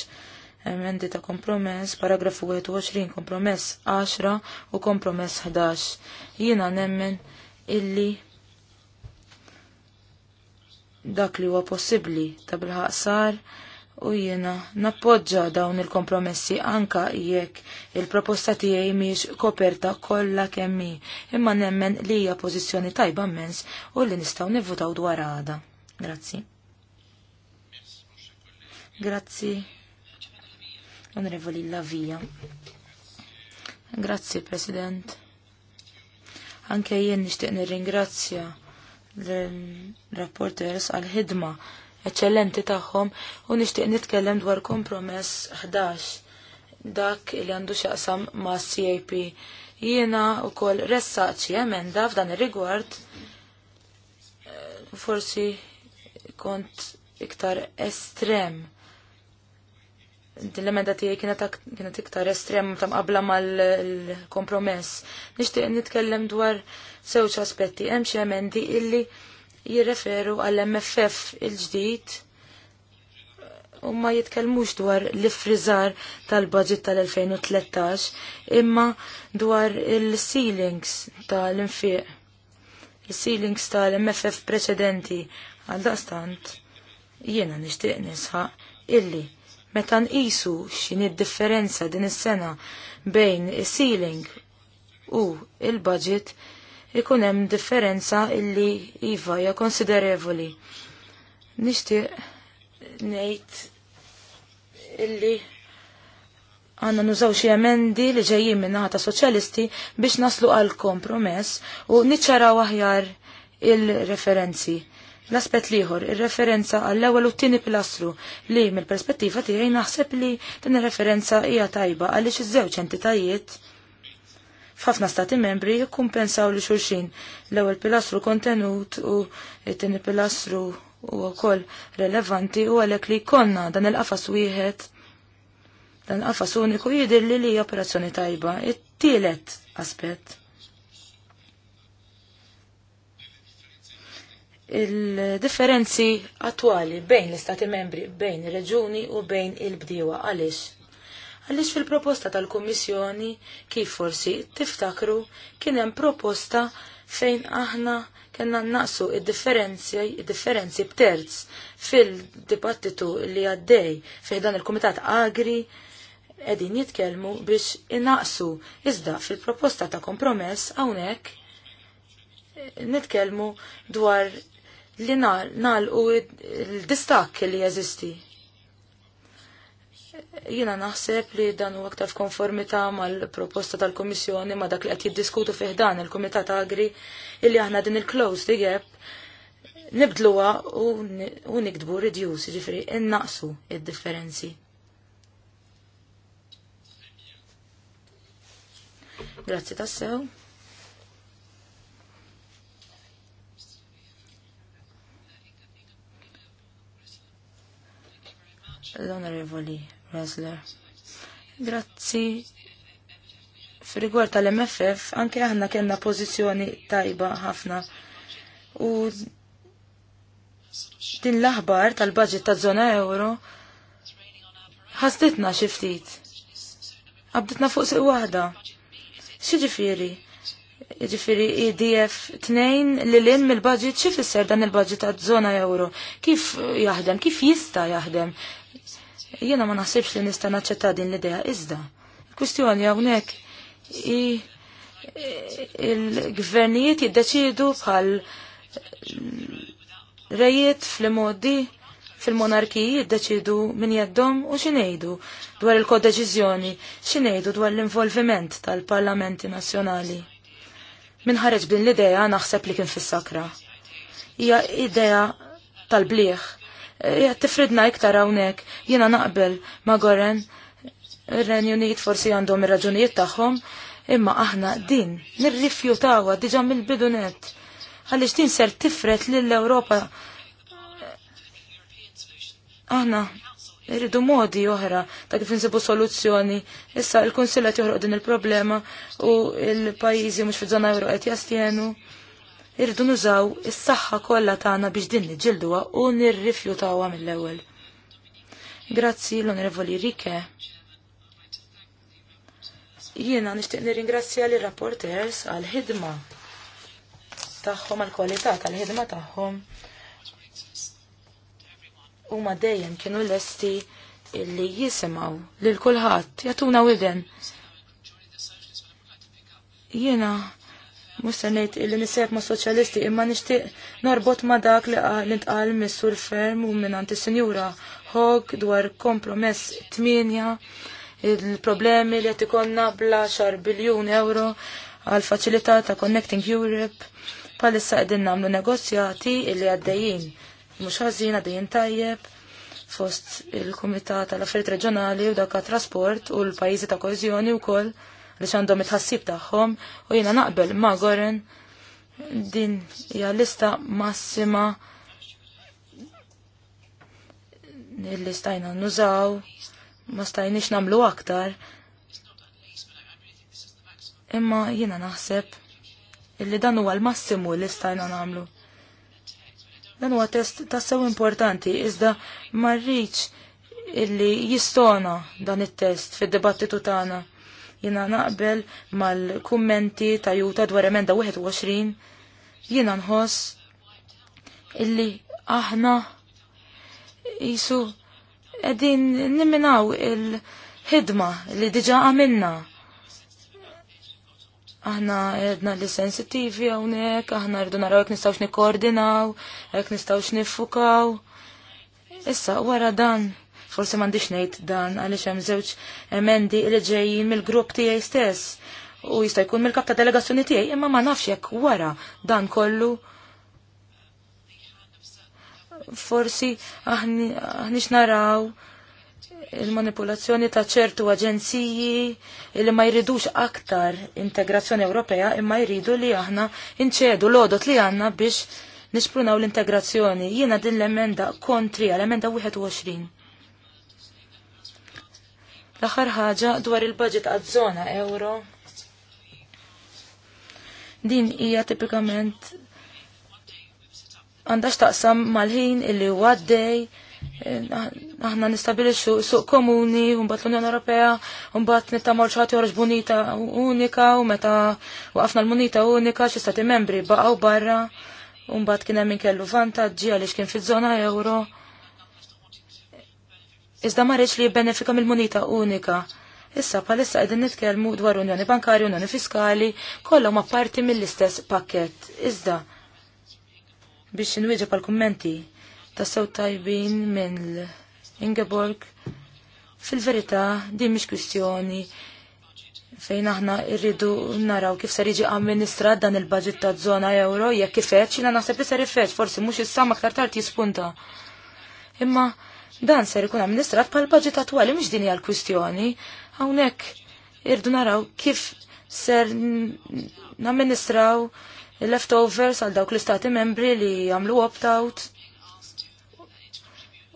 emendi ta' kompromess, paragrafu 21, kompromess 10 u kompromess 11. Jiena nemmen illi dak li huwa possibbli ta' bil-ħaqsar u jiena nappoġġa dawn il-kompromessi anka jekk il-proposta tiegħi mhix koperta kollha kemm hi, imma nemmen li hija pożizzjoni tajba mens u li nistgħu nivvutaw dwar għada. Grazzi. Grazzi. Onorevoli Lavija. Grazzi, President. Anke jien nixtieq nirringrazzja l-rapporters għal-ħidma eccellenti tagħhom u nixtieq nitkellem dwar kompromess 11 dak li għandu xaqsam ma' CAP. Jiena u kol ressaċi emenda f'dan ir-rigward eh, forsi kont iktar estrem. L-emenda tiegħi kienet iktar estrem ta' qabla mal-kompromess. Nixtieq nitkellem dwar żewġ aspetti hemm xi emendi illi jirreferu għall-MFF il-ġdid u ma jitkellmux dwar l-ifriżar tal-budget tal-2013 imma dwar il-ceilings tal-infiq il-ceilings tal-MFF preċedenti għal dastant jiena nixtieq nisħaq illi meta nqisu x'inhi differenza din is-sena bejn is-ceiling u il-budget ikun hemm differenza illi iva hija konsiderevoli. Nixtieq ngħid illi għanna nużaw xie emendi li ġejjin minn ta' soċjalisti biex naslu għal kompromess u niċċaraw aħjar il-referenzi. L-aspet liħor, il-referenza għall-ewwel u t-tieni pilastru li mill-perspettiva tiegħi naħseb li din ir-referenza hija tajba għaliex iż-żewġ entitajiet f'ħafna stati membri jikkumpensaw li xulxin l-ewwel pilastru kontenut u t-tieni pilastru u wkoll relevanti u għalhekk li jkollna dan il-qafas wieħed dan qafas uniku jidir li li operazzjoni tajba. It-tielet aspett. il-differenzi attuali bejn l-istati membri, bejn il-reġuni u bejn il-bdiwa. Għalix? għaliex fil-proposta tal-Kummissjoni kif forsi tiftakru kien hemm proposta fejn aħna kena naqsu id-differenzi id-differenzi b'terz fil-dibattitu li għaddej fejn dan il-Kumitat Agri edin jitkelmu biex inaqsu iżda fil-proposta ta' kompromess hawnhekk nitkelmu dwar li nagħlqu l-distak li jeżisti Jina naħseb li dan u aktar f'konformità mal-proposta tal-Komissjoni ma dak li qed jiddiskutu fih dan il-Kumitat Agri illi aħna din il-close the gap nibdluha u nikdbu reduce, ġifri innaqsu id-differenzi. Grazzi tassew. l-onorevoli Mezler. Grazzi. F'rigward tal-MFF, anke aħna kellna pożizzjoni tajba ħafna. U din l-aħbar tal-budget ta' zona euro ħasditna xi ftit. fuq seq waħda. Xieġifiri? Jiġifieri EDF 2 li lin mill-budget xifisser dan il-budget ta' zona euro? Kif jaħdem? Kif jista' jaħdem? Jiena ma naħsibx li nista' naċċetta din l-idea iżda. Il-kwistjoni hawnhekk il-gvernijiet jiddeċidu bħal rejiet fl-modi fil-monarkiji jiddeċidu min jeddom u xinejdu dwar il-kodeċizjoni, xinejdu dwar l-involviment tal-parlamenti nazjonali. Min ħareġ din l-ideja naħseb li kien fis-sakra. Hija idea tal-bliħ jgħat eh, tifridna iktar hawnhekk. Jiena naqbel ma' Goren ir-Renjunijiet forsi għandhom ir-raġunijiet tagħhom, imma aħna din nirrifjutawha diġà mill-bidunet. Għaliex din ser tifret lill-Ewropa. Aħna irridu modi oħra ta' kif insibu soluzzjoni. Issa il konsilat joħroq din il-problema u il-pajjiżi mhux fi żona Ewro qed jastjenu irridu nużaw is-saħħa kollha tagħna biex din niġilduha u nirrifjutawha mill-ewwel. Grazzi l-Onorevoli Rike. Jiena nixtieq nirringrazzja lir rapporters għal ħidma tagħhom għal kwalità tal-ħidma tagħhom. Huma dejjem kienu lesti illi jisimaw lil kulħadd jagħtuna widen. Jiena Mux illi nisef ma' soċjalisti imma nixtieq norbot ma' dak li nitqal mis ferm u minn anti sinjura Hog dwar kompromess tminja il-problemi li qed ikonna bla xar biljun euro għal faċilità ta' Connecting Europe palissa qegħdin nagħmlu negozjati illi għaddejjin mhux ħażin għaddejjin tajjeb fost il-Kumitat tal-Affarijiet Reġjonali u dak trasport u l-pajjiżi ta' koeżjoni wkoll li għandhom it-ħassib tagħhom u jiena naqbel ma' Goren din hija lista massima li stajna nużaw, ma stajniex namlu aktar. Imma jiena naħseb illi dan huwa l-massimu li stajna namlu. Dan huwa test tassew importanti, iżda marriċ illi jistona dan it-test fid-dibattitu tagħna. Jina naqbel mal-kummenti ta' juta dwar emenda 21. Jina nħoss illi aħna jisu edin nimminaw il-ħidma li diġa għamilna. Aħna edna li sensitivi għawnek, aħna rridu naraw jek nistawx nikoordinaw, jek nistawx nifukaw. Issa, wara dan, Forse m'għandix ngħid dan għaliex hemm żewġ emendi li ġejjin mill-grupp tiegħi stess u jista' jkun mill-kap ta' delegazzjoni tiegħi, imma ma nafx jekk wara dan kollu forsi aħniex naraw il-manipulazzjoni ta' ċertu aġenziji li ma jridux aktar integrazzjoni Ewropea imma jridu li aħna inċedu l-odot li għanna biex nispruna l-integrazzjoni. Jiena din l-emenda kontri għal-emenda 21. L-aħħar ħaġa dwar il-budget għaż-żona euro. Din hija tipikament għandax taqsam mal-ħin illi huwa għaddej, aħna nistabilixxu suq komuni, mbagħad l-Unjoni Ewropea, mbagħad nittamaw xi joħroġ bunita unika u meta waqafna l-munita unika xi stati membri baqgħu barra, u mbagħad kien hemm kellu vantaġġi għaliex kien fiż-żona euro. Iżda ma rridx li jibbenefika mill-munita unika. Issa palissa qegħdin nitkellmu dwar Unjoni Bankarja, Unjoni Fiskali, kollha ma parti mill-istess pakkett. Iżda biex inwieġeb għal kummenti ta' sew tajbin minn Ingeborg, fil-verità din mhix kwistjoni fejn aħna irridu naraw kif ser jiġi amministrat dan il-budget ta' zona euro, jekk kifet, xina naħseb li ser forsi mhux issa aktar tard jispunta. Imma dan ser ikun amministrat pal budget attwali mhux din hija l-kwistjoni. Hawnhekk irdu naraw kif ser namministraw leftovers għal dawk l-istati membri li jagħmlu opt-out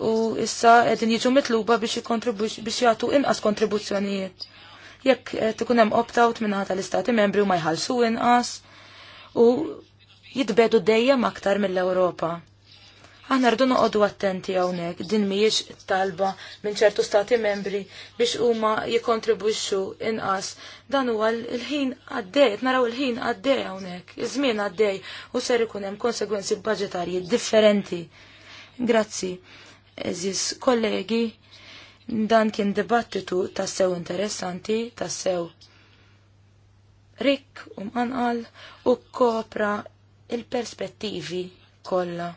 u issa qegħdin jiġu mitluba biex biex jagħtu inqas kontribuzzjonijiet. Jekk tikun hemm opt-out minn tal-istati membri u ma jħallsu inqas u jitbedu dejjem aktar mill-Ewropa. Aħna rdu noqogħdu attenti hawnhekk, din mhijiex talba minn ċertu stati membri biex huma jikkontribwixxu inqas. Dan huwa l-ħin għaddej, naraw il-ħin għaddej hawnhekk, iż-żmien għaddej u ser ikun hemm konsegwenzi budġetarji differenti. Grazzi, eżis kollegi, dan kien dibattitu tassew interessanti, tassew rik u manqal, mqanqal u kopra il-perspettivi kollha.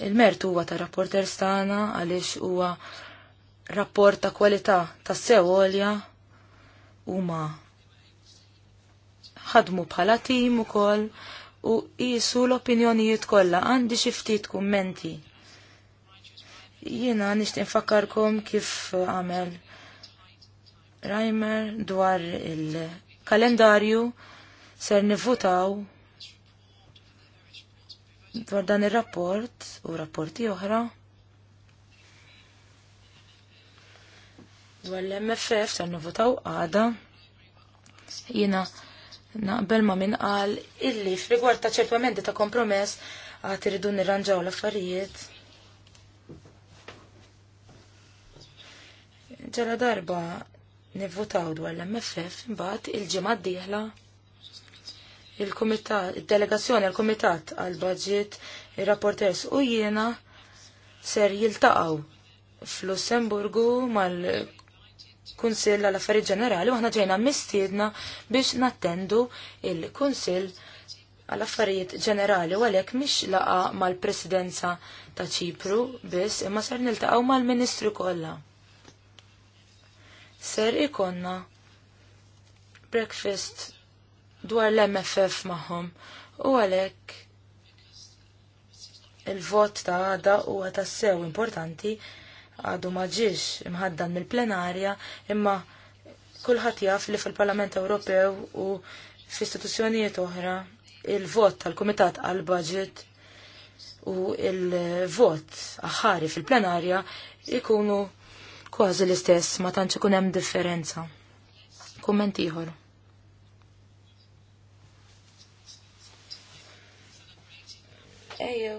Il-mert huwa ta' rapporter stana għaliex huwa rapport ta' kwalità tas sewolja huma ħadmu bħala tim ukoll u qisu l-opinjonijiet kollha għandi xi ftit kummenti. Jiena nixtieq nfakkarkom kif għamel Reimer dwar il-kalendarju ser nivutaw dwar dan ir-rapport u rapporti oħra dwar l-MFF sar nivotaw għada jiena naqbel ma min qal illi f'rigward ta' ċertu emendi ta' kompromess għad iridu nirranġaw l-affarijiet. Ġala darba nivvotaw dwar l-MFF imbagħad il-ġimgħa d-dieħla il-komitat, il-delegazzjoni għal komitat għal budget il-rapporters u jiena ser jiltaqaw fl-Lussemburgu mal-Kunsill għal affarijiet ġenerali u aħna ġejna mistiedna biex nattendu il-Kunsill għal affarijiet ġenerali u għalhekk mhix laqa mal-Presidenza ta' Ċipru biss imma ser niltaqgħu mal-Ministru kollha. Ser ikonna breakfast dwar l-MFF maħom. U għalek il-vot ta' għada u għata sew importanti għadu maġiġ imħaddan mill-plenarja imma kullħat jaf li fil-Parlament Ewropew u fl-istituzzjonijiet oħra il-vot tal-Kumitat għal-Budget u il-vot aħħari fil-plenarja ikunu kważi l-istess ma tantx ikun hemm differenza. Kumment ieħor. ejjew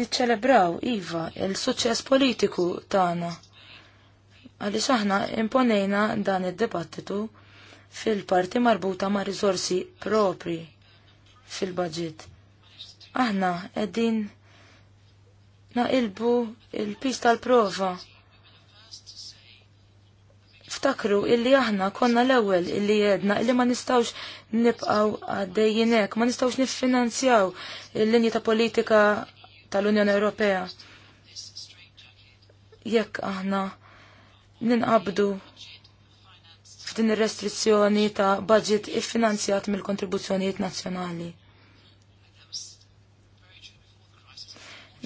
niċċelebraw iva il-suċċess politiku tagħna. Għaliex aħna imponejna dan id-dibattitu fil-parti marbuta ma' riżorsi propri fil-budget. Aħna qegħdin naqilbu il-pista tal-prova niftakru illi aħna konna l-ewwel illi jedna illi ma nistawx nibqgħu għaddejjin hekk, ma nistawx niffinanzjaw il-linji ta' politika tal-Unjoni Ewropea. Jekk aħna ninqabdu f'din ir-restrizzjoni ta' budget iffinanzjat mill-kontribuzzjonijiet nazzjonali.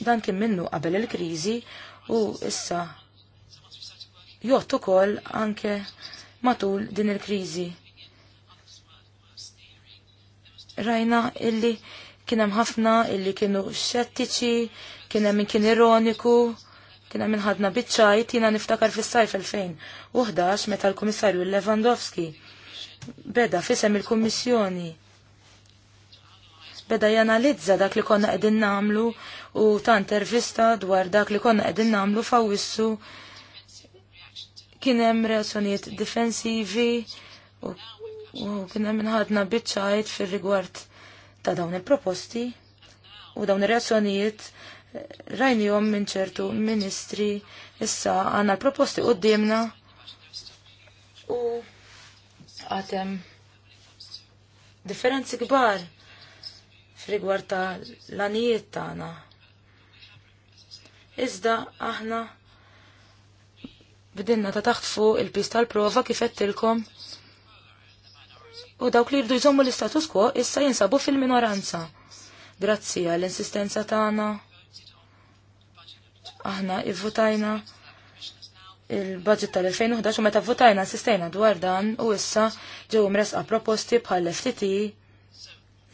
Dan kien minnu qabel il-kriżi u issa jgħot ukoll anke matul din il-kriżi. Rajna illi kien hemm ħafna illi kienu xettiċi, kien hemm min kien ironiku, kien hemm inħadna biċċajt jiena niftakar fis-sajf 2011 meta l-Kummissarju Lewandowski beda fisem il-Kummissjoni beda janalizza dak li konna qegħdin namlu u ta' intervista dwar dak li konna qegħdin namlu fawissu kien hemm reazzjonijiet difensivi u, u kien hemm inħadna biċċajt fir-rigward ta' dawn il-proposti u dawn ir-reazzjonijiet eh, rajnijom minn ċertu ministri issa għanna l-proposti qoddimna u għatem differenzi kbar f'rigward ta' l-anijiet tagħna. Iżda aħna bidinna ta' taħt fuq il-pis tal-prova kif tilkom. U dawk li jridu jżommu l-istatus quo issa jinsabu fil-minoranza. Grazzi għall-insistenza tagħna. Aħna ivvutajna il-budget tal-2011 u meta votajna sistejna dwar dan u issa ġew mresqa proposti bħal ftt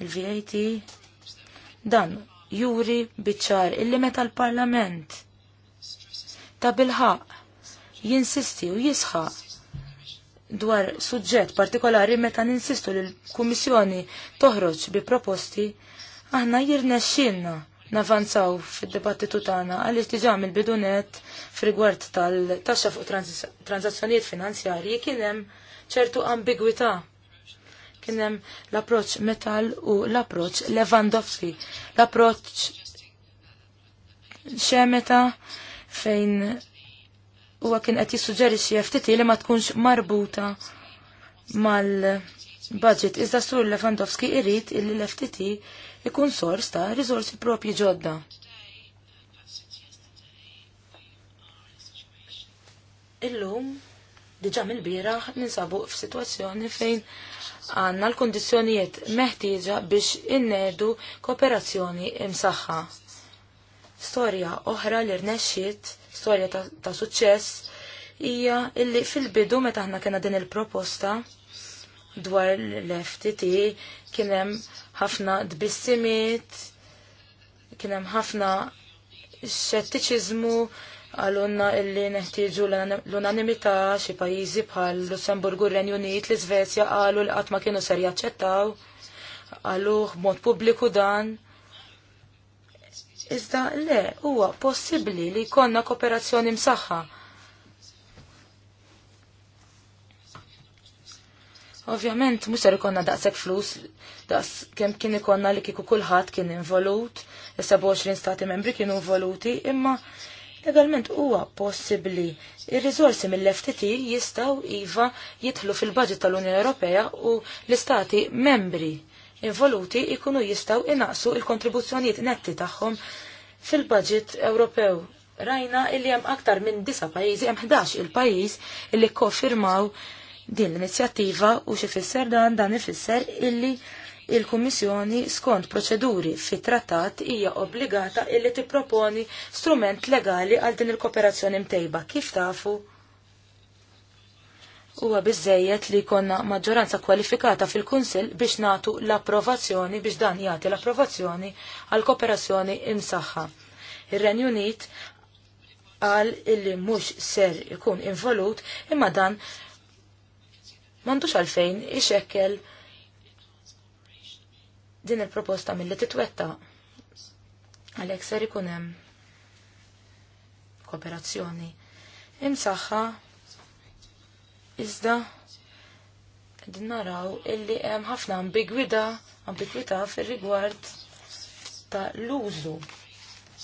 il-VAT, dan juri biċċar illi meta l-Parlament ta' bilħaq jinsisti u jisħaq dwar suġġett partikolari meta ninsistu li l-Kummissjoni toħroġ bi proposti, aħna jirnexxinna navanzaw fid-dibattitu tagħna għaliex diġà mill-bidunet f'rigward tal-taxxa fuq transazzjonijiet finanzjarji kien hemm ċertu ambigwità kien hemm l-approċċ metal u l-approċċ Lewandowski. L-approċċ xemeta fejn huwa kien qed jissuġġerixxi FTT li ma tkunx marbuta mal-budget. Iżda sur Lewandowski irrit illi l-FTT ikun sors ta' rizorsi propji ġodda. Illum, diġa mill-biraħ, ninsabu f'sitwazzjoni fejn għanna l-kondizjonijiet meħtieġa biex innedu kooperazzjoni imsaħħa. Storja oħra li rnexxiet storja ta', ta suċċess hija illi fil-bidu meta aħna kena din il-proposta dwar l-FTT kien hemm ħafna dbissimiet, kien hemm ħafna xettiċiżmu għalunna illi neħtieġu l-unanimità xi pajjiżi bħal Lussemburgu, Renju Unit, l-Iżvezja qalu li qatt ma kienu ser jaċċettaw għaluh b'mod pubbliku dan Iżda le, huwa possibbli li jkollna kooperazzjoni msaħħa. Ovvjament, mhux ser ikonna daqshekk flus, daqs kemm kien ikonna li kieku kulħadd kien involut, is-27 stati membri kienu involuti, imma legalment huwa possibbli. Ir-riżorsi mill-FTT jistgħu iva jidħlu fil-budget tal-Unjoni Ewropea u l-istati membri involuti ikunu jistaw inaqsu il-kontribuzzjonijiet netti tagħhom fil-budget Ewropew. Rajna illi hemm aktar minn disa pajjiżi hemm 11 il-pajjiż illi kofirmaw din l-inizjattiva u xi fisser dan dan ifisser illi il-Kummissjoni skont proċeduri fit trattat hija obbligata illi tipproponi strument legali għal din il-kooperazzjoni mtejba. Kif tafu? huwa biżejjed li konna maġġoranza kwalifikata fil-Kunsill biex natu l-approvazzjoni biex dan jagħti l-approvazzjoni għal kooperazzjoni imsaħħa. Ir-Renju Unit qal illi mhux ser ikun involut imma dan m'għandux għalfejn ixekkel din il-proposta mill-li titwetta. Għalhekk ser ikun hemm kooperazzjoni imsaħħa Iżda din naraw illi hemm ħafna ambigwità ambigwità fir-rigward ta' l-użu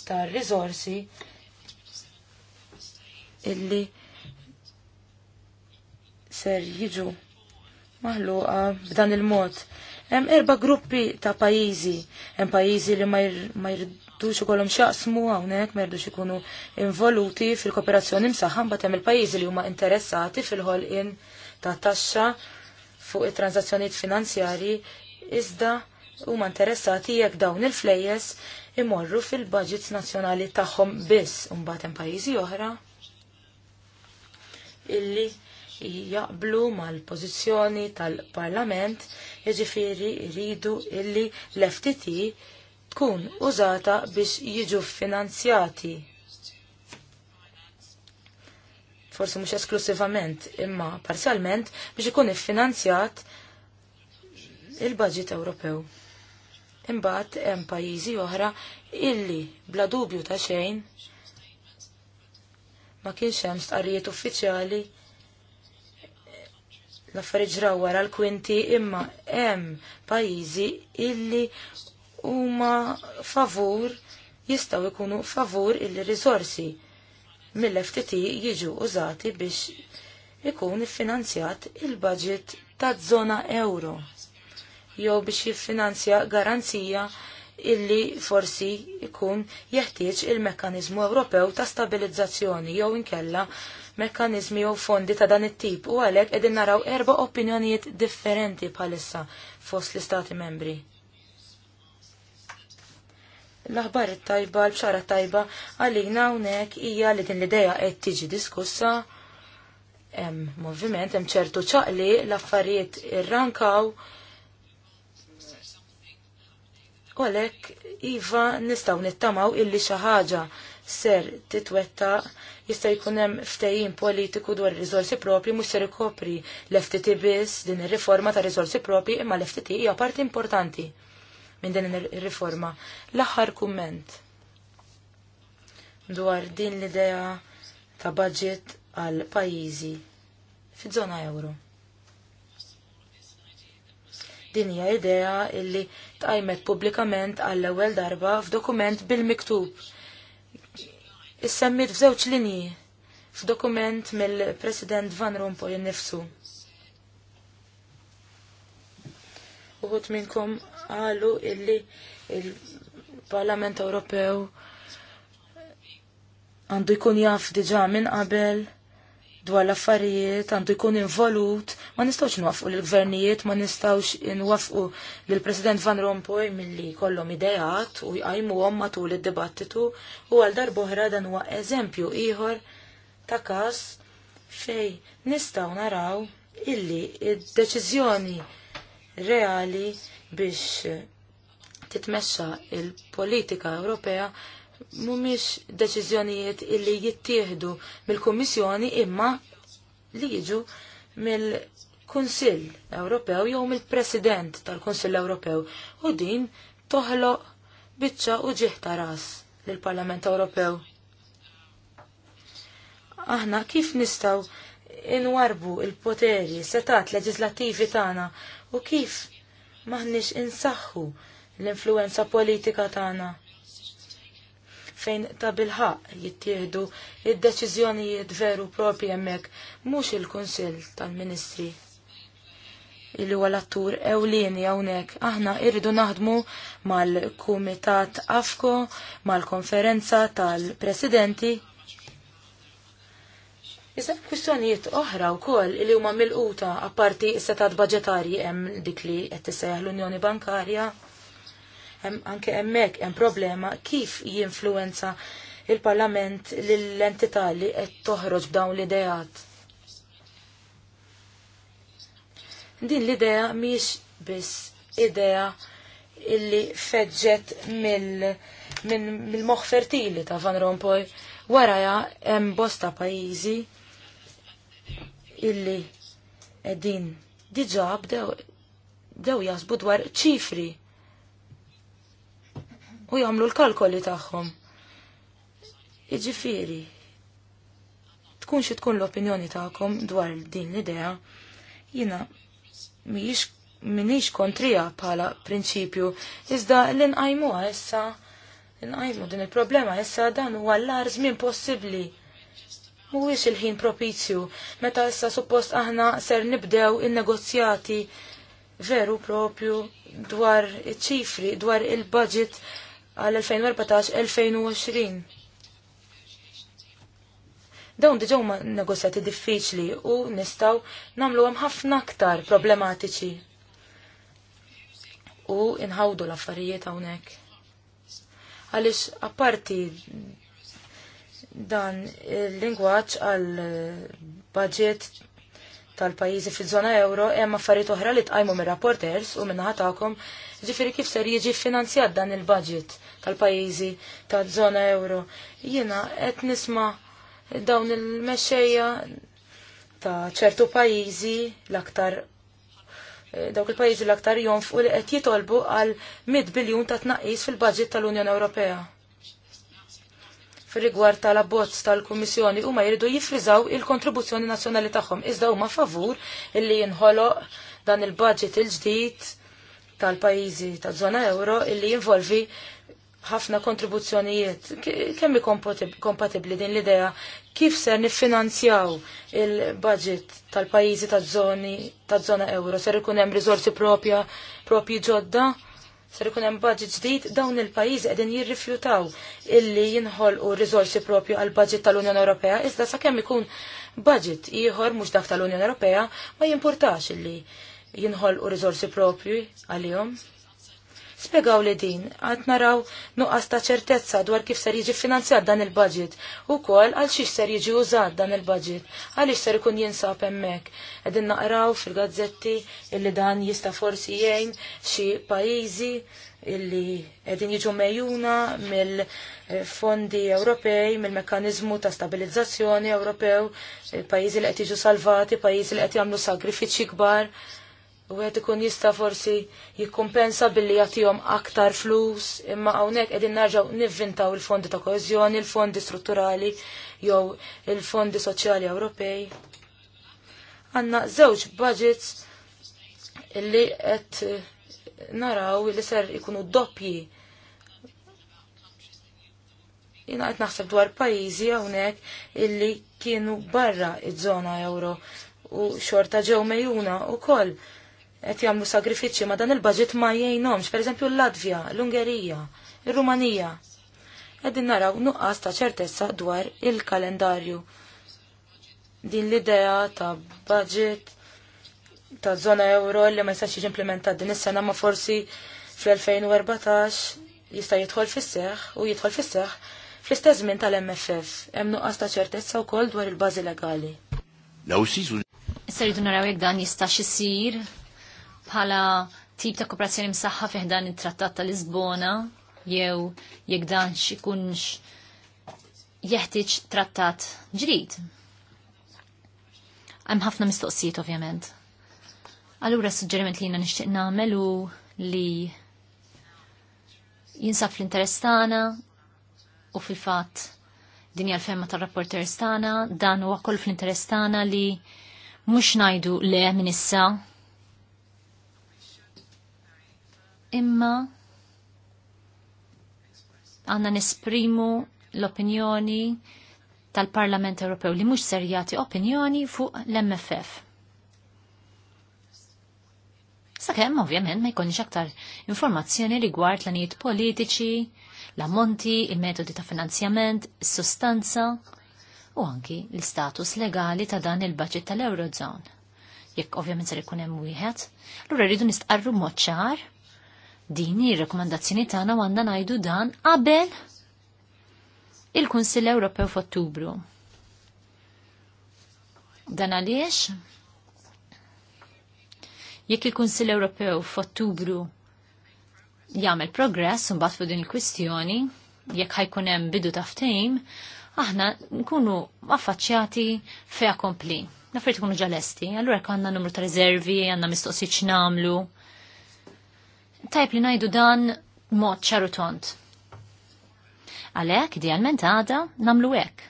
ta' riżorsi illi ser jiġu maħluqa b'dan il-mod. Hemm erba' gruppi ta' pajjiżi, hemm pajjiżi li ma, m'għandux kolom xaqsmu hawnhekk merdu ikunu involuti fil-kooperazzjoni msaħħa mbagħad hemm il-pajjiżi li huma interessati fil-ħolqien ta' taxxa fuq it-transazzjonijiet finanzjarji iżda huma interessati jekk dawn il-flejjes imorru fil-budgets nazzjonali tagħhom biss imbagħad hemm pajjiżi oħra illi jaqblu mal-pożizzjoni tal-Parlament jiġifieri rridu illi l-FTT tkun użata biex jiġu finanzjati. Forsi mhux esklusivament, imma parzialment biex ikun iffinanzjat il-budget Ewropew. Imbagħad hemm pajjiżi oħra illi bla dubju ta' xejn ma kienx hemm stqarrijiet uffiċjali l-affarijiet ġraw wara l-kwinti imma hemm pajjiżi illi huma favur jistaw ikunu favur il-rizorsi mill-FTT jiġu użati biex ikun iffinanzjat il-budget ta' zona euro jew biex jiffinanzja garanzija illi forsi ikun jeħtieġ il-mekkanizmu Ewropew ta' stabilizzazzjoni jew inkella mekkanizmi jew fondi ta' dan it-tip u għalhekk qegħdin naraw erba' opinjonijiet differenti bħalissa fost l-Istati membri l-aħbar tajba l-bxara tajba għalina hawnhekk hija li din l-idea qed tiġi diskussa hemm moviment hemm ċertu ċaqli l-affarijiet irrankaw u iva nistgħu nittamaw illi xi ħaġa ser titwetta jista' jkun hemm ftehim politiku dwar ir-riżorsi propri mhux ser ikopri l-FTT biss din ir-riforma ta' riżorsi propri imma l-FTT hija parti importanti minn din ir-riforma. L-aħħar kumment dwar din l-idea ta' budget għal pajjiżi fiż-żona euro. Din hija idea illi tqajmet pubblikament għall ewwel darba f'dokument bil-miktub. Issemmit f'żewġ linji f'dokument mill-President Van Rompuy nifsu. Uħut minnkom qalu illi il-Parlament Ewropew għandu jkun jaf diġa minn qabel dwar l-affarijiet, għandu jkun involut, ma nistawx nwafqu l-gvernijiet, ma nistawx nwafqu l-President Van Rompuy mill-li kollom idejat u jgħajmu għom matul id-dibattitu u għal darboħra dan huwa eżempju ieħor ta' kas fej nistaw naraw illi id-deċiżjoni reali biex titmexxa il-politika Ewropea mhumiex deċiżjonijiet illi jittieħdu mill-Kummissjoni imma li jiġu mill-Kunsill Ewropew jew mill-President tal-Kunsill Ewropew u din toħloq biċċa u ġieħ ta' ras lill-Parlament Ewropew. Aħna kif nistgħu inwarbu il-poteri, setat leġislattivi tagħna u kif maħniex insaħħu l-influenza politika tagħna fejn ta' bilħaq jittieħdu id-deċiżjonijiet veru propri hemmhekk mhux il-Kunsill tal-Ministri. Illi huwa l-attur ewlieni hawnhekk aħna irridu naħdmu mal-Kumitat Afko mal-Konferenza tal-Presidenti Issa kwistjonijiet oħra wkoll li huma milquta apparti s-setat budġetarji hemm dik li qed tissejjaħ l-Unjoni Bankarja. Hemm anke hemmhekk hemm problema kif jinfluenza il-Parlament lill-entità li qed toħroġ b'dawn l-ideat. Din l-idea mhix biss idea illi feġġet mill minn mil moħ fertili ta' Van Rompuy waraja hemm bosta pajjiżi illi edin diġa bdew bdew jasbu dwar ċifri u jagħmlu l-kalkoli tagħhom. iġifiri tkun xi tkun l-opinjoni tagħkom dwar din l-idea, jiena mhijiex minix kontrija bħala prinċipju, iżda l-inqajmuha issa, l-inqajmu din il-problema issa dan huwa l-ar żmien possibbli mhuwiex il-ħin propizju meta issa suppost aħna ser nibdew in-negozjati veru propju dwar iċ-ċifri, dwar il-budget għal 2014-2020. Dawn diġaw ma negozjati diffiċli u nistaw namlu għam ħafna aktar problematiċi. U inħawdu l-affarijiet hawnhekk. Għaliex apparti dan il-lingwaġġ għal budget tal-pajjiżi fiż zona euro hemm affarijiet oħra li tqajmu mir-rapporters u minn ħatakom ġifieri kif ser jiġi finanzjat dan il-budget tal-pajjiżi ta' żona euro. Jiena qed nisma' dawn il-mexxejja ta' ċertu pajjiżi l-aktar eh, dawk il-pajjiżi l-aktar jonfqu li qed jitolbu għal 100 biljun ta' tnaqqis fil-budget tal-Unjoni Ewropea fil-rigward tal-abbozz tal-Kummissjoni huma jridu jifriżaw il-kontribuzzjoni nazzjonali tagħhom iżda huma favur illi jinħoloq dan il-budget il-ġdid tal-pajjiżi taż-żona euro illi jinvolvi ħafna kontribuzzjonijiet. Kemm kompatibbli din l-idea kif ser niffinanzjaw il-budget tal-pajjiżi taż-żoni taż-żona euro? Ser ikun hemm riżorsi propja propji ġodda? ser ikun hemm budget ġdid dawn il-pajjiżi qegħdin jirrifjutaw illi jinħolqu riżorsi propju għal budget tal-Unjoni Ewropea iżda sakemm ikun budget ieħor mhux dak tal-Unjoni Ewropea ma jimpurtax illi jinħolqu riżorsi propju għalihom spjegaw li din għad naraw nuqqas ta' ċertezza dwar kif ser jiġi finanzjat dan il-budget u kol għal xiex ser jiġi użat dan il-budget għaliex ser ikun jinsab hemmhekk. Qegħdin naqraw fil-gazzetti illi dan jista' forsi jgħin xi pajjiżi illi qegħdin jiġu mejjuna mill-fondi Ewropej, mill-mekkaniżmu ta' stabilizzazzjoni Ewropew, pajjiżi li qed jiġu salvati, pajjiżi li qed jagħmlu sagrifiċċji kbar u għed ikun jista forsi jikkompensa billi jagħtihom aktar flus, imma hawnhekk qegħdin narġaw nivvintaw il-fondi ta' koeżjoni, il-fondi strutturali jew il-fondi soċjali Ewropej. Għandna żewġ budgets illi qed naraw li ser ikunu doppji jina għet naħseb dwar pajizi għawnek illi kienu barra id-zona euro u xorta ġew mejuna u koll qed jagħmlu sagrifiċċji ma dan il-budget ma jgħinhomx, pereżempju l-Latvja, l-Ungerija, ir-Rumanija. Qegħdin naraw nuqqas ta' ċertezza dwar il-kalendarju. Din l-idea ta' budget ta' zona euro li ma jistax jiġi din is-sena ma forsi fl-2014 jista' jidħol fis-seħħ u jidħol fis-seħħ fl-istess żmien tal-MFF hemm nuqqas ta' ċertezza wkoll dwar il-bażi legali. Issa jridu naraw jekk dan jistax isir bħala tip ta' kooperazzjoni msaħħa fiħdan it-trattat ta' Lisbona jew jekk dan x'ikunx jeħtieġ trattat ġdid. Hemm ħafna mistoqsijiet ovvjament. Allura s-suġġeriment li jiena nixtieq nagħmel hu li jinsab fl-interess tagħna u fil-fatt din hija l-femma tar-rapporters tagħna dan huwa koll fl-interess tagħna li mhux ngħidu le minn issa imma għanna nesprimu l-opinjoni tal-Parlament Ewropew li mhux ser jagħti opinjoni fuq l-MFF. Sakemm ovvjament ma jkollniex aktar informazzjoni rigward l-anijiet politiċi, l-ammonti, il-metodi ta' finanzjament, is-sustanza u anki l status legali ta' dan il-budget tal-Eurozone. Jekk ovvjament ser ikun hemm wieħed, lura rridu nistqarru moċċar ċar Dini rekomandazzjoni tagħna għandna ngħidu dan qabel il-Kunsill Ewropew f'Ottubru. Dan għaliex? Jekk il-Kunsill Ewropew f'Ottubru jagħmel progress imbagħad fuq din il-kwistjoni, jekk ħajkun hemm bidu ta' ftehim, aħna nkunu affaċċjati fea kompli. Nafrit ikunu ġalesti, allura għandna numru ta' riservi, għandna mistoqsiċ namlu tajb li najdu dan mod ċaru tont. Għalek, idealment għada, namlu hekk.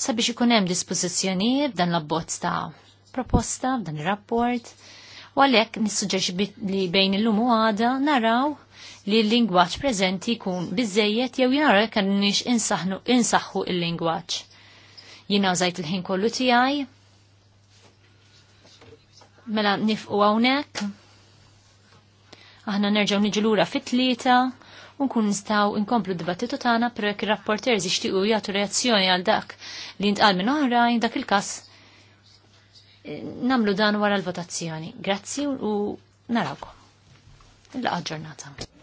Sabiex ikun hemm dispożizzjonijiet dan l-abbozz ta' proposta, dan ir-rapport, u għalhekk nissuġġerixi li bejn illum u għada naraw li l-lingwaġġ preżenti jkun biżejjed jew jara kan nix insaħħu il-lingwaġġ. Jina użajt il-ħin kollu tiegħi, mela nifqu hawnhekk aħna nerġgħu niġi lura fit-tlieta u nkun nistgħu nkomplu d-dibattitu tagħna perek ir-rapporters jixtiequ jagħtu reazzjoni għal dak li ntqal minn oħrajn dak il-każ eh, namlu dan wara l-votazzjoni. Grazzi u narawkom. il ġurnata.